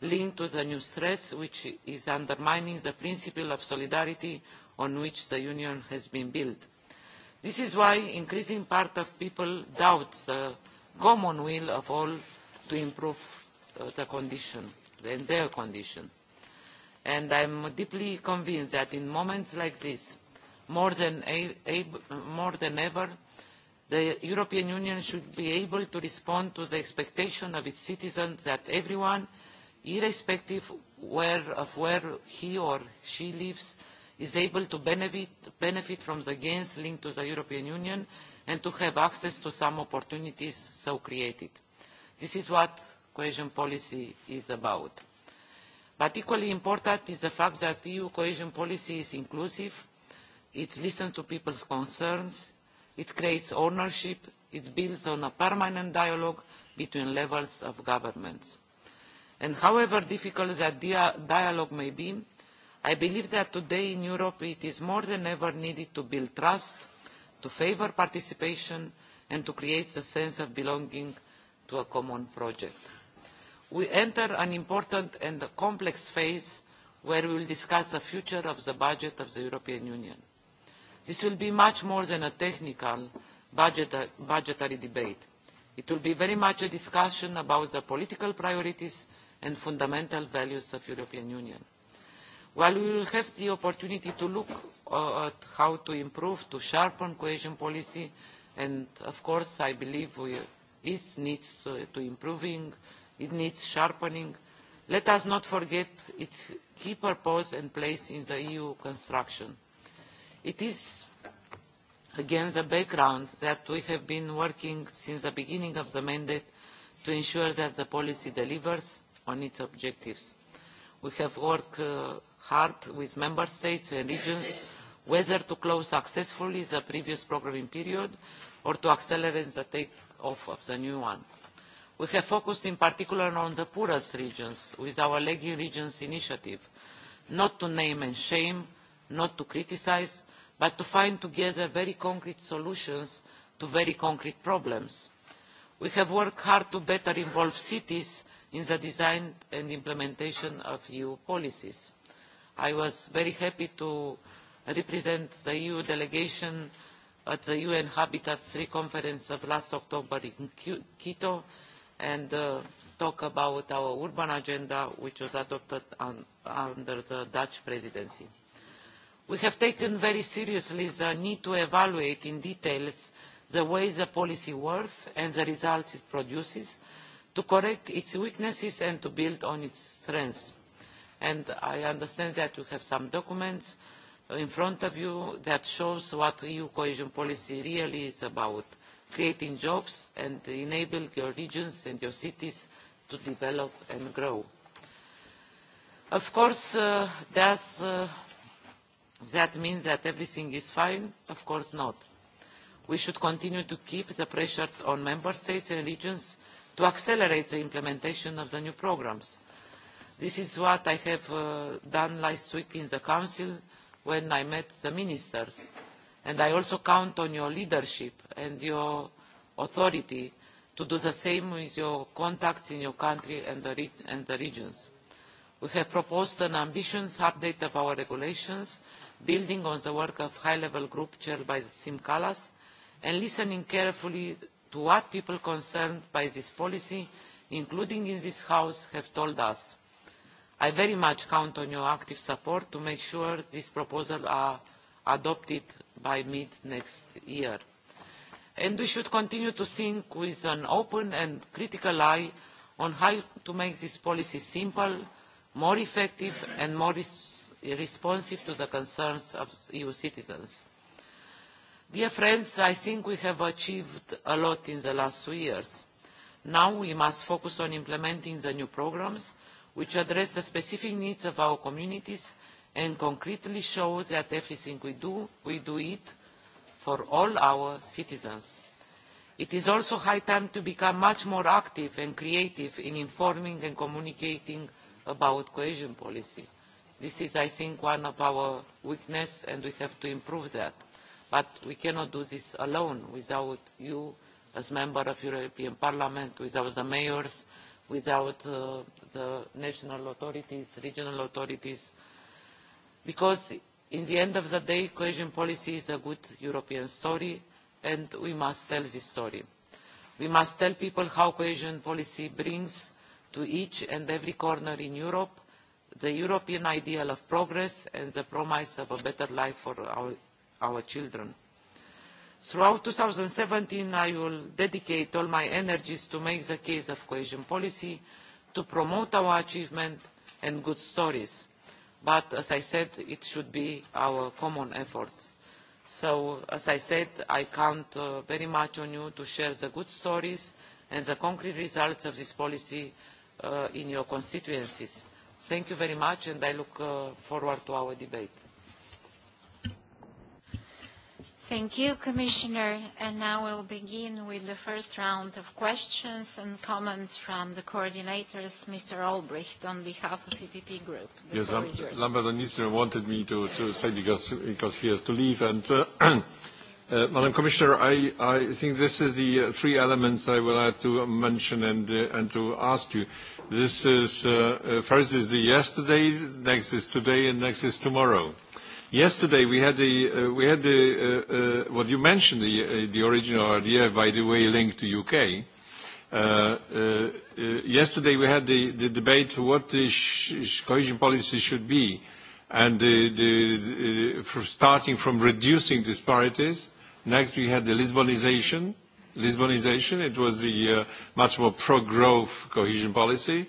linked to the new threats, which is undermining the principle of solidarity on which the Union has been built. This is why increasing part of people doubts the common will of all to improve uh, the condition and their condition. And I'm deeply convinced that in moments like this, more than, more than ever, the European Union should be able to respond to the expectation of its citizens that everyone, irrespective where, of where he or she lives, is able to benefit, benefit from the gains linked to the European Union and to have access to some opportunities so created. This is what cohesion policy is about. Particularly important is the fact that EU cohesion policy is inclusive, it listens to people's concerns, it creates ownership, it builds on a permanent dialogue between levels of governments. And however difficult that dialogue may be, I believe that today in Europe it is more than ever needed to build trust, to favour participation and to create a sense of belonging to a common project we enter an important and complex phase where we will discuss the future of the budget of the european union. this will be much more than a technical budgetary debate. it will be very much a discussion about the political priorities and fundamental values of the european union. while we will have the opportunity to look uh, at how to improve to sharpen cohesion policy and of course i believe we, it needs to, to improving it needs sharpening. let us not forget its key purpose and place in the eu construction. it is against the background that we have been working since the beginning of the mandate to ensure that the policy delivers on its objectives. we have worked uh, hard with member states and regions whether to close successfully the previous programming period or to accelerate the take off of the new one. We have focused in particular on the poorest regions with our Legging Regions initiative, not to name and shame, not to criticize, but to find together very concrete solutions to very concrete problems. We have worked hard to better involve cities in the design and implementation of EU policies. I was very happy to represent the EU delegation at the UN Habitat 3 conference of last October in Quito, and uh, talk about our urban agenda, which was adopted under the Dutch presidency. We have taken very seriously the need to evaluate in detail the way the policy works and the results it produces, to correct its weaknesses and to build on its strengths. And I understand that you have some documents in front of you that shows what EU cohesion policy really is about creating jobs and enable your regions and your cities to develop and grow. Of course, uh, does uh, that mean that everything is fine? Of course not. We should continue to keep the pressure on member states and regions to accelerate the implementation of the new programs. This is what I have uh, done last week in the Council when I met the ministers and I also count on your leadership and your authority to do the same with your contacts in your country and the, the regions. We have proposed an ambitious update of our regulations, building on the work of high-level group chaired by Sim Kallas, and listening carefully to what people concerned by this policy, including in this House, have told us. I very much count on your active support to make sure this proposal are adopted by mid next year. And we should continue to think with an open and critical eye on how to make this policy simple, more effective and more responsive to the concerns of EU citizens. Dear friends, I think we have achieved a lot in the last two years. Now we must focus on implementing the new programmes, which address the specific needs of our communities and concretely show that everything we do, we do it for all our citizens. It is also high time to become much more active and creative in informing and communicating about cohesion policy. This is, I think, one of our weaknesses and we have to improve that. But we cannot do this alone without you as member of European Parliament, without the mayors, without uh, the national authorities, regional authorities, because in the end of the day cohesion policy is a good european story and we must tell this story. we must tell people how cohesion policy brings to each and every corner in europe the european ideal of progress and the promise of a better life for our, our children. throughout two thousand and seventeen i will dedicate all my energies to make the case of cohesion policy to promote our achievement and good stories but as I said, it should be our common effort. So, as I said, I count uh, very much on you to share the good stories and the concrete results of this policy uh, in your constituencies. Thank you very much, and I look uh, forward to our debate. Thank you, Commissioner. And now we'll begin with the first round of questions and comments from the coordinators, Mr. Olbricht, on behalf of EPP Group. The yes, Lambert and wanted me to, to say because, because he has to leave. And uh, uh, Madam Commissioner, I, I think this is the uh, three elements I would like to mention and, to ask you. This is, first is the yesterday, next is today, and next is tomorrow. Yesterday we had the, uh, we had the, uh, uh, what you mentioned, the, original idea, by the way, linked to UK. Yesterday we had the, the debate what the cohesion policy should be and the, the, starting from reducing disparities. Next we had the Lisbonization. Lisbonization, it was the much more pro-growth cohesion policy.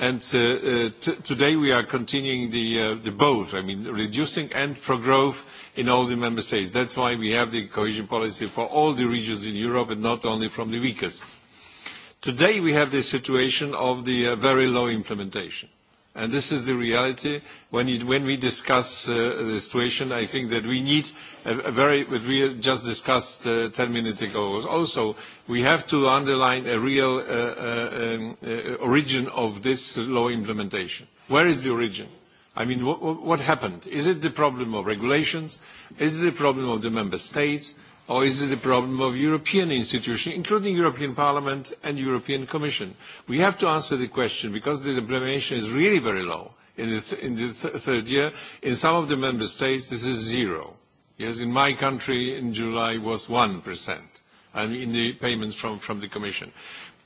And uh, uh, today we are continuing the, uh, both, I mean, reducing and for growth in all the member states. That's why we have the cohesion policy for all the regions in Europe and not only from the weakest. Today we have the situation of the very low implementation. And this is the reality. When, you, when we discuss uh, the situation, I think that we need a, a very, what we just discussed uh, 10 minutes ago. Also, we have to underline a real uh, uh, um, uh, origin of this law implementation. Where is the origin? I mean, wh what happened? Is it the problem of regulations? Is it the problem of the member states? or is it a problem of European institutions, including European Parliament and European Commission? We have to answer the question because the implementation is really very low. In the, in the third year, in some of the member states, this is zero. Yes, in my country, in July, was 1%, and in the payments from, from the Commission.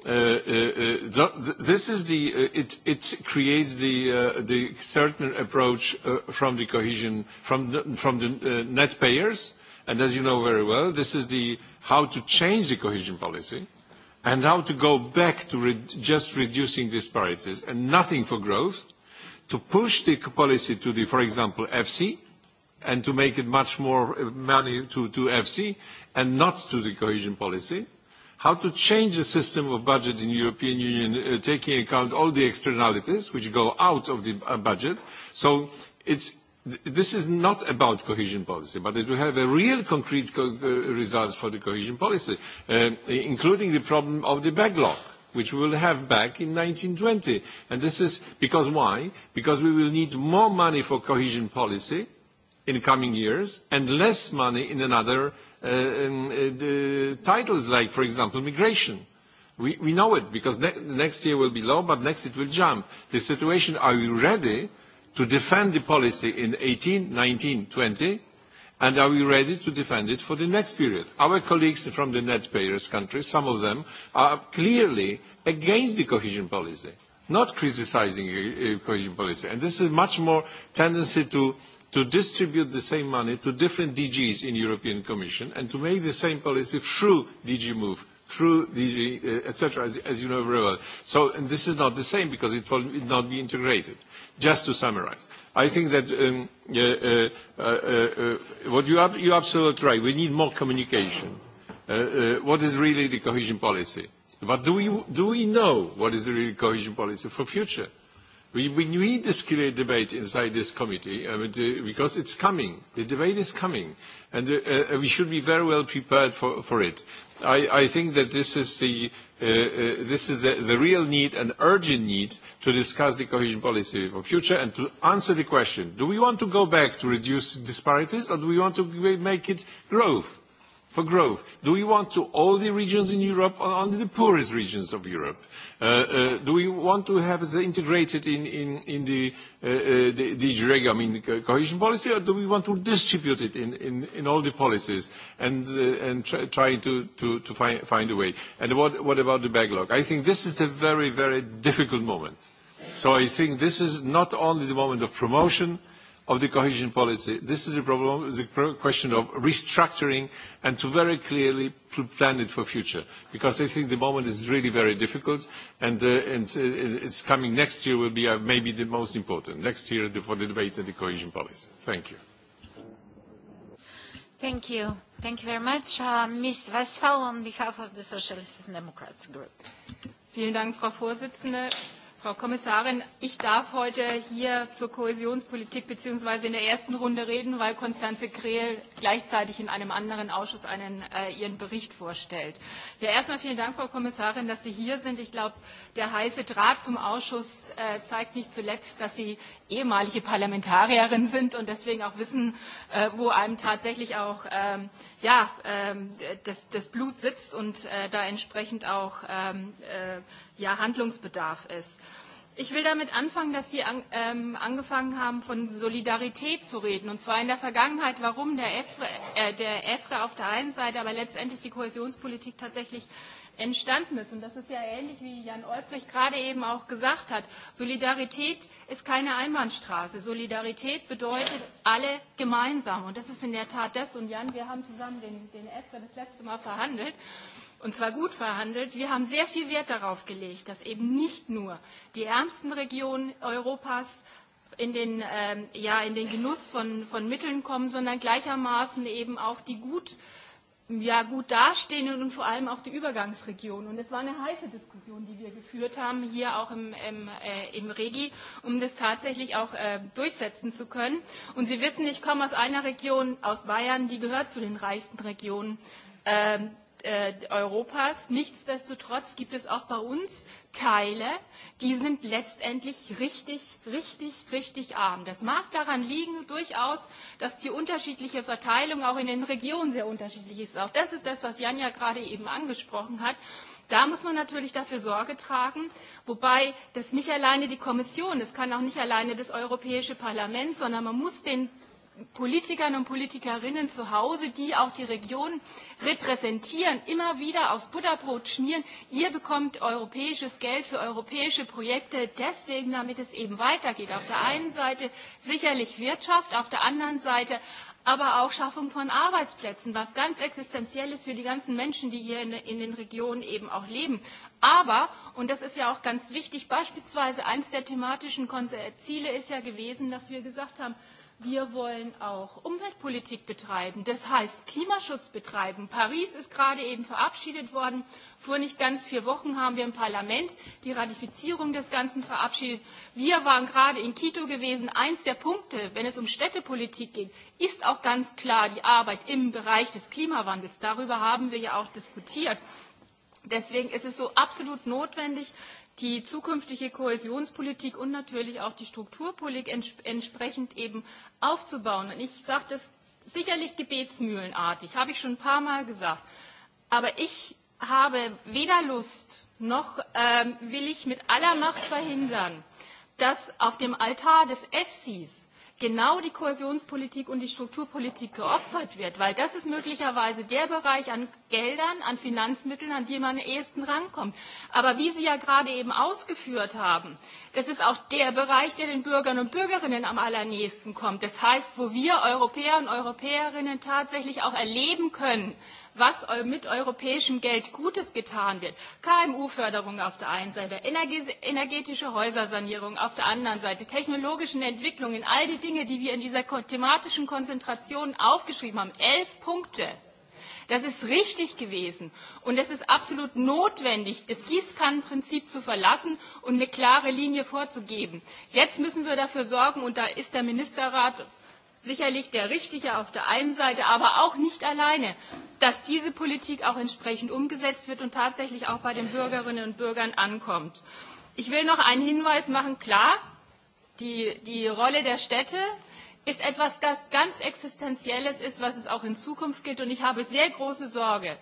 Uh, uh, uh this is the uh, it it creates the uh, the certain approach uh, from the cohesion from the, from the net payers And as you know very well, this is the how to change the cohesion policy and how to go back to just reducing disparities and nothing for growth, to push the policy to the, for example, FC, and to make it much more uh, money to, to FC and not to the cohesion policy, how to change the system of budget in the European Union, uh, taking account all the externalities which go out of the uh, budget. So it's This is not about cohesion policy, but it will have a real concrete co uh, results for the cohesion policy, uh, including the problem of the backlog, which we will have back in 1920. And this is because why? Because we will need more money for cohesion policy in the coming years and less money in another uh, um, uh, titles like, for example, migration. We, we know it because ne next year will be low, but next it will jump. The situation, are we ready to defend the policy in 18, 19, 20, and are we ready to defend it for the next period? Our colleagues from the net payers countries, some of them, are clearly against the cohesion policy, not criticizing uh, cohesion policy. And this is much more tendency to to distribute the same money to different DGs in European Commission and to make the same policy through DG Move, through DG, uh, etc., as, as you know very well. So and this is not the same because it will not be integrated. Just to summarize, I think that um, uh, uh, what you are, you're absolutely right. We need more communication. What is really the cohesion policy? But do we, do we know what is the real cohesion policy for future? We, we need this clear debate inside this committee I mean, because it's coming. The debate is coming, and we should be very well prepared for, for it. I, I think that this is the Uh, uh, this is the, the real need and urgent need to discuss the cohesion policy for future and to answer the question, do we want to go back to reduce disparities or do we want to make it growth? for growth? Do we want to all the regions in Europe or only the poorest regions of Europe? Uh, uh, do we want to have the integrated in, in, in the, uh, uh the, the I mean, cohesion policy, or do we want to distribute it in, in, in all the policies and, uh, and try, trying to, to, to find, find a way? And what, what about the backlog? I think this is the very, very difficult moment. So I think this is not only the moment of promotion, of the cohesion policy. This is a problem, the question of restructuring and to very clearly plan it for future, because I think the moment is really very difficult, and, uh, and uh, it's coming next year will be uh, maybe the most important, next year the, for the debate on the cohesion policy. Thank you. Thank you. Thank you very much. Uh, Ms. Westphal on behalf of the Socialist Democrats Group. Vielen Dank, Frau Vorsitzende. Frau Kommissarin, ich darf heute hier zur Kohäsionspolitik bzw. in der ersten Runde reden, weil Constanze Krehl gleichzeitig in einem anderen Ausschuss einen, äh, ihren Bericht vorstellt. Ja, erstmal vielen Dank, Frau Kommissarin, dass Sie hier sind. Ich glaube, der heiße Draht zum Ausschuss äh, zeigt nicht zuletzt, dass Sie ehemalige Parlamentarierin sind und deswegen auch wissen, äh, wo einem tatsächlich auch ähm, ja, ähm, das, das Blut sitzt und äh, da entsprechend auch ähm, äh, ja, Handlungsbedarf ist. Ich will damit anfangen, dass Sie an, ähm, angefangen haben, von Solidarität zu reden. Und zwar in der Vergangenheit, warum der EFRE, äh, der EFRE auf der einen Seite, aber letztendlich die Kohäsionspolitik tatsächlich entstanden ist. Und das ist ja ähnlich, wie Jan Olbrich gerade eben auch gesagt hat. Solidarität ist keine Einbahnstraße. Solidarität bedeutet alle gemeinsam. Und das ist in der Tat das. Und Jan, wir haben zusammen den, den EFRE das letzte Mal verhandelt und zwar gut verhandelt. Wir haben sehr viel Wert darauf gelegt, dass eben nicht nur die ärmsten Regionen Europas in den, ähm, ja, in den Genuss von, von Mitteln kommen, sondern gleichermaßen eben auch die gut ja, gut dastehen und vor allem auch die Übergangsregion. Und es war eine heiße Diskussion, die wir geführt haben, hier auch im, im, äh, im Regi, um das tatsächlich auch äh, durchsetzen zu können. Und Sie wissen, ich komme aus einer Region, aus Bayern, die gehört zu den reichsten Regionen Äh, Äh, Europas. Nichtsdestotrotz gibt es auch bei uns Teile, die sind letztendlich richtig, richtig, richtig arm. Das mag daran liegen durchaus, dass die unterschiedliche Verteilung auch in den Regionen sehr unterschiedlich ist. Auch das ist das, was Janja gerade eben angesprochen hat. Da muss man natürlich dafür Sorge tragen, wobei das nicht alleine die Kommission, das kann auch nicht alleine das Europäische Parlament, sondern man muss den Politikern und Politikerinnen zu Hause, die auch die Region repräsentieren, immer wieder aufs Butterbrot schmieren, ihr bekommt europäisches Geld für europäische Projekte, deswegen, damit es eben weitergeht. Auf der einen Seite sicherlich Wirtschaft, auf der anderen Seite aber auch Schaffung von Arbeitsplätzen, was ganz existenziell ist für die ganzen Menschen, die hier in den Regionen eben auch leben. Aber, und das ist ja auch ganz wichtig, beispielsweise eines der thematischen Ziele ist ja gewesen, dass wir gesagt haben, wir wollen auch Umweltpolitik betreiben, das heißt Klimaschutz betreiben. Paris ist gerade eben verabschiedet worden. Vor nicht ganz vier Wochen haben wir im Parlament die Ratifizierung des Ganzen verabschiedet. Wir waren gerade in Quito gewesen. Eins der Punkte, wenn es um Städtepolitik geht, ist auch ganz klar die Arbeit im Bereich des Klimawandels. Darüber haben wir ja auch diskutiert. Deswegen ist es so absolut notwendig, die zukünftige Kohäsionspolitik und natürlich auch die Strukturpolitik ents entsprechend eben aufzubauen. Und ich sage das sicherlich gebetsmühlenartig, habe ich schon ein paar Mal gesagt. Aber ich habe weder Lust noch ähm, will ich mit aller Macht verhindern, dass auf dem Altar des EFSIs genau die kohäsionspolitik und die strukturpolitik geopfert wird denn das ist möglicherweise der bereich an geldern an finanzmitteln an die man am ehesten rankommt. aber wie sie ja gerade eben ausgeführt haben das ist auch der bereich der den bürgern und bürgerinnen am allernächsten kommt das heißt wo wir europäer und europäerinnen tatsächlich auch erleben können was mit europäischem Geld Gutes getan wird. KMU-Förderung auf der einen Seite, energetische Häusersanierung auf der anderen Seite, technologischen Entwicklungen, all die Dinge, die wir in dieser thematischen Konzentration aufgeschrieben haben. Elf Punkte. Das ist richtig gewesen. Und es ist absolut notwendig, das Gießkannenprinzip zu verlassen und eine klare Linie vorzugeben. Jetzt müssen wir dafür sorgen, und da ist der Ministerrat sicherlich der richtige auf der einen Seite, aber auch nicht alleine, dass diese Politik auch entsprechend umgesetzt wird und tatsächlich auch bei den Bürgerinnen und Bürgern ankommt. Ich will noch einen Hinweis machen, klar, die, die Rolle der Städte ist etwas, das ganz Existenzielles ist, was es auch in Zukunft gibt. Und ich habe sehr große Sorge,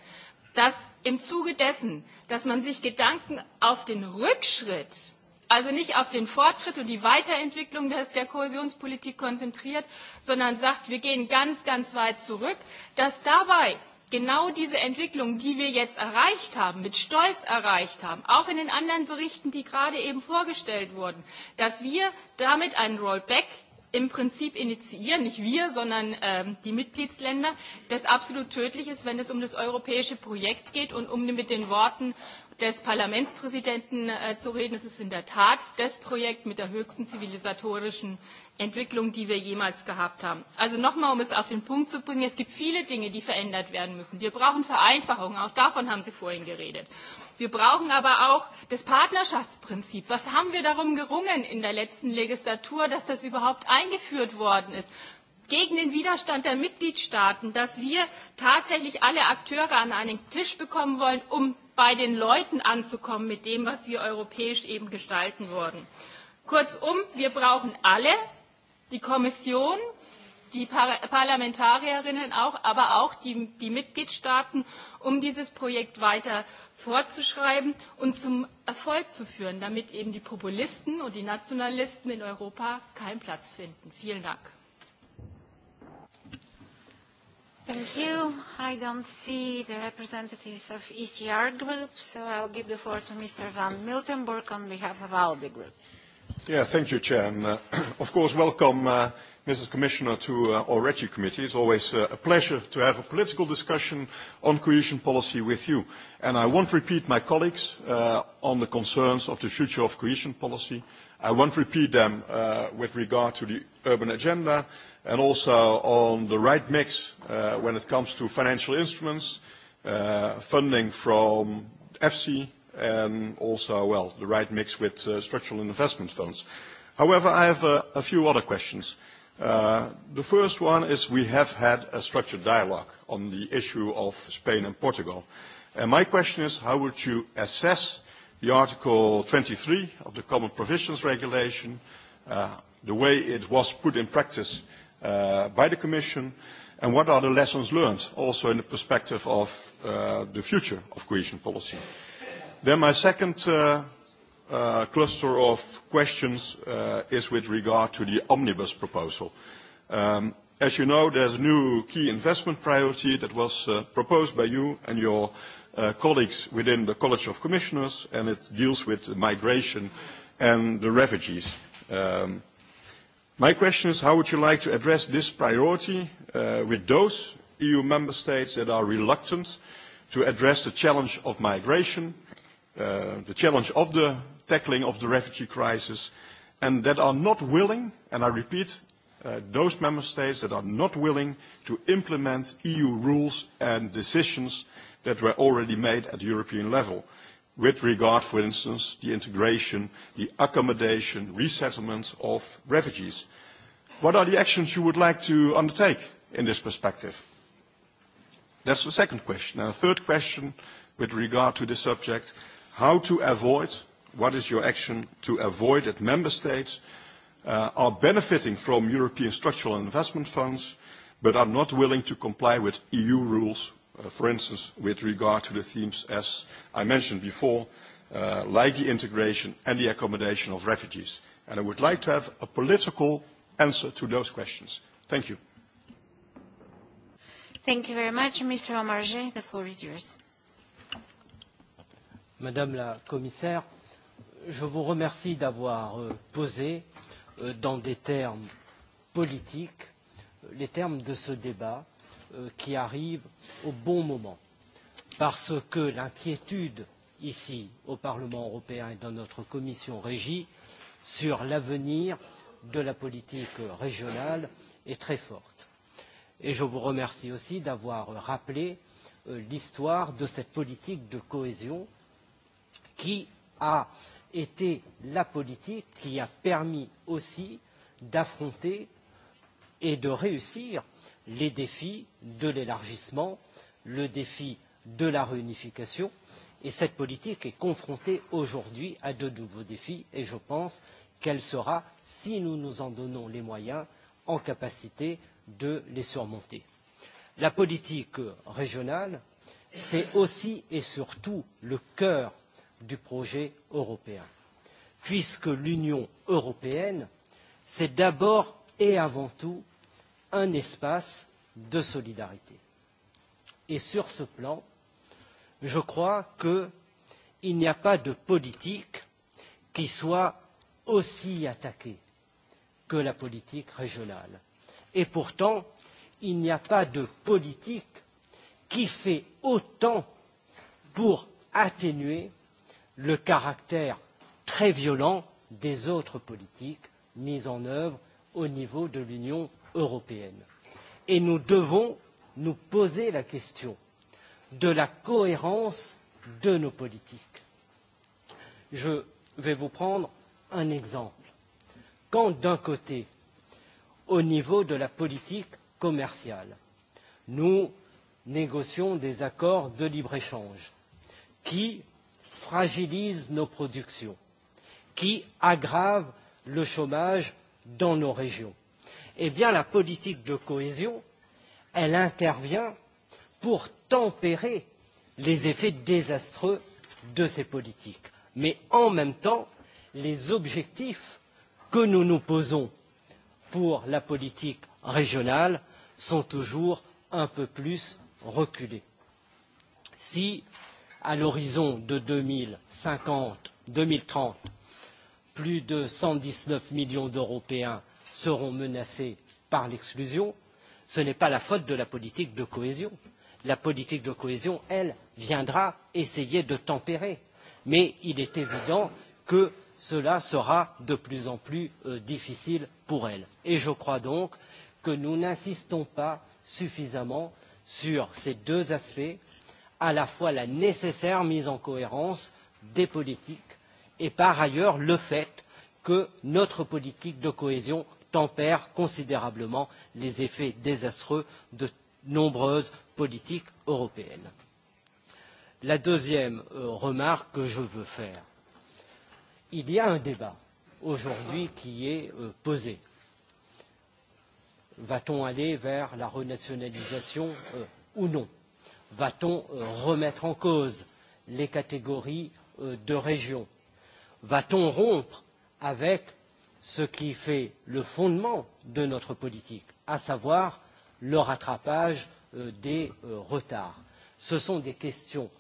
dass im Zuge dessen, dass man sich Gedanken auf den Rückschritt also nicht auf den Fortschritt und die Weiterentwicklung der Kohäsionspolitik konzentriert, sondern sagt, wir gehen ganz, ganz weit zurück, dass dabei genau diese Entwicklung, die wir jetzt erreicht haben, mit Stolz erreicht haben, auch in den anderen Berichten, die gerade eben vorgestellt wurden, dass wir damit einen Rollback im Prinzip initiieren, nicht wir, sondern ähm, die Mitgliedsländer, das absolut tödlich ist, wenn es um das europäische Projekt geht und um mit den Worten des Parlamentspräsidenten äh, zu reden. Es ist in der Tat das Projekt mit der höchsten zivilisatorischen Entwicklung, die wir jemals gehabt haben. Also nochmal, um es auf den Punkt zu bringen, es gibt viele Dinge, die verändert werden müssen. Wir brauchen Vereinfachung, auch davon haben Sie vorhin geredet. Wir brauchen aber auch das Partnerschaftsprinzip. Was haben wir darum gerungen in der letzten Legislatur, dass das überhaupt eingeführt worden ist? gegen den Widerstand der Mitgliedstaaten, dass wir tatsächlich alle Akteure an einen Tisch bekommen wollen, um bei den Leuten anzukommen mit dem, was wir europäisch eben gestalten wollen. Kurzum, wir brauchen alle, die Kommission, die Parlamentarierinnen auch, aber auch die, die Mitgliedstaaten, um dieses Projekt weiter vorzuschreiben und zum Erfolg zu führen, damit eben die Populisten und die Nationalisten in Europa keinen Platz finden. Vielen Dank. Thank you. I don't see the representatives of ECR Group, so I'll give the floor to Mr. Van Miltenburg on behalf of ALDE Group. Yeah, thank you, Chair. And, uh, of course, welcome, uh, Mrs. Commissioner, to uh, our REGI Committee. It's always a pleasure to have a political discussion on cohesion policy with you. And I won't repeat my colleagues on the concerns of the future of cohesion policy. I won't repeat them with regard to the urban agenda, and also on the right mix uh, when it comes to financial instruments, uh, funding from EFSI, and also, well, the right mix with uh, structural investment funds. However, I have a, few other questions. The first one is we have had a structured dialogue on the issue of Spain and Portugal. And my question is, how would you assess the Article 23 of the Common Provisions Regulation, the way it was put in practice Uh, by the Commission, and what are the lessons learned, also in the perspective of uh, the future of cohesion policy. Then my second uh, cluster of questions is with regard to the omnibus proposal. Um, as you know, there's a new key investment priority that was proposed by you and your colleagues within the College of Commissioners, and it deals with migration and the refugees. Um, My question is, how would you like to address this priority uh, with those EU member states that are reluctant to address the challenge of migration, uh, the challenge of the tackling of the refugee crisis, and that are not willing, and I repeat, uh, those member states that are not willing to implement EU rules and decisions that were already made at European level with regard, for instance, the integration, the accommodation, resettlement of refugees. What are the actions you would like to undertake in this perspective? That's the second question. And the third question with regard to this subject, how to avoid, what is your action to avoid that member states uh, are benefiting from European structural investment funds but are not willing to comply with EU rules Uh, for instance, with regard to the themes, as I mentioned before, uh, like the integration and the accommodation of refugees. I would like to have a political answer to those questions. Thank you. Thank you very much. Mr. Omarjee, the floor is yours. Madame la commissaire, je vous remercie d'avoir euh, posé euh, dans des termes politiques les termes de ce débat Euh, qui arrive au bon moment, parce que l'inquiétude ici au Parlement européen et dans notre commission régie sur l'avenir de la politique régionale est très forte. Et je vous remercie aussi d'avoir rappelé euh, l'histoire de cette politique de cohésion qui a été la politique qui a permis aussi d'affronter et de réussir les défis de l'élargissement, le défi de la réunification et cette politique est confrontée aujourd'hui à de nouveaux défis et je pense qu'elle sera, si nous nous en donnons les moyens, en capacité de les surmonter. La politique régionale, c'est aussi et surtout le cœur du projet européen, puisque l'Union européenne, c'est d'abord et avant tout un espace de solidarité. Et sur ce plan, je crois qu'il n'y a pas de politique qui soit aussi attaquée que la politique régionale. Et pourtant, il n'y a pas de politique qui fait autant pour atténuer le caractère très violent des autres politiques mises en œuvre au niveau de l'Union européenne. Et nous devons nous poser la question de la cohérence de nos politiques. Je vais vous prendre un exemple. Quand d'un côté, au niveau de la politique commerciale, nous négocions des accords de libre-échange qui fragilisent nos productions, qui aggravent le chômage dans nos régions, eh bien la politique de cohésion elle intervient pour tempérer les effets désastreux de ces politiques mais en même temps les objectifs que nous nous posons pour la politique régionale sont toujours un peu plus reculés si à l'horizon de 2050 2030 plus de 119 millions d'européens seront menacés par l'exclusion, ce n'est pas la faute de la politique de cohésion. La politique de cohésion, elle, viendra essayer de tempérer. Mais il est évident que cela sera de plus en plus euh, difficile pour elle. Et je crois donc que nous n'insistons pas suffisamment sur ces deux aspects, à la fois la nécessaire mise en cohérence des politiques et par ailleurs le fait que notre politique de cohésion tempère considérablement les effets désastreux de nombreuses politiques européennes. La deuxième euh, remarque que je veux faire, il y a un débat aujourd'hui qui est euh, posé. Va-t-on aller vers la renationalisation euh, ou non Va-t-on remettre en cause les catégories de régions Va-t-on rompre avec ce qui fait le fondement de notre politique, à savoir le rattrapage euh, des euh, retards. Ce sont des questions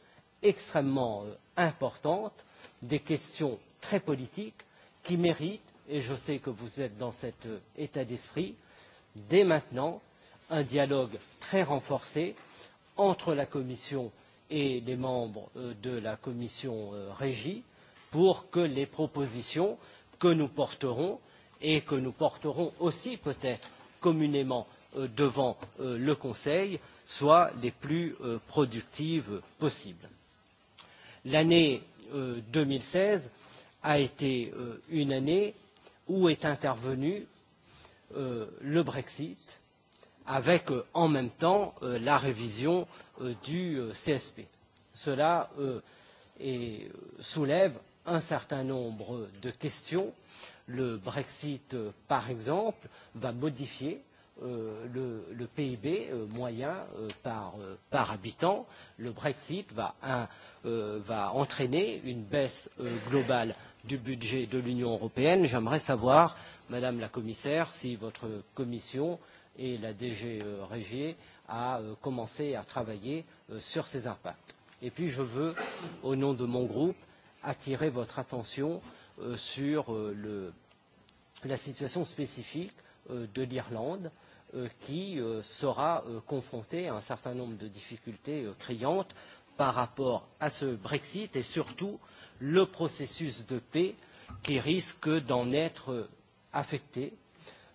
extrêmement euh, importantes, des questions très politiques qui méritent, et je sais que vous êtes dans cet état d'esprit, dès maintenant, un dialogue très renforcé entre la Commission et les membres de la Commission régie pour que les propositions que nous porterons et que nous porterons aussi peut être communément euh, devant euh, le Conseil soient les plus euh, productives possibles. L'année 2016 a été une année où est intervenu le Brexit avec en même temps la révision du CSP. Cela soulève un certain nombre de questions. Le Brexit, euh, par exemple, va modifier euh, le, le PIB euh, moyen euh, par, euh, par habitant. Le Brexit va, un, euh, va entraîner une baisse globale du budget de l'Union européenne. J'aimerais savoir, Madame la Commissaire, si votre Commission et la DG Régier a commencé à travailler sur ces impacts. Et puis je veux, au nom de mon groupe, attirer votre attention euh, sur euh, le, la situation spécifique euh, de l'Irlande qui sera confrontée à un certain nombre de difficultés criantes par rapport à ce Brexit et surtout le processus de paix qui risque d'en être affecté.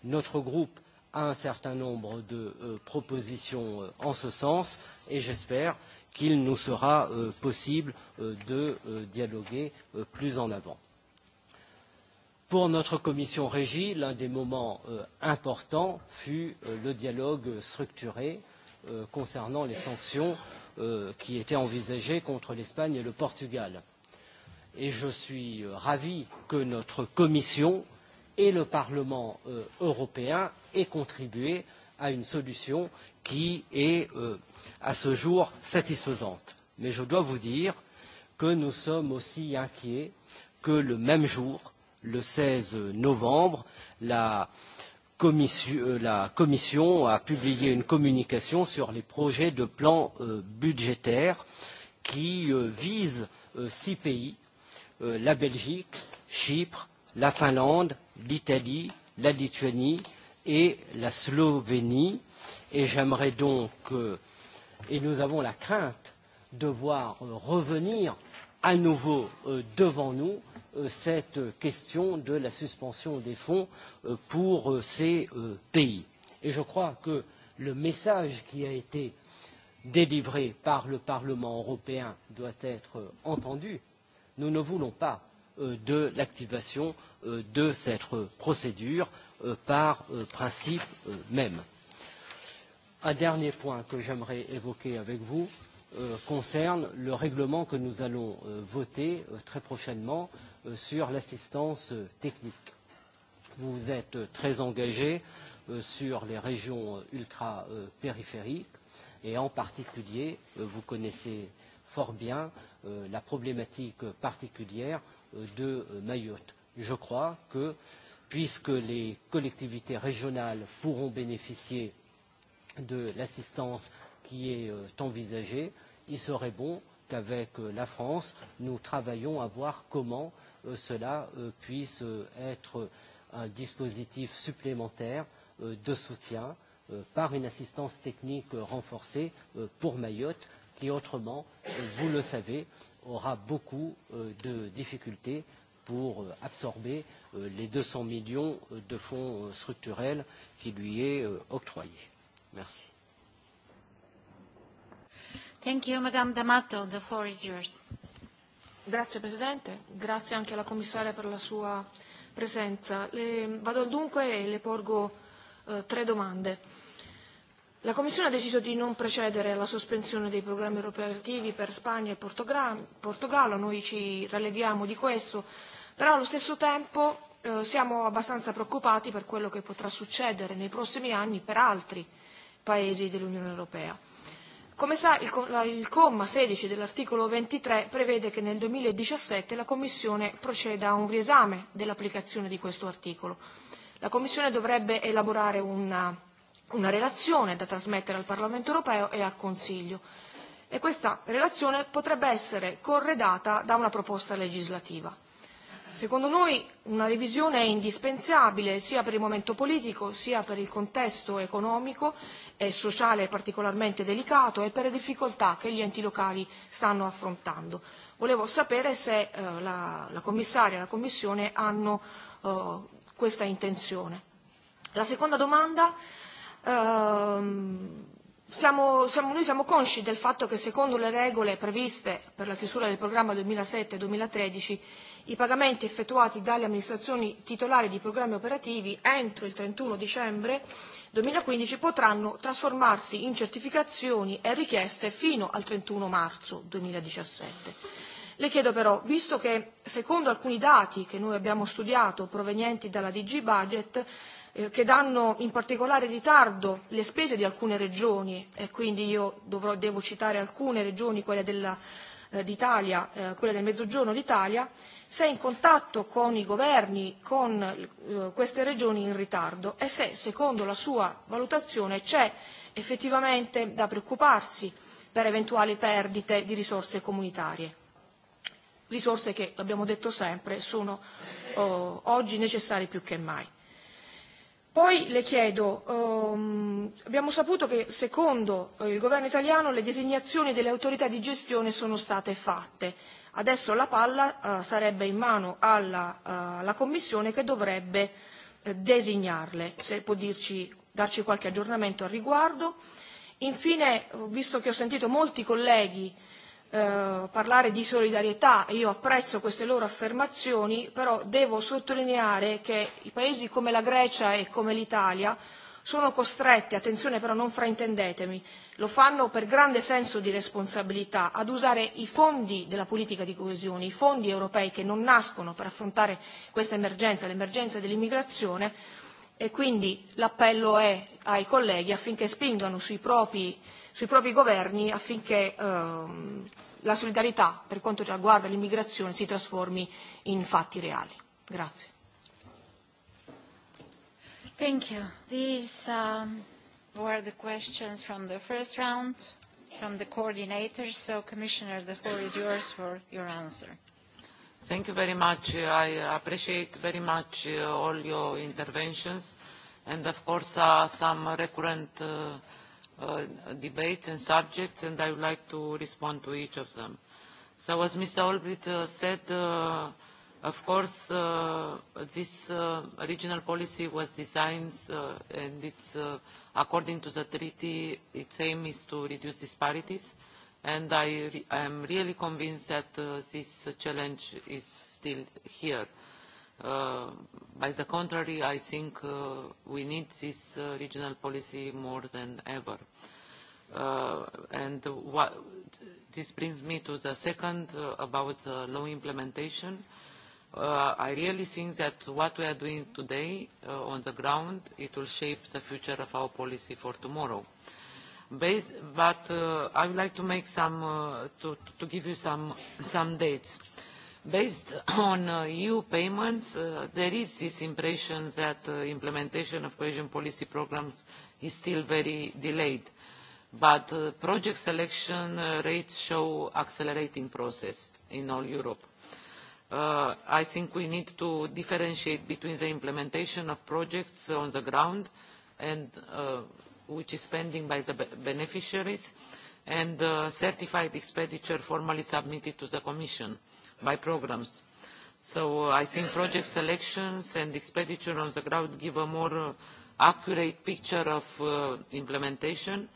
Notre groupe a un certain nombre de propositions en ce sens et j'espère qu'il nous sera euh, possible euh, de euh, dialoguer plus en avant. Pour notre commission régie, l'un des moments importants fut le dialogue structuré concernant les sanctions qui étaient envisagées contre l'Espagne et le Portugal. Et je suis ravi que notre commission et le Parlement européen aient contribué à une solution qui est euh, à ce jour satisfaisante. Mais je dois vous dire que nous sommes aussi inquiets que le même jour, le 16 novembre, la commission, euh, la commission a publié une communication sur les projets de plan euh, budgétaire qui euh, visent six pays, la Belgique, Chypre, la Finlande, l'Italie, la Lituanie et la Slovénie Et j'aimerais donc, et nous avons la crainte de voir euh, revenir à nouveau euh, devant nous euh, cette question de la suspension des fonds pour ces pays. Et je crois que le message qui a été délivré par le Parlement européen doit être entendu. Nous ne voulons pas de l'activation de cette procédure par principe même. Un dernier point que j'aimerais évoquer avec vous euh, concerne le règlement que nous allons euh, voter euh, très prochainement euh, sur l'assistance euh, technique. Vous êtes euh, très engagés sur les régions ultra-périphériques et en particulier, vous connaissez fort bien la problématique particulière de Mayotte. Je crois que, puisque les collectivités régionales pourront bénéficier de l'assistance qui est euh, envisagée, il serait bon qu'avec euh, la France, nous travaillions à voir comment euh, cela puisse être un dispositif supplémentaire de soutien par une assistance technique renforcée pour Mayotte, qui autrement, vous le savez, aura beaucoup de difficultés pour absorber les 200 millions de fonds structurels qui lui est octroyé. Merci. Thank you, Madame D'Amato. The yours. Grazie Presidente, grazie anche alla Commissaria per la sua presenza. Le, vado dunque e le porgo eh, tre domande. La Commissione ha deciso di non precedere alla sospensione dei programmi operativi per Spagna e Portogallo, noi ci ralleghiamo di questo, però allo stesso tempo eh, siamo abbastanza preoccupati per quello che potrà succedere nei prossimi anni per altri Paesi dell'Unione Europea. Come sa, il comma 16 dell'articolo 23 prevede che nel 2017 la Commissione proceda a un riesame dell'applicazione di questo articolo. La Commissione dovrebbe elaborare una relazione da trasmettere al Parlamento europeo e al Consiglio e questa relazione potrebbe essere corredata da una proposta legislativa. Secondo noi una revisione è indispensabile sia per il momento politico sia per il contesto economico e sociale particolarmente delicato e per le difficoltà che gli enti locali stanno affrontando. Volevo sapere se eh, la, la commissaria e la Commissione hanno eh, questa intenzione. La seconda domanda ehm, siamo, siamo, noi siamo consci del fatto che secondo le regole previste per la chiusura del programma 2007-2013 i pagamenti effettuati dalle amministrazioni titolari di programmi operativi entro il 31 dicembre 2015 potranno trasformarsi in certificazioni e richieste fino al 31 marzo 2017. Le chiedo però, visto che secondo alcuni dati che noi abbiamo studiato provenienti dalla DG Budget, eh, che danno in particolare ritardo le spese di alcune regioni e quindi io dovrò, devo citare alcune regioni, quelle della, eh, eh, quelle del mezzogiorno d'Italia, se è in contatto con i governi con eh, queste regioni in ritardo e se secondo la sua valutazione c'è effettivamente da preoccuparsi per eventuali perdite di risorse comunitarie risorse che l'abbiamo detto sempre sono oh, oggi necessarie più che mai. Poi le chiedo, um, abbiamo saputo che secondo eh, il governo italiano le designazioni delle autorità di gestione sono state fatte. Adesso la palla eh, sarebbe in mano alla, alla eh, Commissione che dovrebbe eh, designarle, se può dirci, darci qualche aggiornamento al riguardo. Infine, visto che ho sentito molti colleghi parlare di solidarietà, e io apprezzo queste loro affermazioni, però devo sottolineare che i paesi come la Grecia e come l'Italia sono costretti, attenzione però non fraintendetemi, lo fanno per grande senso di responsabilità ad usare i fondi della politica di coesione i fondi europei che non nascono per affrontare questa emergenza l'emergenza dell'immigrazione e quindi l'appello è ai colleghi affinché spingano sui propri sui propri governi affinché ehm, la solidarietà per quanto riguarda l'immigrazione si trasformi in fatti reali grazie Thank you. These, um were the questions from the first round from the coordinators. So, Commissioner, the floor is yours for your answer. Thank you very much. I appreciate very much uh, all your interventions and, of course, uh, some recurrent uh, uh, debates and subjects, and I would like to respond to each of them. So, as Mr. Olbrit uh, said, uh, of course, uh, this uh, regional policy was designed uh, and it's uh, According to the treaty, its aim is to reduce disparities, and I re am really convinced that uh, this challenge is still here. Uh, by the contrary, I think uh, we need this uh, regional policy more than ever. Uh, and what, this brings me to the second uh, about the law implementation Uh, I really think that what we are doing today uh, on the ground, it will shape the future of our policy for tomorrow. Based, but uh, I would like to make some, uh, to, to give you some, some dates. Based on EU payments, there is this impression that implementation of cohesion policy programs is still very delayed. But project selection rates show accelerating process in all Europe Uh, I think we need to differentiate between the implementation of projects on the ground and uh, which is spending by the beneficiaries and uh, certified expenditure formally submitted to the Commission by programs. So uh, I think project selections and expenditure on the ground give a more uh, accurate picture of implementation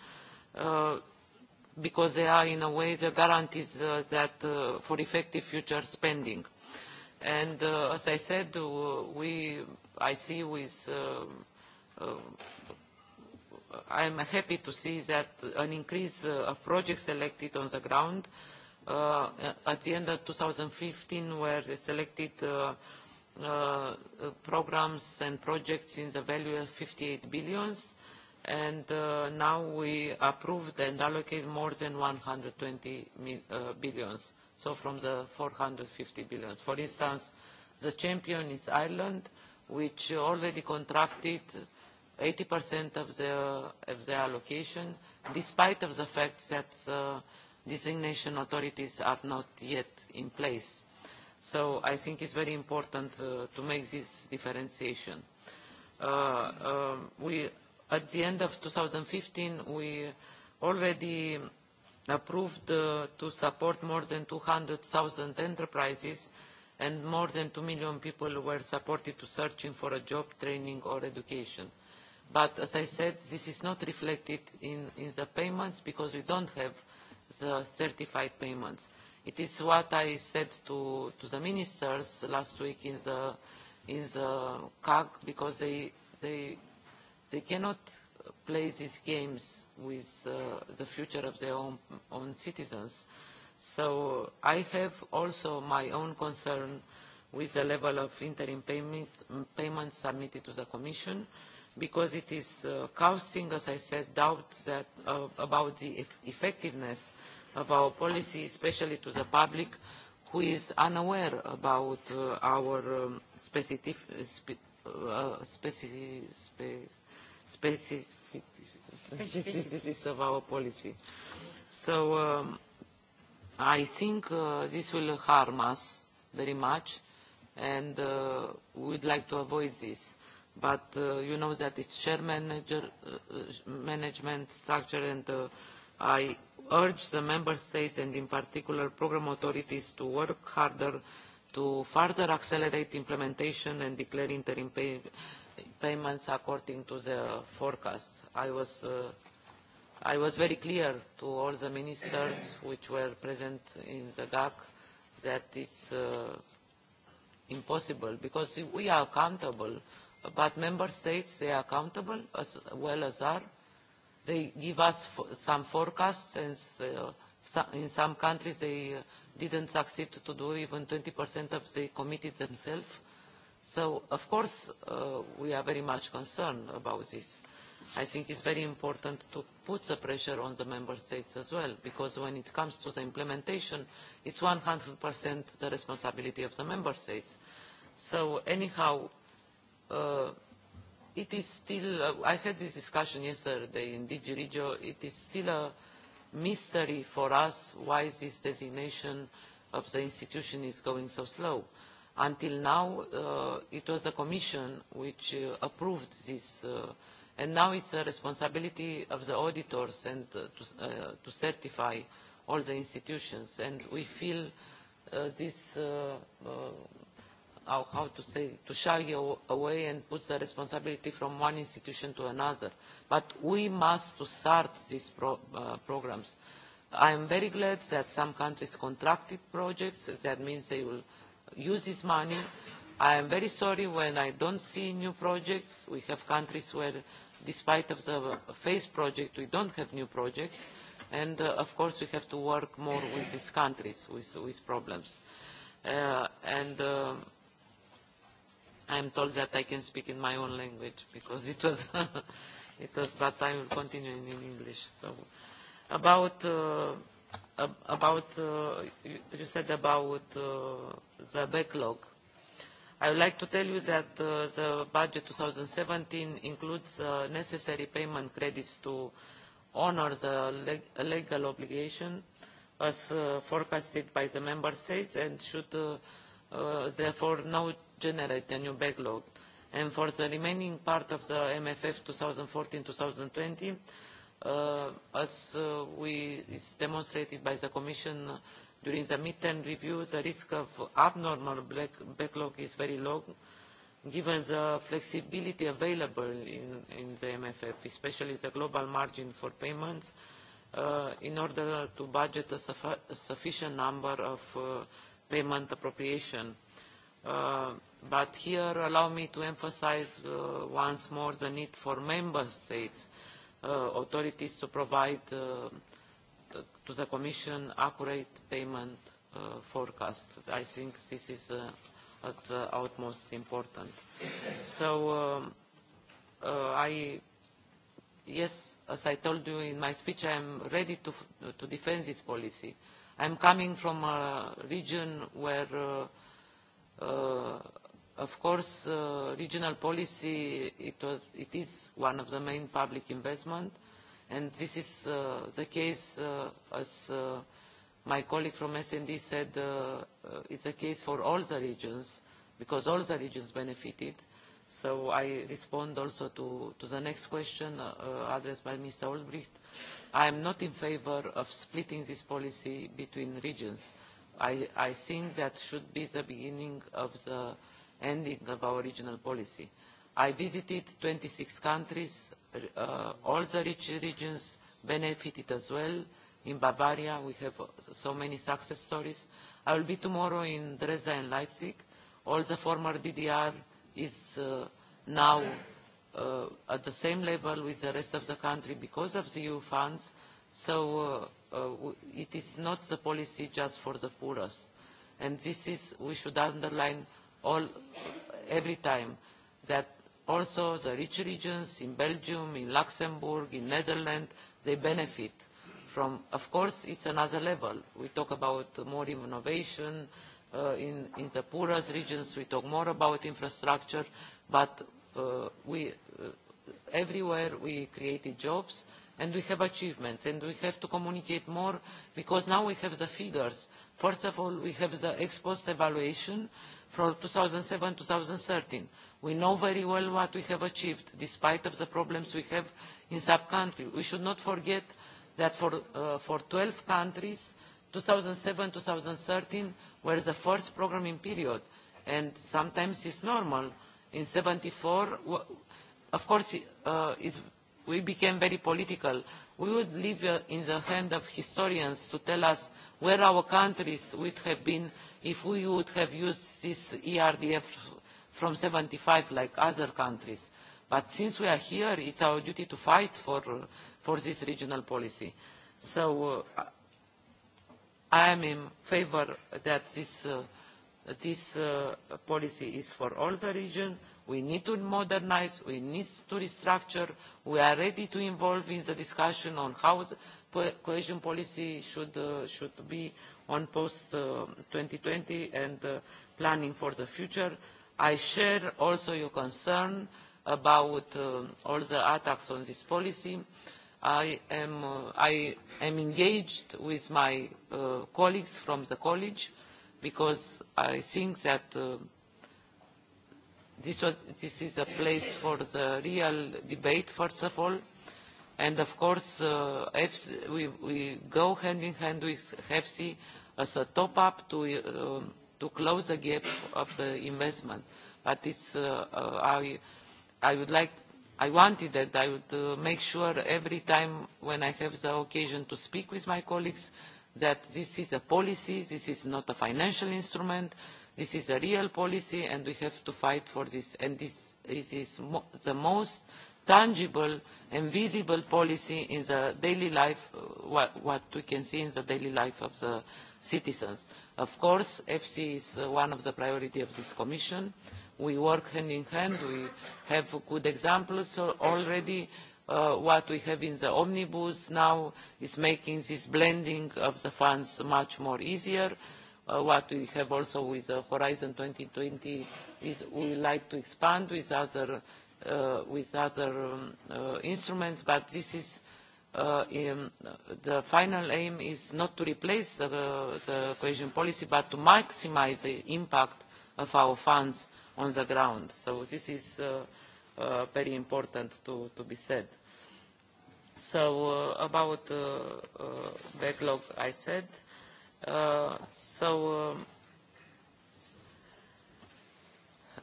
because they are in a way the guarantees that for effective future spending. And uh, as I said, uh, we, I see with, uh, I'm happy to see that an increase of projects selected on the ground. at the end of 2015 were selected programs and projects in the value of 58 billion and now we approved and allocated more than 120 billion. uh, billions so from the 450 billion. For instance, the champion is Ireland, which already contracted 80% of the, of the allocation, despite of the fact that designation authorities are not yet in place. So I think it's very important uh, to make this differentiation. Uh, um, we, at the end of 2015, we already approved uh, to support more than 200,000 enterprises and more than 2 million people were supported to searching for a job, training or education. But as I said, this is not reflected in, in the payments because we don't have the certified payments. It is what I said to, to the ministers last week in the, in the CAG because they, they, they cannot play these games with uh, the future of their own, own citizens. So I have also my own concern with the level of interim payment, payments submitted to the Commission because it is uh, as I said, doubt that, uh, about the effectiveness of our policy, especially to the public who is unaware about uh, our um, specific, uh, specific, specific, specificities of our policy. So um, I think uh, this will harm us very much and uh, we'd like to avoid this. But uh, you know that it's share manager, uh, management structure and uh, I urge the member states and in particular program authorities to work harder to further accelerate implementation and declare interim pay payments according to the forecast. I was, uh, I was very clear to all the ministers which were present in the GAC that it's uh, impossible because we are accountable, but member states, they are accountable as well as are. They give us some forecasts and uh, some, in some countries they uh, didn't succeed to do even 20% of the committed themselves. So, of course, uh, we are very much concerned about this. I think it's very important to put the pressure on the member states as well, because when it comes to the implementation, it's 100% the responsibility of the member states. So anyhow, uh, it is still, uh, I had this discussion yesterday in DG Regio, it is still a mystery for us why this designation of the institution is going so slow. Until now, uh, it was the Commission which approved this and now it's a responsibility of the auditors and uh, to, uh, to certify all the institutions and we feel uh, this how to say to shy away and put the responsibility from one institution to another but we must to start these programs i am very glad that some countries contracted projects that means they will use this money i am very sorry when i don't see new projects we have countries where despite of the phase project, we don't have new projects, and uh, of course we have to work more with these countries, with, with problems. Uh, and uh, I'm told that I can speak in my own language because it was, it was but I will continue in, in English. So about, uh, about uh, you, you said about uh, the backlog i would like to tell you that uh, the budget 2017 includes uh, necessary payment credits to honour the legal obligation as uh, forecasted by the member states and should therefore now generate a new backlog. And for the remaining part of the MFF 2014-2020, as we is demonstrated by the Commission During the mid midterm review, the risk of abnormal backlog is very low, given the flexibility available in, the MFF, especially the global margin for payments, uh, in order to budget a, sufficient number of uh, payment appropriation. Uh, but here, allow me to emphasize once more the need for member states authorities to provide to the Commission accurate payment uh, forecast. I think this is uh, at the utmost important. So um, uh, I, yes, as I told you in my speech, I am ready to, to defend this policy. I am coming from a region where, uh, uh, of course, uh, regional policy, it, was, it is one of the main public investment and this is uh, the case uh, as uh, my colleague from snd said it's a case for all the regions because all the regions benefited so i respond also to, to the next question addressed by mr olbrycht i am not in favor of splitting this policy between regions i, I think that should be the beginning of the ending of our regional policy i visited twenty six countries Uh, all the rich regions benefited as well. In Bavaria, we have so many success stories. I will be tomorrow in Dresden and Leipzig. All the former DDR is uh, now uh, at the same level with the rest of the country because of the EU funds. So it is not the policy just for the poorest. And this is, we should underline all, every time that also the rich regions in belgium in luxembourg in netherlands they benefit from of course it's another level we talk about more innovation uh, in, in the poorest regions we talk more about infrastructure but uh, we uh, everywhere we created jobs and we have achievements and we have to communicate more because now we have the figures first of all we have the ex post evaluation from 2007 2013 We know very well what we have achieved, despite of the problems we have in sub countries. We should not forget that for, uh, for 12 countries, 2007-2013 were the first programming period, and sometimes it's normal. In 74, of course, uh, it's, we became very political. We would leave uh, in the hand of historians to tell us where our countries would have been if we would have used this ERDF from 75 like other countries. But since we are here, it's our duty to fight for, for this regional policy. So uh, I am in favor that this, uh, this uh, policy is for all the region. We need to modernize, we need to restructure. We are ready to involve in the discussion on how the cohesion policy should, uh, should be on post-2020 uh, and uh, planning for the future. I share also your concern about uh, all the attacks on this policy. I am, uh, I am engaged with my uh, colleagues from the college because I think that this, was, this is a place for the real debate, first of all. And of course, we, we go hand in hand with HEFSI as a top-up to to close the gap of the investment. But it's, uh, uh, I, I would like, I wanted that I would uh, make sure every time when I have the occasion to speak with my colleagues that this is a policy, this is not a financial instrument, this is a real policy and we have to fight for this. And this it is mo the most tangible and visible policy in the daily life, uh, what, what we can see in the daily life of the citizens. Of course, EFSI is uh, one of the priorities of this Commission. We work hand in hand. We have good examples already. Uh, what we have in the omnibus now is making this blending of the funds much more easier. Uh, what we have also with Horizon 2020 is we like to expand with other, um, instruments, but this is Uh, uh, the final aim is not to replace the cohesion policy but to maximise the impact of our funds on the ground. So this is uh, uh very important to, to be said. So about backlog I said. So um,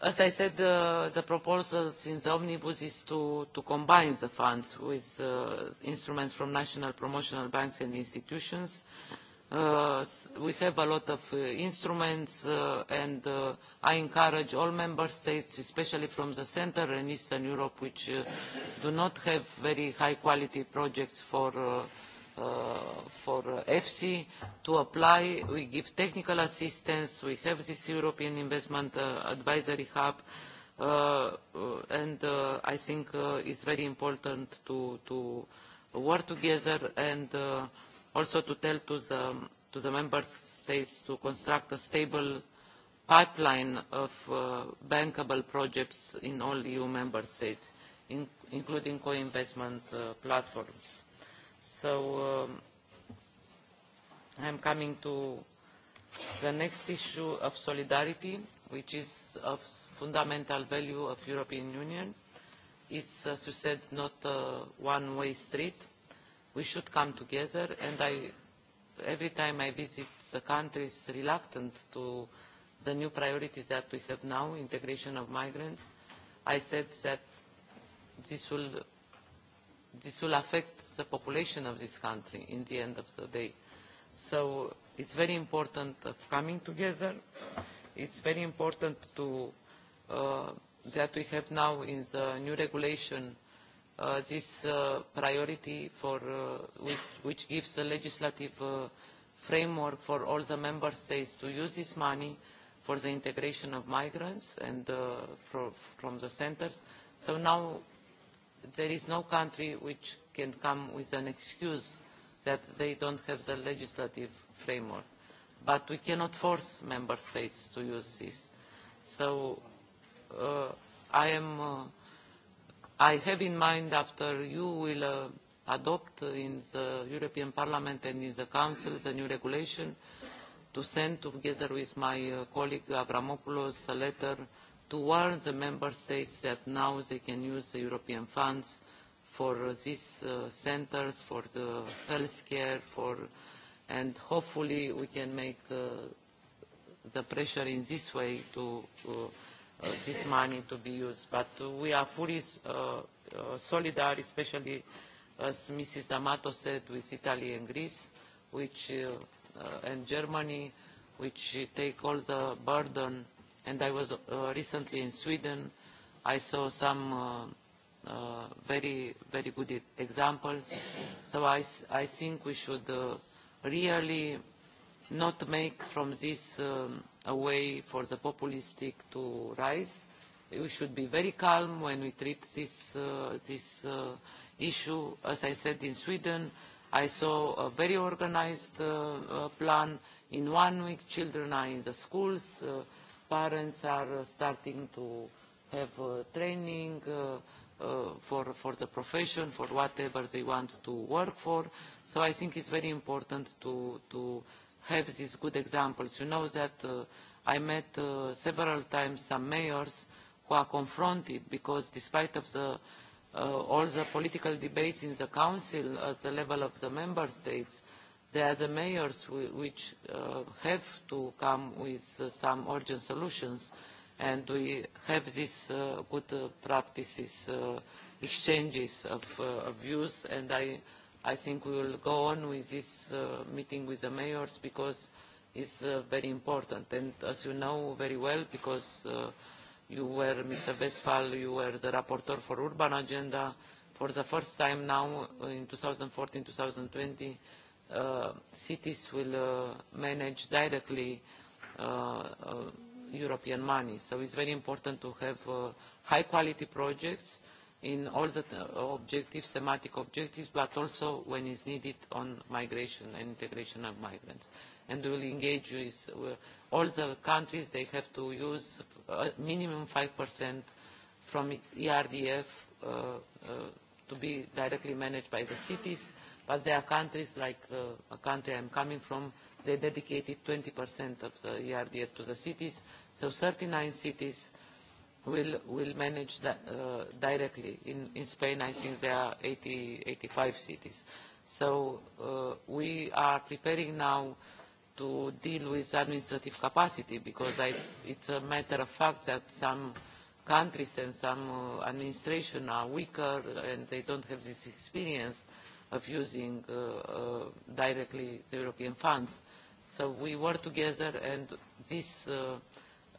As I e said, uh, the proposals in the omnibus is to, to combine the funds with uh, instruments from national promotional banks and institutions. Uh, we have a lot of uh, instruments uh, and uh, I encourage all member states, especially from the center and Eastern Europe, which do not have very high quality projects for Uh, for EFSI to apply. We give technical assistance. We have this European Investment uh, Advisory Hub. Uh, and I think it's very important to, to work together and also to tell to the, to the member states to construct a stable pipeline of bankable projects in all EU member states, including co-investment platforms. So I am um, coming to the next issue of solidarity, which is of fundamental value of European Union. It's, as you said, not a one-way street. We should come together, and I, every time I visit the countries reluctant to the new priorities that we have now, integration of migrants, I said that this will, this will affect the population of this country in the end of the day. So it's very important of coming together. It's very important to, uh, that we have now in the new regulation uh, this uh, priority for, which, which gives a legislative framework for all the member states to use this money for the integration of migrants and from the centers. So now there is no country which can come with an excuse that they don't have the legislative framework. But we cannot force member states to use this. So uh, I am, uh, I have in mind after you will uh, adopt in the European Parliament and in the Council the new regulation to send together with my colleague Avramopoulos a letter to warn the member states that now they can use the European funds for these uh, centers, for the healthcare, for, and hopefully we can make uh, the pressure in this way to uh, uh, this money to be used. But we are fully uh, uh, solidar, especially as Mrs. D'Amato said, with Italy and Greece, which, uh, uh, and Germany, which take all the burden. And I was uh, recently in Sweden. I saw some uh, Uh, very, very good example. So I, I think we should uh, really not make from this um, a way for the populistic to rise. We should be very calm when we treat this, uh, this uh, issue. As I said, in Sweden, I saw a very organized uh, uh plan. In one week, children are in the schools. Uh, parents are starting to have training. Uh, for, for the profession, for whatever they want to work for. So I think it's very important to, to have these good examples. You know that uh, I met uh, several times some mayors who are confronted because despite of the, uh, all the political debates in the council at the level of the member states, there are the mayors which uh, have to come with uh, some urgent solutions and we have these uh, good practices, uh, exchanges of, uh, of views, and I, I think we will go on with this uh, meeting with the mayors because it's uh, very important. And as you know very well, because uh, you were, Mr. Westphal, you were the rapporteur for urban agenda, for the first time now uh, in 2014-2020, uh, cities will uh, manage directly uh, uh, European money. So it's very important to have uh, high quality projects in all the uh, objectives, thematic objectives, but also when is needed on migration and integration of migrants. And we will engage with uh, all the countries, they have to use a uh, minimum 5% from ERDF uh, uh, to be directly managed by the cities But there are countries like uh, a country I'm coming from, they dedicated 20% of the ERDF to the cities. So 39 cities will, will manage that uh, directly. In, in Spain, I think there are 80, 85 cities. So uh, we are preparing now to deal with administrative capacity because I, it's a matter of fact that some countries and some uh, administration are weaker and they don't have this experience of using uh, uh, directly the European funds. So we work together and this uh,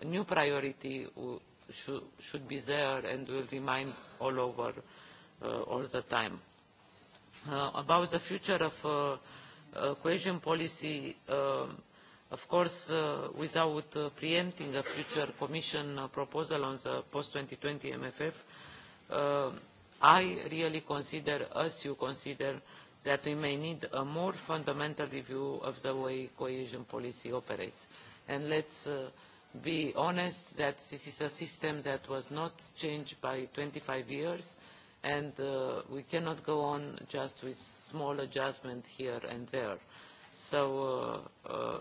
new priority should, should be there and will remain all over all the time. About the future of cohesion policy, of course, without preempting a future Commission proposal on the post-2020 MFF, i really consider, as you consider, that we may need a more fundamental review of the way cohesion policy operates. And let's uh, be honest that this is a system that was not changed by 25 years, and uh, we cannot go on just with small adjustment here and there. So uh,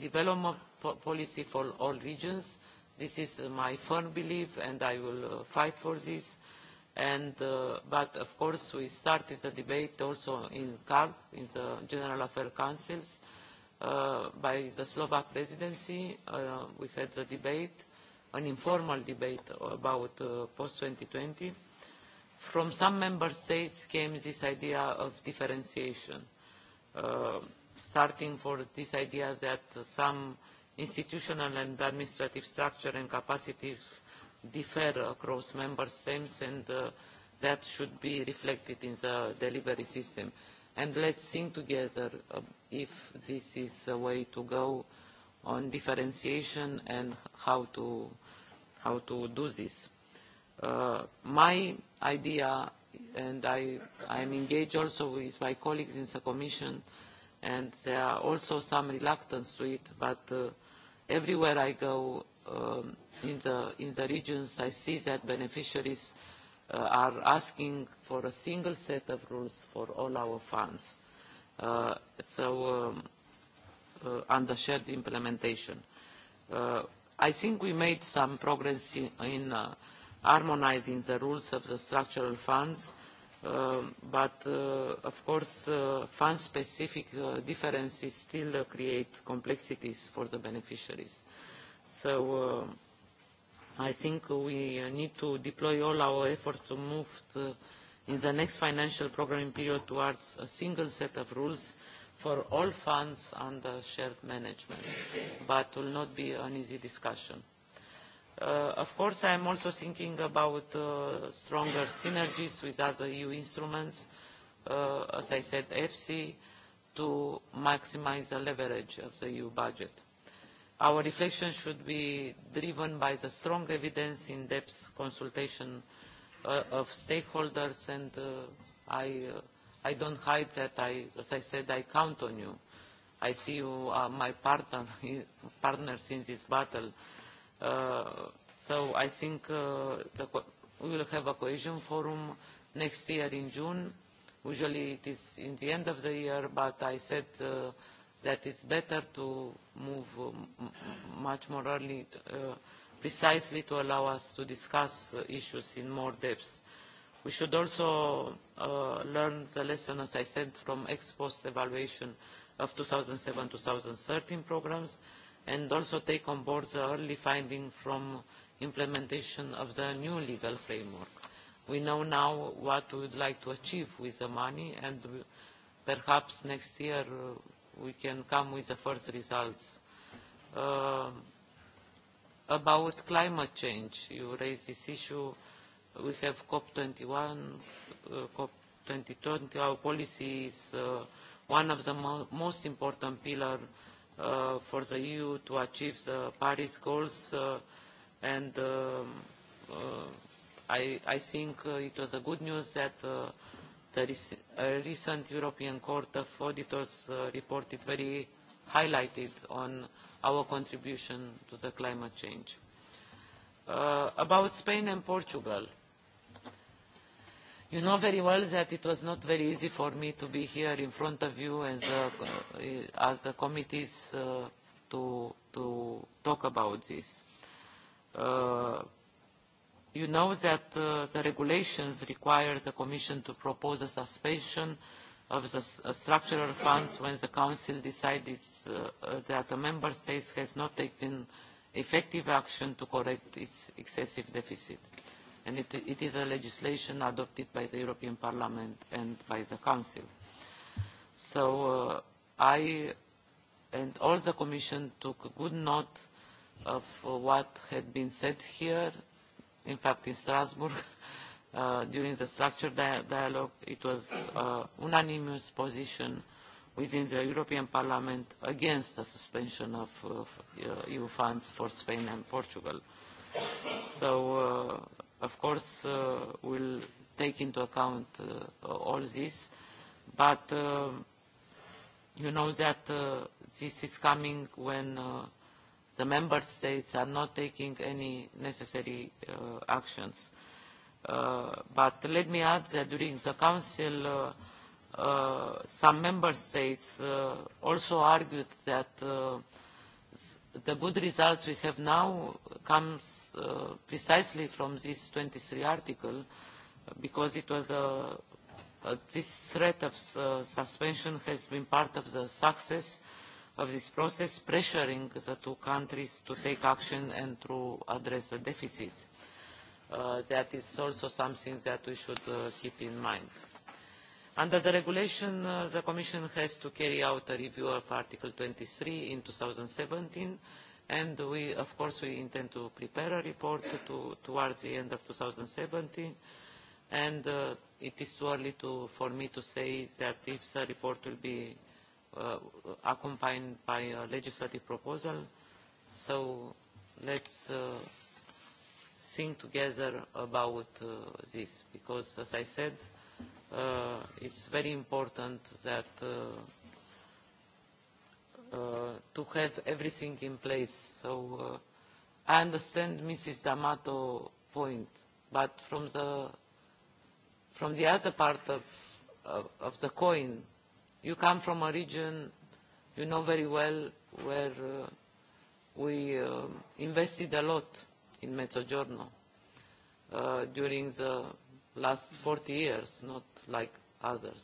development policy for all regions, this is my firm belief, and I will fight for this and uh, but of course we started the debate also in CAG in the General Affairs Councils, uh, by the Slovak presidency. Uh, we had the debate, an informal debate about uh, post-2020. From some member states came this idea of differentiation, uh, starting for this idea that some institutional and administrative structure and capacities differ across member states and uh, that should be reflected in the delivery system. And let's think together um, if this is a way to go on differentiation and how to, how to do this. Uh, my idea, and I am engaged also with my colleagues in the Commission, and there are also some reluctance to it, but uh, everywhere I go, Um, in, the, regions, I see that beneficiaries uh, are asking for a single set of rules for all our funds. Uh, so, um, uh, under shared implementation. I think we made some progress in, in harmonizing the rules of the structural funds, um, but of course fund-specific differences still create complexities for the beneficiaries. So uh, I think we need to deploy all our efforts to move to, in the next financial programming period towards a single set of rules for all funds under shared management, but will not be an easy discussion. Uh, of course, I am also thinking about uh, stronger synergies with other EU instruments, uh, as I said, EFSI, to maximize the leverage of the EU budget. Our reflection should be driven by the strong evidence in depth consultation uh, of stakeholders and uh, I, uh, I don't hide that I, as I said, I count on you. I see you are my partner, partners in this battle. Uh, so I think the, we will have a cohesion forum next year in June. Usually it is in the end of the year, but I said that it's better to move uh, much more early uh, precisely to allow us to discuss uh, issues in more depth. We should also uh, learn the lesson, as I said, from ex post evaluation of 2007-2013 programs and also take on board the early finding from implementation of the new legal framework. We know now what we would like to achieve with the money and perhaps next year uh, we can come with the first results. Uh, about climate change, you raised this issue. We have COP21, uh, COP2020. Our policy is uh, one of the mo most important pillars uh, for the EU to achieve the Paris goals. Uh, and um, uh, I, I think uh, it was a good news that uh, The recent European Court of Auditors uh, report is very highlighted on our contribution to the climate change. Uh, about Spain and Portugal, you know very well that it was not very easy for me to be here in front of you and the, uh, as the committees uh, to, to talk about this. Uh, You know that uh, the regulations require the Commission to propose a suspension of the uh, structural funds when the Council decided uh, that a Member State has not taken effective action to correct its excessive deficit. And it, is a legislation adopted by the European Parliament and by the Council. So I and all the Commission took good note of what had been said here in fact in Strasbourg uh, during the structured dialogue it was uh, unanimous position within the European Parliament against the suspension of uh, EU funds for Spain and Portugal. So uh, of course uh, we'll take into account uh, all this but you know that this is coming when the member states are not taking any necessary uh, actions. Uh, but let me add that during the Council, uh, uh, some member states uh, also argued that uh, the good results we have now comes uh, precisely from this 23 article because it was a, a this threat of uh, suspension has been part of the success uh, of this process, pressuring the two countries to take action and to address the deficits. Uh, that is also something that we should uh, keep in mind. Under the regulation, uh, the Commission has to carry out a review of Article 23 in 2017, and we, of course, we intend to prepare a report to, towards the end of 2017, and it is too early to, for me to say that if the report will be uh, accompanied by a legislative proposal. So let's uh, think together about uh, this, because as I said, uh, it's very important that uh, uh, to have everything in place. So uh, I understand Mrs. D'Amato's point, but from the, from the other part of, of, of the coin, You come from a region you know very well where uh, we uh, invested a lot in Mezzogiorno uh, during the last 40 years, not like others.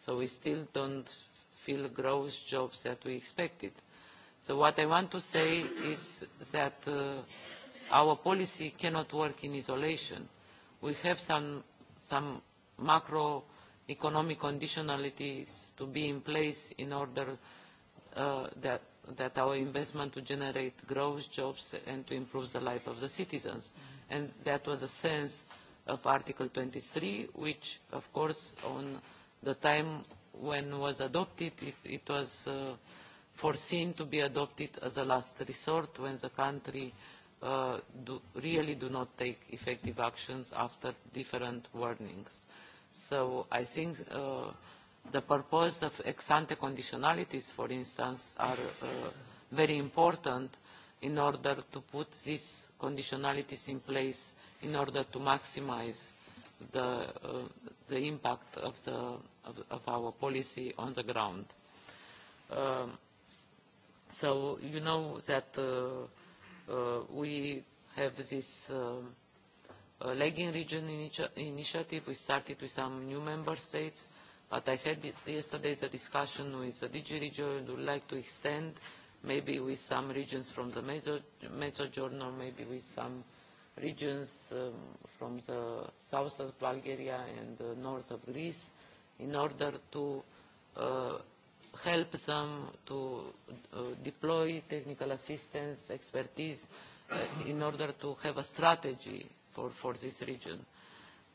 So we still don't feel gross jobs that we expected. So what I want to say is that uh, our policy cannot work in isolation. We have some, some macro economic conditionalities to be in place in order uh, that, that our investment to generate growth, jobs, and to improve the life of the citizens. Mm-hmm. And that was the sense of Article 23, which, of course, on the time when was adopted, it, it was uh, foreseen to be adopted as a last resort when the country uh, really do not take effective actions after different warnings. So I think uh, the purpose of ex-ante conditionalities, for instance, are uh, very important in order to put these conditionalities in place in order to maximize the, uh, the impact of, the, of, of our policy on the ground. Um, so you know that uh, uh, we have this um, Uh, legging region initiative. We started with some new member states, but I had yesterday the discussion with the DG region would like to extend maybe with some regions from the Mezzo, maybe with some regions um, from the south of Bulgaria and the north of Greece in order to uh, help them to uh, deploy technical assistance, expertise, in order to have a strategy for, for this region.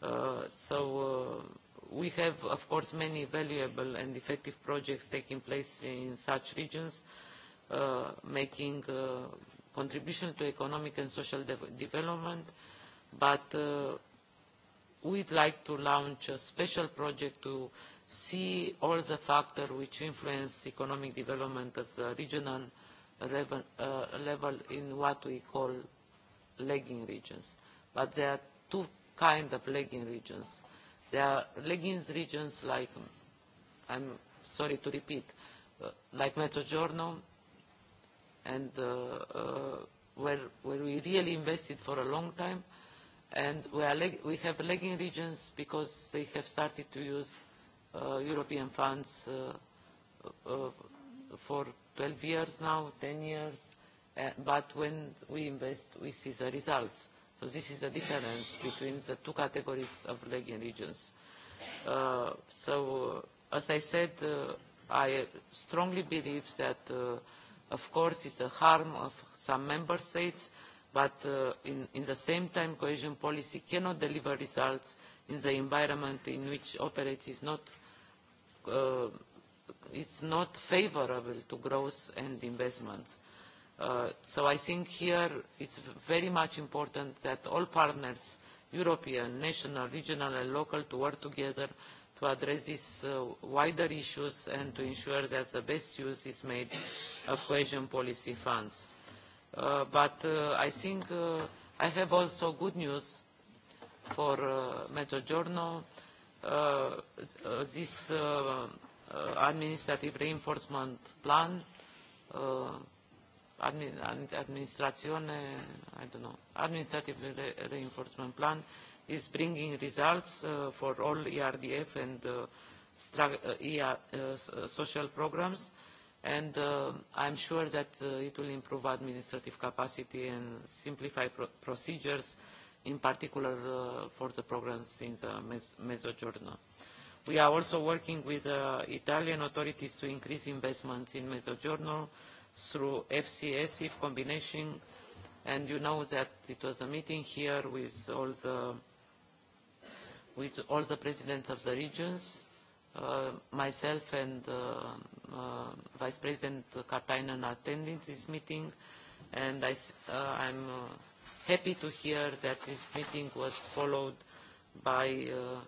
Uh, so uh, we have, of course, many valuable and effective projects taking place in such regions, uh, making uh, contribution to economic and social de development, but uh, we'd like to launch a special project to see all the factors which influence economic development at the regional level, uh, level in what we call lagging regions. But there are two kinds of lagging regions. There are lagging regions like, I'm sorry to repeat, uh, like Metrogiorno, and uh, uh, where, where we really invested for a long time. And we, are we have lagging regions because they have started to use uh, European funds uh, uh, uh for 12 years now, 10 years. Uh, but when we invest, we see the results this is the difference between the two categories of Legion regions. Uh, so as I said, uh, I strongly believe that, uh, of course, it's a harm of some member states, but uh, in, in the same time, cohesion policy cannot deliver results in the environment in which operates is not uh, it's not favorable to growth and investments. Uh, so I think here it's very much important that all partners, European, national, regional and local, to work together to address these uh, wider issues and to ensure that the best use is made of cohesion policy funds. Uh, but I think I have also good news for Mezzogiorno. This administrative reinforcement plan administration, I don't know, administrative reinforcement plan is bringing results uh, for all ERDF and uh, ER, social programs, and I'm sure that it will improve administrative capacity and simplify procedures, in particular for the programs in the Mezzogiorno. We are also working with Italian authorities to increase investments in Mezzogiorno, through FCS if combination and you know that it was a meeting here with all the with all the presidents of the regions, uh, myself and uh, uh, Vice President Katainen attended this meeting and I, uh, I'm uh, happy to hear that this meeting was followed by, uh,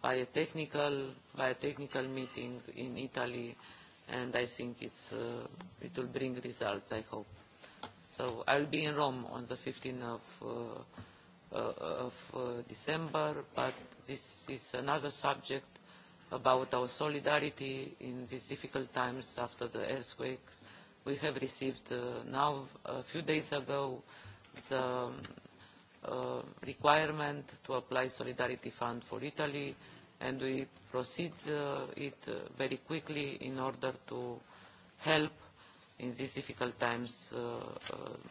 by, a, technical, by a technical meeting in Italy and I think it's, uh, it will bring results, I hope. So I'll be in Rome on the 15th of, uh, uh, of uh, December, but this is another subject about our solidarity in these difficult times after the earthquakes. We have received uh, now, a few days ago, the um, uh, requirement to apply Solidarity Fund for Italy, and we proceed uh, it uh, very quickly in order to help in these difficult times. Uh, uh,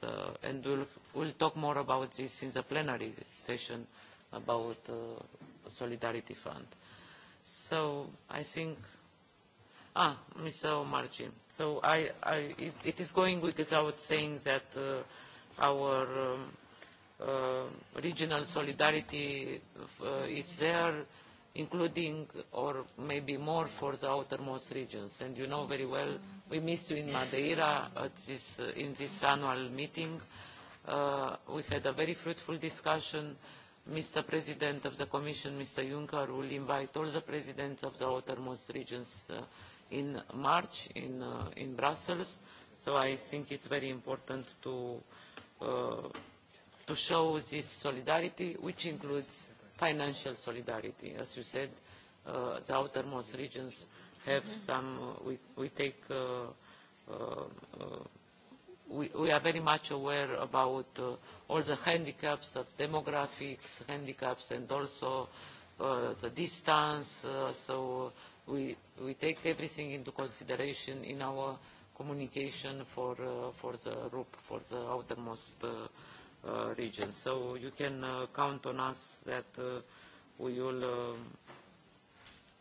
the, and we'll, we'll talk more about this in the plenary session about uh, Solidarity Fund. So I think, ah, Mr. Omarji, so I, I, it, it is going without saying that uh, our um, uh, regional solidarity uh, is there, including or maybe more for the outermost regions. And you know very well, we missed you in Madeira at uh, this, uh, in this annual meeting. Uh, we had a very fruitful discussion. Mr. President of the Commission, Mr. Juncker, will invite all the presidents of the outermost regions in March in, in Brussels. So I think it's very important to, to show this solidarity, which includes financial solidarity. As you said, uh, the outermost regions have mm-hmm. some, uh, we, we take, uh, uh, we, we are very much aware about uh, all the handicaps of demographics, handicaps and also uh, the distance. Uh, so we, we take everything into consideration in our communication for, uh, for the group for the outermost uh, Uh, region. So you can uh, count on us that uh, we will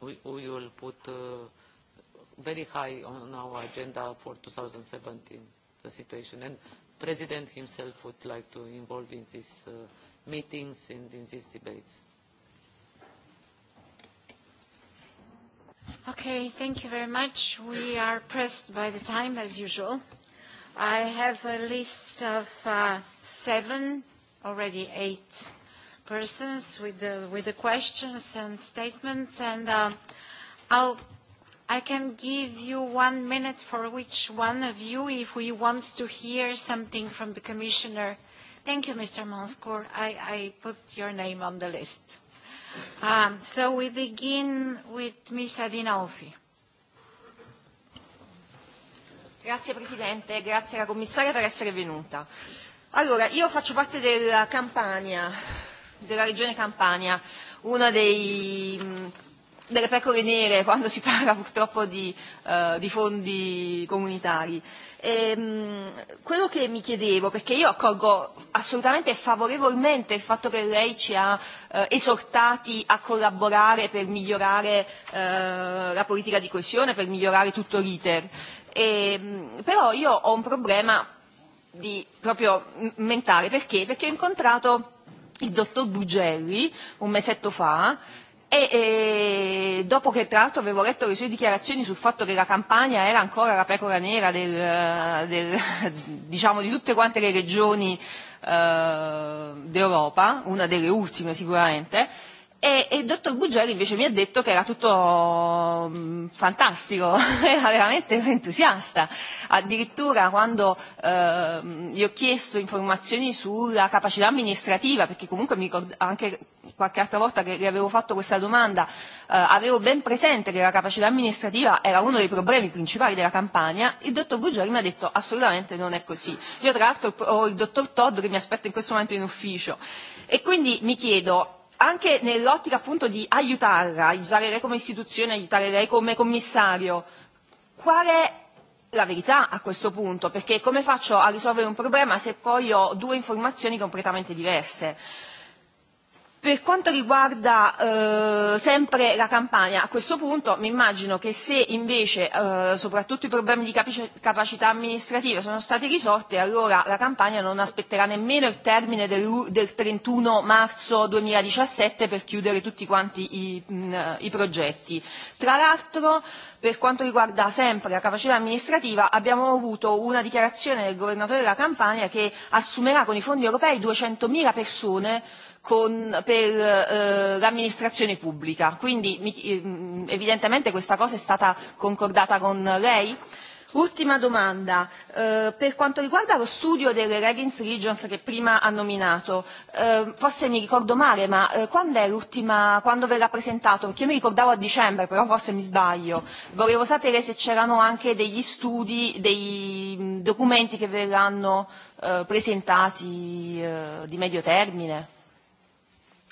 we, we will put very high on our agenda for 2017 the situation. And President himself would like to involve in these meetings and in these debates. Okay, thank you very much. We are pressed by the time as usual. I have a list of uh, seven, already eight persons with the, with the questions and statements, and uh, I'll, I can give you one minute for which one of you, if we want to hear something from the Commissioner. Thank you, Mr. Monscourt. I, I put your name on the list. Um, so we begin with Ms. Adinolfi. Grazie Presidente, grazie alla Commissaria per essere venuta. Allora, io faccio parte della Campania, della regione Campania, una dei, mm, delle pecore nere quando si parla purtroppo di, uh, di fondi comunitari. E, quello che mi chiedevo, perché io accolgo assolutamente e favorevolmente il fatto che lei ci ha eh, esortati a collaborare per migliorare eh, la politica di coesione, per migliorare tutto l'iter. E, però io ho un problema di, proprio mentale, perché? Perché ho incontrato il dottor Bugelli un mesetto fa e, e dopo che tra l'altro avevo letto le sue dichiarazioni sul fatto che la campagna era ancora la pecora nera del, del, diciamo, di tutte quante le regioni eh, d'Europa, una delle ultime sicuramente, E, e il dottor Bugelli invece mi ha detto che era tutto mm, fantastico, era veramente entusiasta. Addirittura quando ehm, gli ho chiesto informazioni sulla capacità amministrativa, perché comunque mi ricordo anche qualche altra volta che gli avevo fatto questa domanda, eh, avevo ben presente che la capacità amministrativa era uno dei problemi principali della campagna, il dottor Bugelli mi ha detto assolutamente non è così. Io tra l'altro ho il dottor Todd che mi aspetto in questo momento in ufficio. E quindi mi chiedo, anche nell'ottica appunto di aiutarla, aiutare lei come istituzione, aiutare lei come commissario, qual è la verità a questo punto? Perché come faccio a risolvere un problema se poi ho due informazioni completamente diverse? Per quanto riguarda eh, sempre la campagna, a questo punto mi immagino che se invece eh, soprattutto i problemi di capacità amministrativa sono stati risolti, allora la campagna non aspetterà nemmeno il termine del, del 31 marzo 2017 per chiudere tutti quanti i, mm, i progetti. Tra l'altro per quanto riguarda sempre la capacità amministrativa abbiamo avuto una dichiarazione del governatore della Campania che assumerà con i fondi europei 200.000 persone con, per eh, l'amministrazione pubblica. Quindi mm, evidentemente questa cosa è stata concordata con lei. Ultima domanda, eh, per quanto riguarda lo studio delle Reggins Regions che prima ha nominato, eh, forse mi ricordo male, ma eh, quando è l'ultima, quando verrà presentato? Perché io mi ricordavo a dicembre, però forse mi sbaglio. Volevo sapere se c'erano anche degli studi, dei mm, documenti che verranno eh, presentati eh, di medio termine.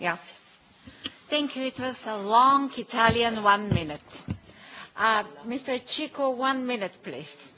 Grazie. Thank you. It was a long Italian one minute. Uh, Mr. Chico, one minute, please.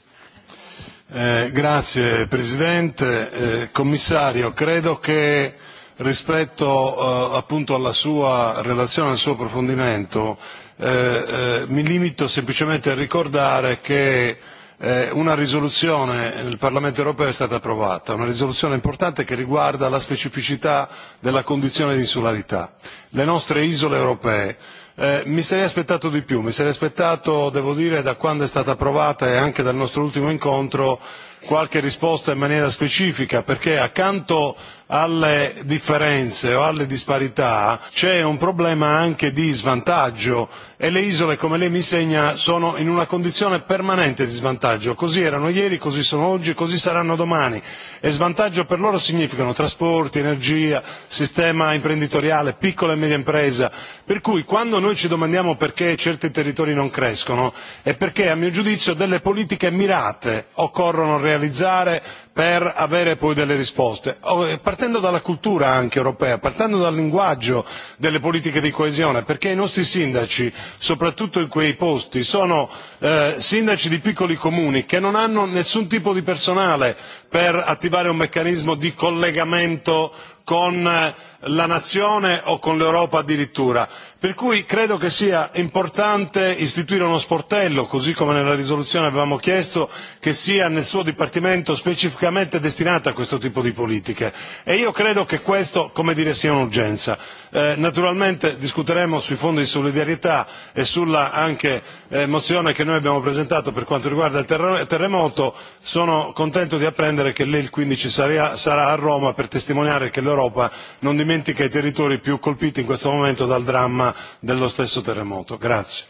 Eh, grazie Presidente. Eh, commissario, credo che rispetto eh, appunto alla sua relazione, al suo approfondimento, mi limito semplicemente a ricordare che Eh, una risoluzione nel Parlamento europeo è stata approvata, una risoluzione importante che riguarda la specificità della condizione di insularità, le nostre isole europee. Eh, mi sarei aspettato di più, mi sarei aspettato, devo dire, da quando è stata approvata e anche dal nostro ultimo incontro qualche risposta in maniera specifica perché accanto alle differenze o alle disparità c'è un problema anche di svantaggio e le isole come lei mi insegna sono in una condizione permanente di svantaggio così erano ieri così sono oggi così saranno domani e svantaggio per loro significano trasporti energia sistema imprenditoriale piccola e media impresa per cui quando noi ci domandiamo perché certi territori non crescono è perché a mio giudizio delle politiche mirate occorrono realizzare per avere poi delle risposte oh, eh, partendo dalla cultura anche europea partendo dal linguaggio delle politiche di coesione perché i nostri sindaci soprattutto in quei posti sono eh, sindaci di piccoli comuni che non hanno nessun tipo di personale per attivare un meccanismo di collegamento con eh, la nazione o con l'Europa addirittura Per cui credo che sia importante istituire uno sportello, così come nella risoluzione avevamo chiesto, che sia nel suo dipartimento specificamente destinato a questo tipo di politiche. E io credo che questo, come dire, sia un'urgenza. Eh, naturalmente discuteremo sui fondi di solidarietà e sulla anche eh, mozione che noi abbiamo presentato per quanto riguarda il terremoto. Sono contento di apprendere che lei il 15 sarà, sarà a Roma per testimoniare che l'Europa non dimentica i territori più colpiti in questo momento dal dramma vittima dello stesso terremoto. Grazie.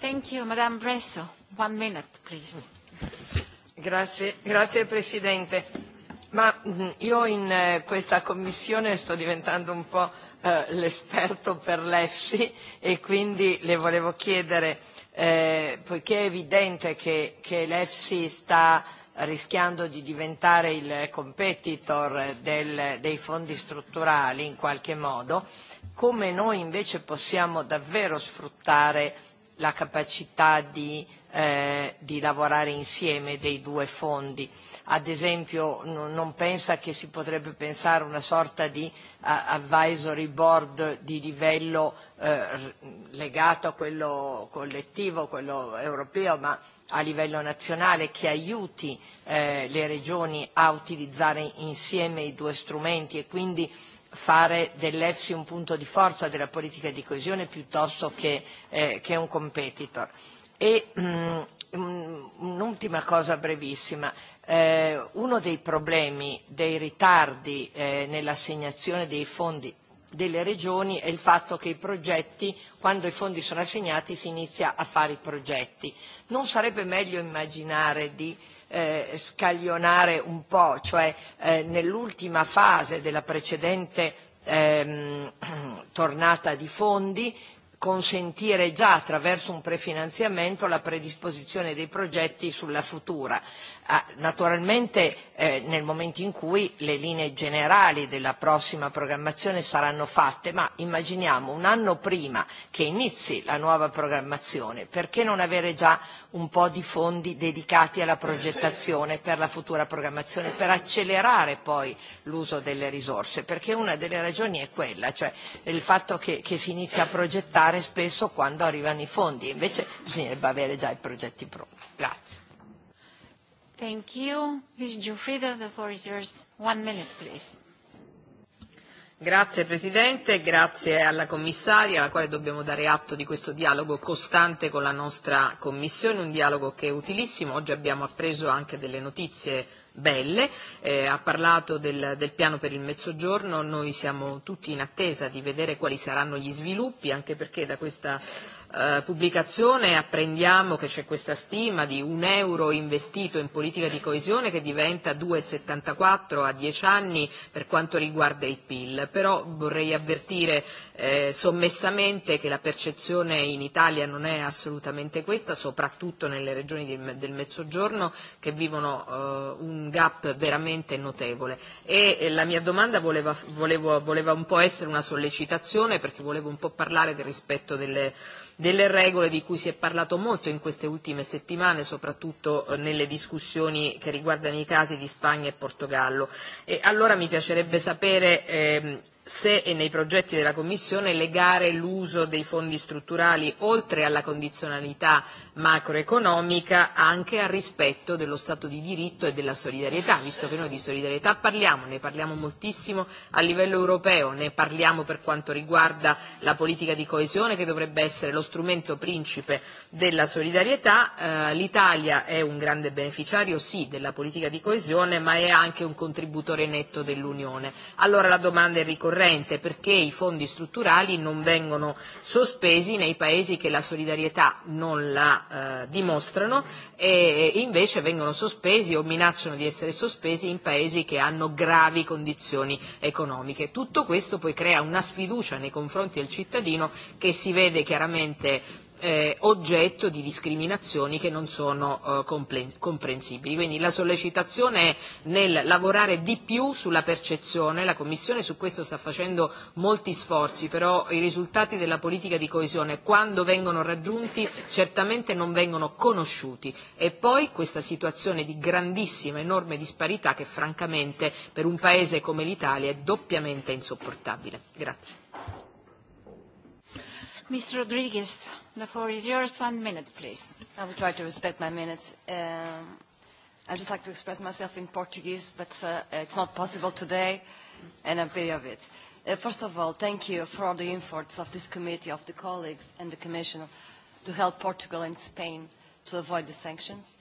Thank you, Madame Bresso. One minute, please. Grazie, grazie Presidente. Ma mm, io in eh, questa commissione sto diventando un po' eh, l'esperto per l'EFSI e quindi le volevo chiedere, eh, poiché è evidente che, che l'EFSI sta rischiando di diventare il competitor del, dei fondi strutturali in qualche modo, come noi invece possiamo davvero sfruttare la capacità di, eh, di lavorare insieme dei due fondi. Ad esempio non pensa che si potrebbe pensare una sorta di advisory board di livello eh, legato a quello collettivo, quello europeo, ma a livello nazionale che aiuti eh, le regioni a utilizzare insieme i due strumenti e quindi fare dell'EFSI un punto di forza della politica di coesione piuttosto che, eh, un competitor. E mm, mm, un'ultima cosa brevissima. Eh, uno dei problemi dei ritardi eh, nell'assegnazione dei fondi delle regioni è il fatto che i progetti, quando i fondi sono assegnati, si inizia a fare i progetti. Non sarebbe meglio immaginare di eh, scaglionare un po', cioè eh, nell'ultima fase della precedente ehm, tornata di fondi consentire già attraverso un prefinanziamento la predisposizione dei progetti sulla futura. Ah, naturalmente eh, nel momento in cui le linee generali della prossima programmazione saranno fatte, ma immaginiamo un anno prima che inizi la nuova programmazione, perché non avere già un po' di fondi dedicati alla progettazione per la futura programmazione, per accelerare poi l'uso delle risorse, perché una delle ragioni è quella, cioè il fatto che, che si inizia a progettare fare spesso quando arrivano i fondi, invece bisognerebbe avere già i progetti pronti. Grazie. Thank you. Ms. Giuffrida, the floor is yours. One minute, please. Grazie Presidente, grazie alla Commissaria, alla quale dobbiamo dare atto di questo dialogo costante con la nostra Commissione, un dialogo che è utilissimo. Oggi abbiamo appreso anche delle notizie belle. Eh, ha parlato del, del piano per il mezzogiorno, noi siamo tutti in attesa di vedere quali saranno gli sviluppi, anche perché da questa Eh, pubblicazione apprendiamo che c'è questa stima di un euro investito in politica di coesione che diventa 2,74 a 10 anni per quanto riguarda il PIL, però vorrei avvertire eh, sommessamente che la percezione in Italia non è assolutamente questa, soprattutto nelle regioni del, del Mezzogiorno che vivono eh, un gap veramente notevole. E eh, la mia domanda voleva, volevo, voleva un po' essere una sollecitazione perché volevo un po' parlare del rispetto delle delle regole di cui si è parlato molto in queste ultime settimane, soprattutto eh, nelle discussioni che riguardano i casi di Spagna e Portogallo. E allora mi piacerebbe sapere ehm, se e nei progetti della Commissione legare l'uso dei fondi strutturali, oltre alla condizionalità macroeconomica, anche al rispetto dello Stato di diritto e della solidarietà, visto che noi di solidarietà parliamo, ne parliamo moltissimo a livello europeo, ne parliamo per quanto riguarda la politica di coesione, che dovrebbe essere lo strumento principe della solidarietà. Eh, L'Italia è un grande beneficiario, sì, della politica di coesione, ma è anche un contributore netto dell'Unione. Allora la domanda è perché i fondi strutturali non vengono sospesi nei paesi che la solidarietà non la eh, dimostrano e, e invece vengono sospesi o minacciano di essere sospesi in paesi che hanno gravi condizioni economiche. Tutto questo poi crea una sfiducia nei confronti del cittadino che si vede chiaramente eh, oggetto di discriminazioni che non sono eh, comprensibili. Quindi la sollecitazione è nel lavorare di più sulla percezione, la Commissione su questo sta facendo molti sforzi, però i risultati della politica di coesione quando vengono raggiunti certamente non vengono conosciuti e poi questa situazione di grandissima, enorme disparità che francamente per un paese come l'Italia è doppiamente insopportabile. Grazie. Mr. Rodriguez, the floor is yours. One minute, please. I will try to respect my minutes. Um, I I'd just like to express myself in Portuguese, but uh, it's not possible today, and I'm very of it. Uh, first of all, thank you for the efforts of this committee, of the colleagues and the Commission to help Portugal and Spain to avoid the sanctions.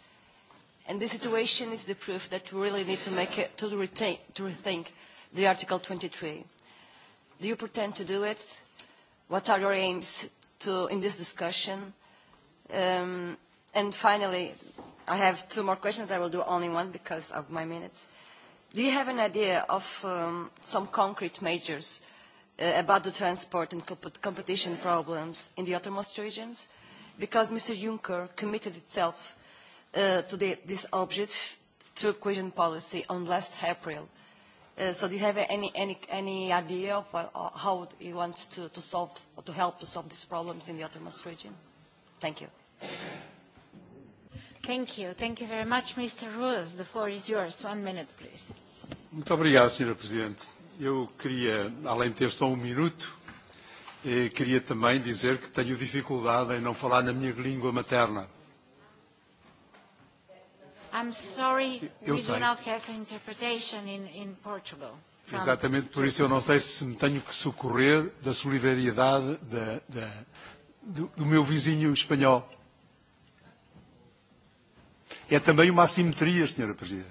And this situation is the proof that we really need to, make it, to, to rethink the Article 23. Do you pretend to do it? what are your aims to, in this discussion? Um, and finally, I have two more questions. I will do only one because of my minutes. Do you have an idea of um, some concrete measures uh, about the transport and competition problems in the uttermost regions? Because Mr. Juncker committed itself uh, to this object through cohesion policy on last April. Uh, so do you have any, any, any idea of uh, how you want to, to solve or to help to solve these problems in the autonomous regions? Thank you. Thank you. Thank you very much, Mr. Ruas. The floor is yours. One minute, please. Muito obrigado, Sra. Presidente. Eu queria, além de ter só um minuto, eh, queria também dizer que tenho dificuldade em não falar na minha língua materna. I'm sorry, we do not have interpretation in, in Portugal. Exatamente, por isso eu não sei se me tenho que socorrer da solidariedade da, da, do, do meu vizinho espanhol. É também uma assimetria, Sra. Presidente.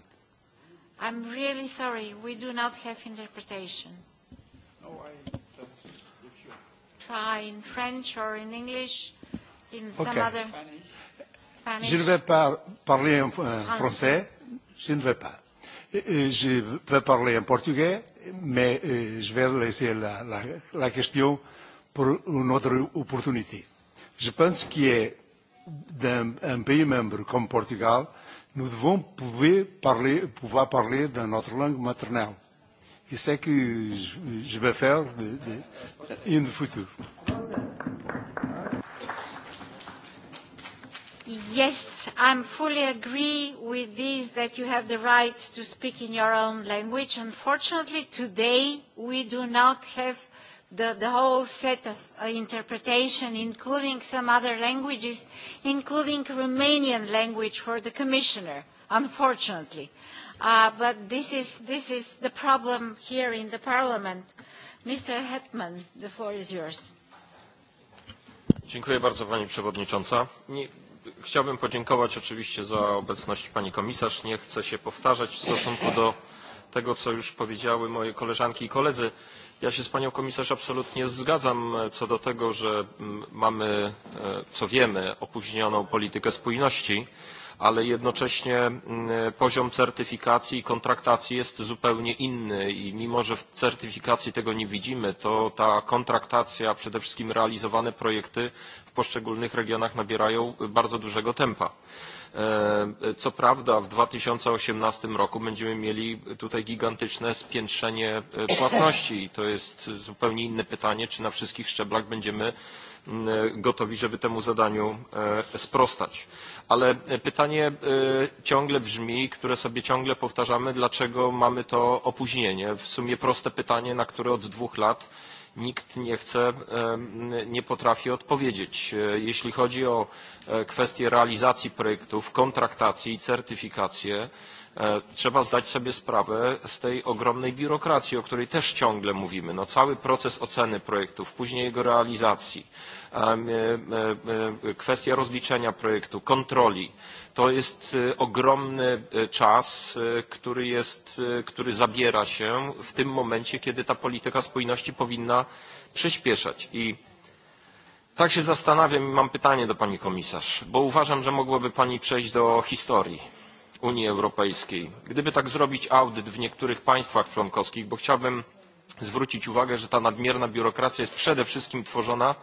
I'm really sorry, we do not have interpretation. No, I Try in French or in English, in okay. some other... Spanish. Je ne vais pas parler en euh, français, je ne vais pas. Euh, euh, je vais parler en portugais, mais je vais laisser la, la, la question pour une autre opportunité. Je pense qu'un un pays membre comme Portugal, nous devons pouvoir parler, pouvoir parler dans notre langue maternelle. Et c'est que je, je vais faire de, de, in the futur. Yes, I fully agree with this that you have the right to speak in your own language. Unfortunately, today we do not have the, the whole set of uh, interpretation, including some other languages, including Romanian language for the Commissioner, unfortunately. Uh, but this is, this is the problem here in the Parliament. Mr. Hetman, the floor is yours. Dziękuję bardzo Pani Przewodnicząca. Nie, Chciałbym podziękować oczywiście za obecność pani komisarz. Nie chcę się powtarzać w stosunku do tego, co już powiedziały moje koleżanki i koledzy. Ja się z panią komisarz absolutnie zgadzam co do tego, że mm, mamy, e, co wiemy, opóźnioną politykę spójności ale jednocześnie mm, poziom certyfikacji i kontraktacji jest zupełnie inny i mimo, że w certyfikacji tego nie widzimy, to ta kontraktacja, a przede wszystkim realizowane projekty w poszczególnych regionach nabierają bardzo dużego tempa. E, co prawda w 2018 roku będziemy mieli tutaj gigantyczne spiętrzenie e, płatności i to jest zupełnie inne pytanie, czy na wszystkich szczeblach będziemy gotowi, żeby temu zadaniu sprostać. Ale pytanie ciągle brzmi, które sobie ciągle powtarzamy, dlaczego mamy to opóźnienie. W sumie proste pytanie, na które od dwóch lat nikt nie chce, nie potrafi odpowiedzieć. Jeśli chodzi o kwestie realizacji projektów, kontraktacji i certyfikację, E, trzeba zdać sobie sprawę z tej ogromnej biurokracji, o której też ciągle mówimy. No, cały proces oceny projektów, później jego realizacji, e, e, kwestia rozliczenia projektu, kontroli. To jest ogromny czas, który, jest, który zabiera się w tym momencie, kiedy ta polityka spójności powinna przyspieszać. I tak się zastanawiam i mam pytanie do pani komisarz, bo uważam, że mogłoby pani przejść do historii Unii Europejskiej. Gdyby tak zrobić audyt w niektórych państwach członkowskich, bo chciałbym zwrócić uwagę, że ta nadmierna biurokracja jest przede wszystkim tworzona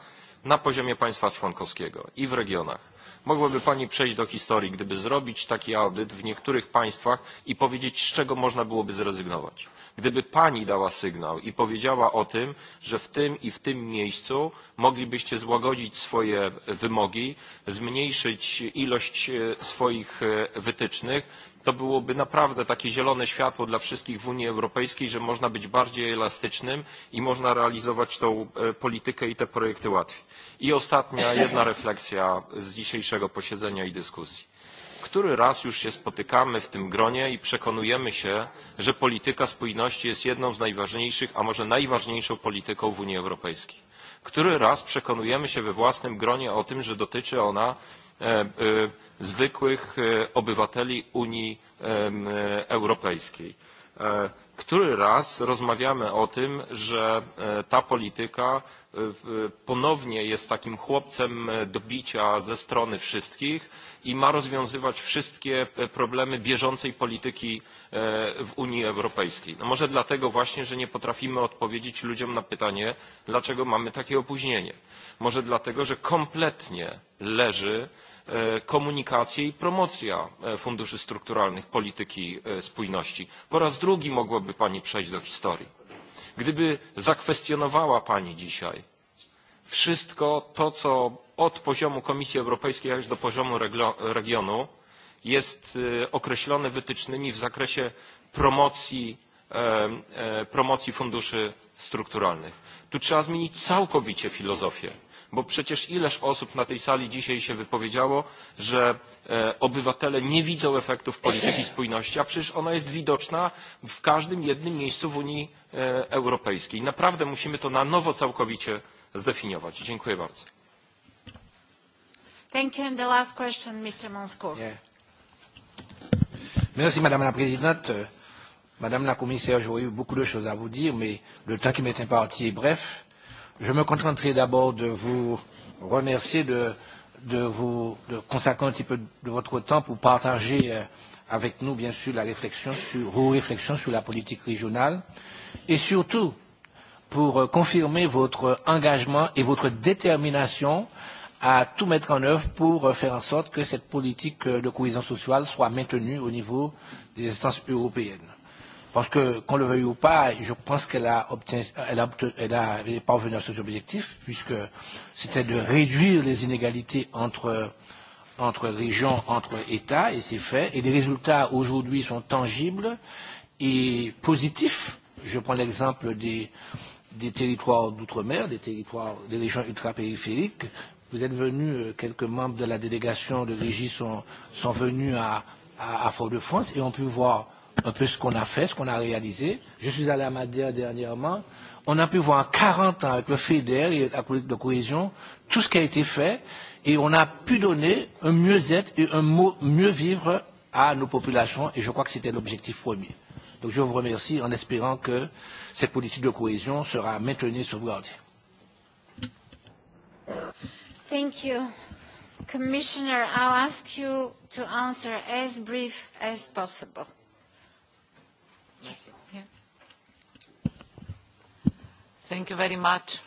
na poziomie państwa członkowskiego i w regionach. Mogłaby Pani przejść do historii, gdyby zrobić taki audyt w niektórych państwach i powiedzieć, z czego można byłoby zrezygnować gdyby pani dała sygnał i powiedziała o tym, że w tym i w tym miejscu moglibyście złagodzić swoje wymogi, zmniejszyć ilość e, swoich e, wytycznych, to byłoby naprawdę takie zielone światło dla wszystkich w Unii Europejskiej, że można być bardziej elastycznym i można realizować tą e, politykę i te projekty łatwiej. I ostatnia jedna refleksja z dzisiejszego posiedzenia i dyskusji który raz już się spotykamy w tym gronie i przekonujemy się, że polityka spójności jest jedną z najważniejszych, a może najważniejszą polityką w Unii Europejskiej. Który raz przekonujemy się we własnym gronie o tym, że dotyczy ona e, e, zwykłych e, obywateli Unii Europejskiej. Który raz rozmawiamy o tym, że ta polityka ponownie jest takim chłopcem do bicia ze strony wszystkich, i ma rozwiązywać wszystkie e, problemy bieżącej polityki e, w Unii Europejskiej. No może dlatego właśnie, że nie potrafimy odpowiedzieć ludziom na pytanie, dlaczego mamy takie opóźnienie. Może dlatego, że kompletnie leży e, komunikacja i promocja funduszy strukturalnych polityki spójności. Po raz drugi mogłaby Pani przejść do historii. Gdyby zakwestionowała Pani dzisiaj wszystko to, co od poziomu Komisji Europejskiej aż do poziomu regionu jest e, określone wytycznymi w zakresie promocji, e, e, promocji funduszy strukturalnych. Tu trzeba zmienić całkowicie filozofię, bo przecież ileż osób na tej sali dzisiaj się wypowiedziało, że obywatele nie widzą efektów polityki spójności, a przecież ona jest widoczna w każdym jednym miejscu w Unii Europejskiej. Naprawdę musimy to na nowo całkowicie zdefiniować. Dziękuję bardzo. Thank you. And the last question, Mr. Monsco. Yeah. Merci, Madame la Présidente. Euh, Madame la Commissaire, j'aurais eu beaucoup de choses à vous dire, mais le temps qui m'est imparti est bref. Je me contenterai d'abord de vous remercier de, de vous de consacrer un petit peu de votre temps pour partager euh, avec nous, bien sûr, la réflexion sur, vos réflexions sur la politique régionale et surtout pour euh, confirmer votre engagement et votre détermination à tout mettre en œuvre pour euh, faire en sorte que cette politique euh, de cohésion sociale soit maintenue au niveau des instances européennes. Parce que, qu'on le veuille ou pas, je pense qu'elle a obtenu, elle a, elle a elle à ce objectif, puisque c'était de réduire les inégalités entre, entre régions, entre États, et c'est fait. Et les résultats aujourd'hui sont tangibles et positifs. Je prends l'exemple des, des territoires d'outre-mer, des territoires des régions ultrapériphériques, vous êtes venus, euh, quelques membres de la délégation de Régie sont, sont venus à, à, à Fort-de-France et ont pu voir un peu ce qu'on a fait, ce qu'on a réalisé. Je suis allé à Madère dernièrement. On a pu voir en 40 ans avec le FEDER et la politique de cohésion tout ce qui a été fait et on a pu donner un mieux-être et un mieux vivre à nos populations et je crois que c'était l'objectif premier. Donc je vous remercie en espérant que cette politique de cohésion sera maintenue et sauvegardée. Thank you. Commissioner, I'll ask you to answer as brief as possible. Yes. Yeah. Thank you very much.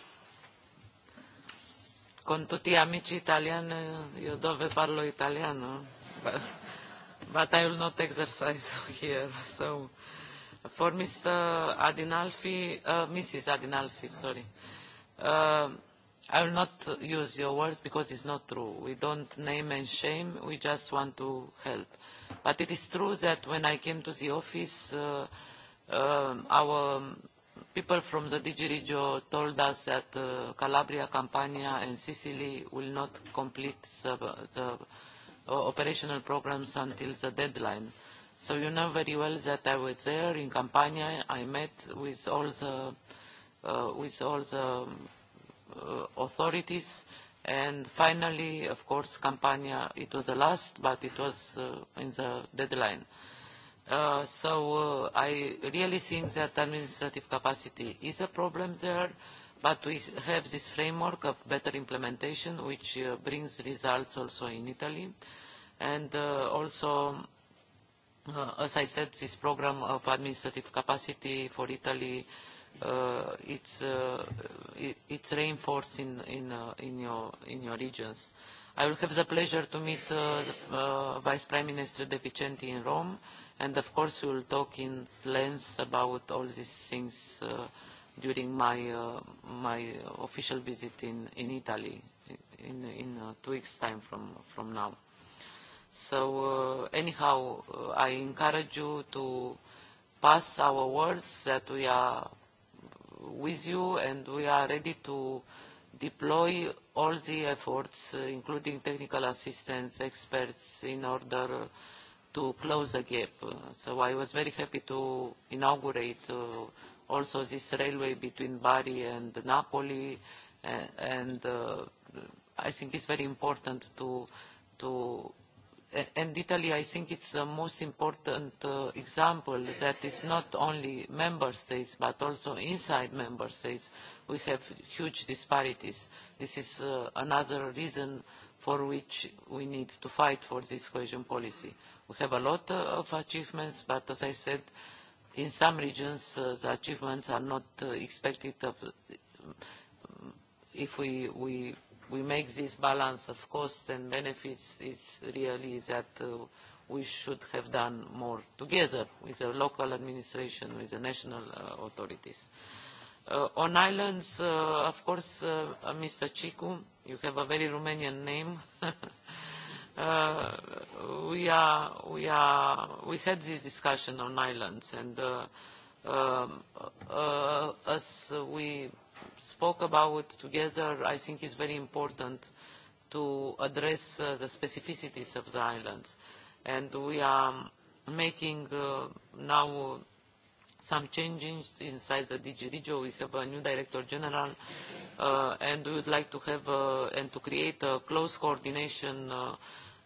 Con tutti amici italiani, io dove parlo italiano, but, I will not exercise here. So for Mr. Adinalfi, uh, Mrs. Adinalfi, sorry. Uh, i will not use your words because it's not true. We don't name and shame. We just want to help. But it is true that when I came to the office, uh, um, our people from the DG Regio told us that uh, Calabria, Campania and Sicily will not complete the, the uh, operational programs until the deadline. So you know very well that I was there in Campania. I met with all the, uh, with all the Uh, authorities. And finally, of course, Campania, it was the last, but it was uh, in the deadline. Uh, so I really think that administrative capacity is a problem there, but we have this framework of better implementation, which brings results also in Italy. And also, as I said, this program of administrative capacity for Italy Uh, it's uh, it, it's reinforced in in uh, in your in your regions. I will have the pleasure to meet uh, uh, Vice Prime Minister De Vicenti in Rome, and of course we will talk in length about all these things uh, during my uh, my official visit in in Italy in in uh, two weeks time from from now. So uh, anyhow, uh, I encourage you to pass our words that we are with you and we are ready to deploy all the efforts, uh, including technical assistance, experts, in order to close the gap. So I was very happy to inaugurate uh, also this railway between Bari and Napoli, and, uh, and uh, I think it's very important to, to and Italy, I think it's the most important uh, example that is not only member states, but also inside member states, we have huge disparities. This is uh, another reason for which we need to fight for this cohesion policy. We have a lot uh, of achievements, but as I said, in some regions, the achievements are not expected um, if we, we we make this balance of costs and benefits, it's really that uh, we should have done more together with the local administration, with the national uh, authorities. Uh, on islands, uh, of course, uh, uh, Mr. Chiku you have a very Romanian name. we, are, we, are, we had this discussion on islands, and um, as we spoke about together, I think is very important to address uh, the specificities of the islands. And we are making uh, now some changes inside the DG Regio. We have a new Director General uh, and we would like to have uh, and to create a close coordination uh,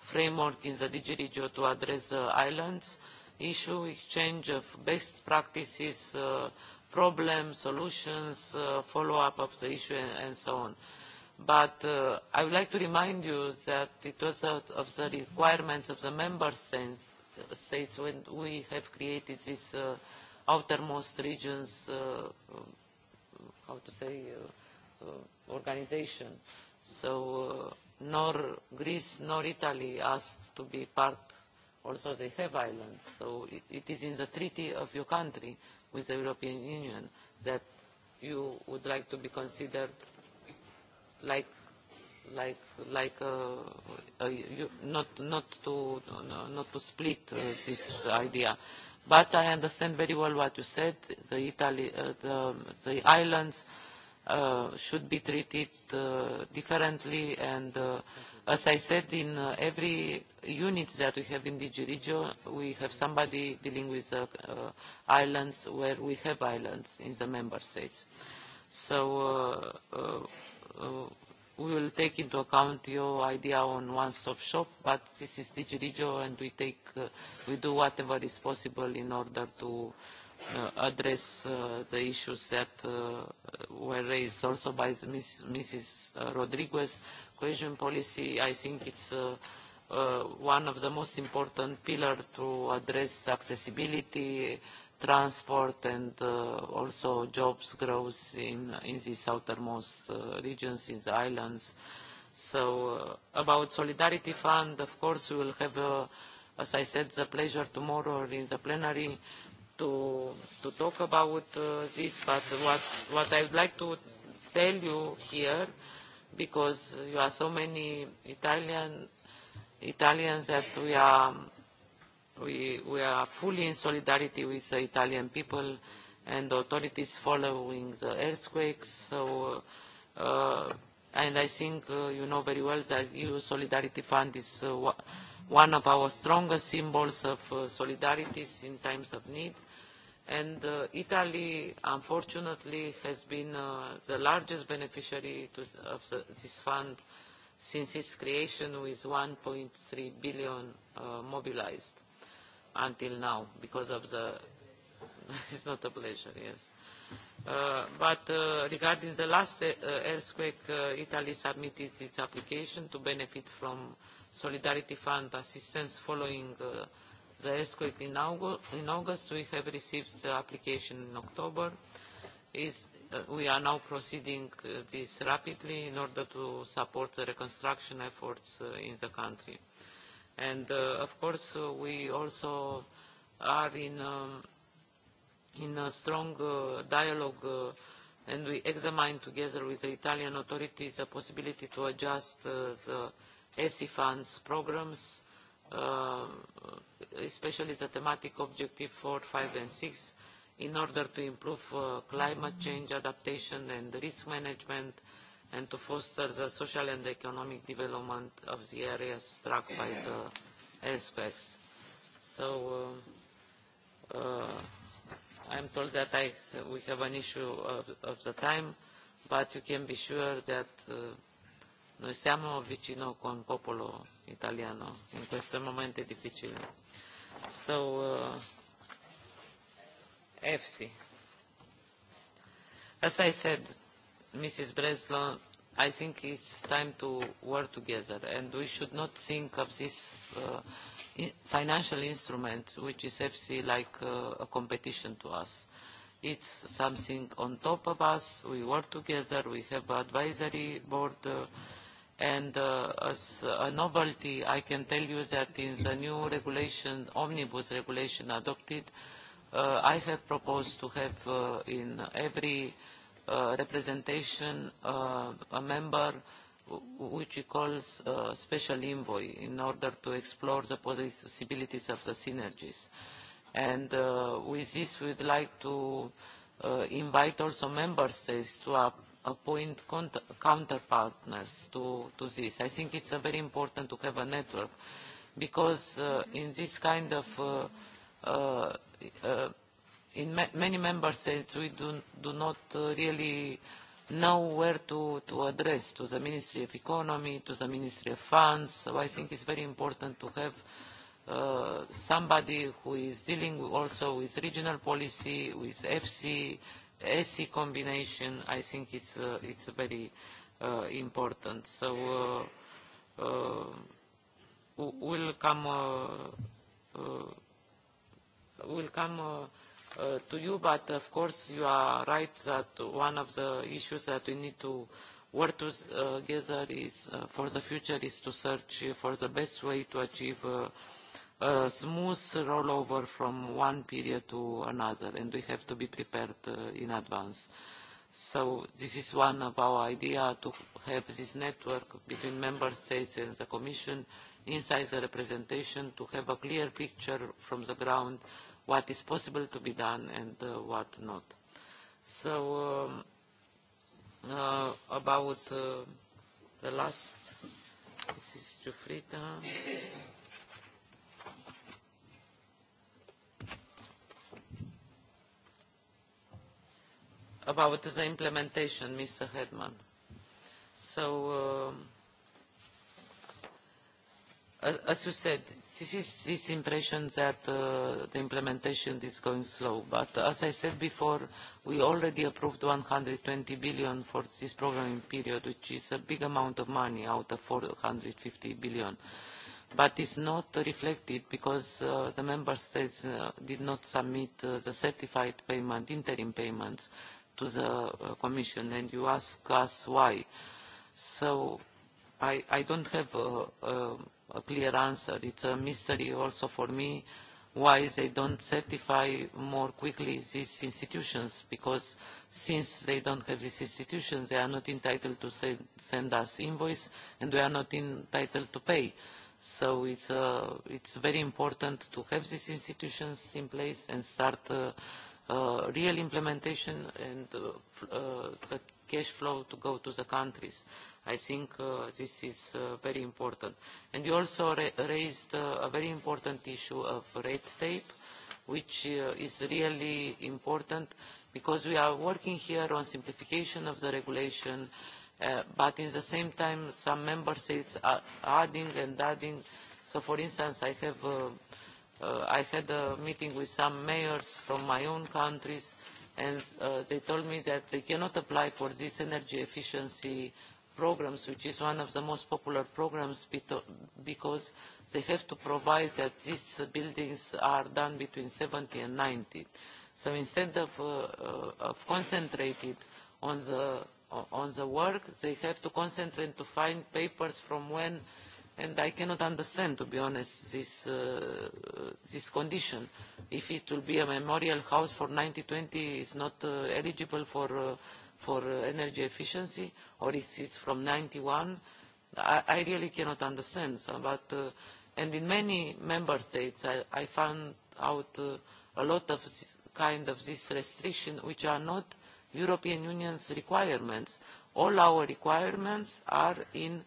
framework in the DG to address the uh, islands issue, exchange of best practices, uh, problems, solutions, uh, follow-up of the issue, and, and so on. But uh, I would like to remind you that it was out of the requirements of the member states, states when we have created these uh, outermost regions, uh, uh, how to say, uh, uh, organization. So uh, nor Greece nor Italy asked to be part, also they have islands. So it, it is in the treaty of your country with the European Union that you would like to be considered like like like uh, uh, you, not not to no, not to split uh, this idea but i understand very well what you said the italy uh, the, the islands uh, should be treated uh, differently and uh, As I said, in uh, every unit that we have in DG Regio, we have somebody dealing with the uh, uh, islands where we have islands in the member states. So uh, we will take into account your idea on one-stop shop, but this is DG Regio and we, take, we do whatever is possible in order to uh, address uh, the issues that uh, were raised also by Ms. Mrs. Uh, Rodriguez. Cohesion policy, I think it's uh, uh, one of the most important pillars to address accessibility, transport and uh, also jobs growth in, in these outermost uh, regions, in the islands. So uh, about Solidarity Fund, of course, we will have, uh, as I said, the pleasure tomorrow in the plenary to to talk about uh, this, but what what I would like to tell you here, because you are so many Italians that we are we fully in solidarity with the Italian people and authorities following the earthquakes. So, uh, and I think uh, you know very well that EU Solidarity Fund is one of our strongest symbols of uh, solidarity in times of need. And uh, Italy, unfortunately, has been uh, the largest beneficiary of this fund since its creation with 1.3 billion mobilised mobilized until now because of the... it's not a pleasure, yes. but regarding the last earthquake, Italy submitted its application to benefit from Solidarity Fund assistance following uh, the earthquake in August. we have received the application in October. Is, uh, we are now proceeding uh, this rapidly in order to support the reconstruction efforts uh, in the country. And of course, we also are in, um, in a strong dialogue and we examine together with the Italian authorities the possibility to adjust the ESI funds programs, uh, especially the thematic objective four, five and six, in order to improve uh, climate change adaptation and risk management and to foster the social and economic development of the areas struck by the aspects. So uh, uh, told that I, we have an issue of, of the time, but you can be sure that uh, Noi siamo vicino con popolo italiano in questo momento difficile. So, uh, eh, EFSI. As I said, Mrs. Breslau, I think it's time to work together and we should not think of this uh, financial instrument, which is FC like uh, a competition to us. It's something on top of us. We work together. We have advisory board uh, And uh, as a novelty, I can tell you that in the new regulation, omnibus regulation adopted, uh, I have proposed to have uh, in every representation a member which we call special envoy in order to explore the possibilities of the synergies. And with this, would like to invite also member states to appoint counterpartners to, to this. I think it's a very important to have a network because uh, in this kind of uh, uh, uh in ma many member states we do, do not uh, really know where to, to address to the Ministry of Economy, to the Ministry of Funds. So I think it's very important to have somebody who is dealing also with regional policy, with FC. SE combination, I think it's, uh, it's very uh, important. So uh, uh we'll come, uh, come to you, but of course you are right that one of the issues that we need to work together is uh, for the future is to search for the best way to achieve smooth rollover from one period to another, and we have to be prepared uh, in advance. So this is one of our idea to have this network between member states and the Commission inside the representation to have a clear picture from the ground what is possible to be done and uh, what not. So um, uh, about the last, this is Jufrita about the implementation, Mr. Hedman. So, um, as you said, this is this impression that uh, the implementation is going slow. But as I said before, we already approved 120 billion for this programming period, which is a big amount of money out of 450 billion. But it's not reflected because uh, the member states uh, did not submit uh, the certified payment, interim payments, to the uh, Commission, and you ask us why. So I, I don't have a, clear answer. It's a mystery also for me why they don't certify more quickly these institutions, because since they don't have these institutions, they are not entitled to send, us invoice, and we are not entitled to pay. So it's, uh, it's very important to have these institutions in place and start uh, uh, real implementation and uh, uh, the cash flow to go to the countries. I think uh, this is very important. And you also raised a very important issue of red tape, which is really important because we are working here on simplification of the regulation but in the same time some member states are adding and adding so for instance i have uh, Uh, I had a meeting with some mayors from my own countries and uh, they told me that they cannot apply for these energy efficiency programs, which is one of the most popular programs because they have to provide that these buildings are done between 70 and 90. So instead of, uh, uh, of concentrated on the, on the work, they have to concentrate to find papers from when and I cannot understand, to be honest, this, uh, uh, this condition. If it will be a memorial house for 1920, is not uh, eligible for, for energy efficiency, or it it's from 91, I, I really cannot understand. but, and in many member states, I, found out a lot of kind of this restriction, which are not European Union's requirements. All our requirements are in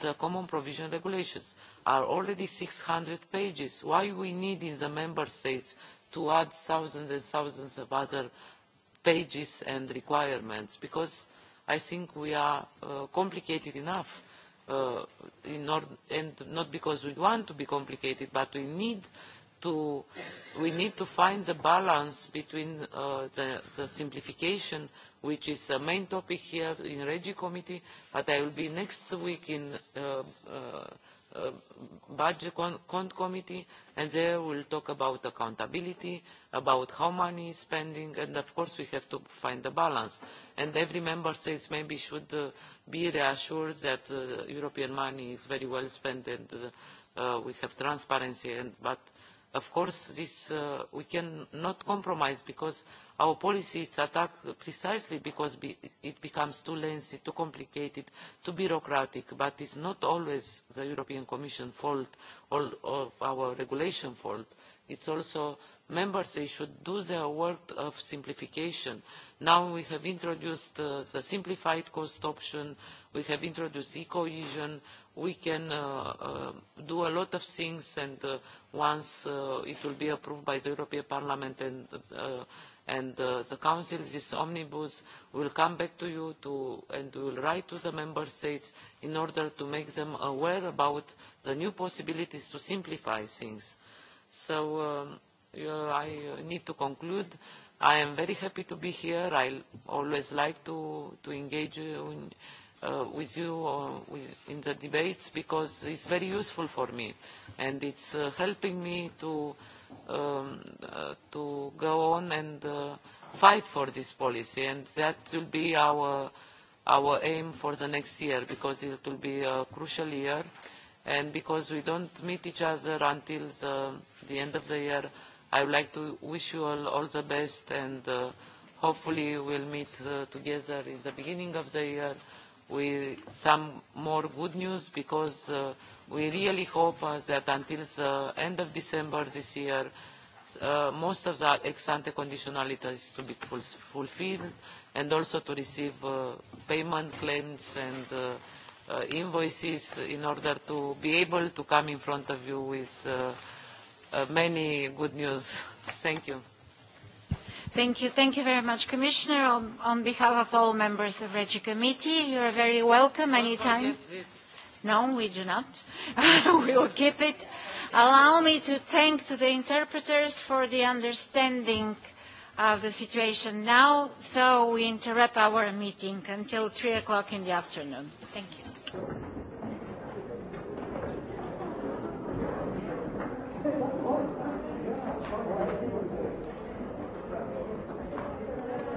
the common provision regulations are already 600 pages. Why do we need in the member states to add thousands and thousands of other pages and requirements? Because I think we are uh, complicated enough. Uh, in and not because we want to be complicated, but we need we need to find the balance between uh, the, the simplification which is the main topic here in regi committee but i will be next week in uh, uh, uh budget cont committee and there we'll talk about accountability about how money is spending and of course we have to find the balance and every member state maybe should uh, be reassured that uh, european money is very well spent and we have transparency and but Of course, this, uh, we cannot compromise because our policy is attacked precisely because it becomes too lengthy, too complicated, too bureaucratic, but it is not always the European Commission fault or, our regulation fault. It's also members, they should do their work of simplification. Now we have introduced uh, the simplified cost option, we have introduced e cohesion we can uh, uh, do a lot of things and uh, once uh, it will be approved by the European Parliament and and the Council, this omnibus will come back to you to, and will write to the Member States in order to make them aware about the new possibilities to simplify things. So um, I need to conclude. I am very happy to be here. I always like to, to engage in Uh, with you uh, in the debates because it's very useful for me and it's uh, helping me to um, uh, to go on and fight for this policy and that will be our our aim for the next year because it will be a crucial year and because we don't meet each other until the, end of the year I would like to wish you all all the best and hopefully we will meet together in the beginning of the year with some more good news because uh, we really hope uh, that until the end of December this year, uh, most of the ex-ante conditionalities to be fulfilled and also to receive payment claims and invoices in order to be able to come in front of you with many good news. Thank you. Thank you. Thank you very much, Commissioner. On, on behalf of all members of Regi Committee, you are very welcome anytime. No, we do not. we will keep it. Allow me to thank to the interpreters for the understanding of the situation now, so we interrupt our meeting until 3 o'clock in the afternoon. Thank you.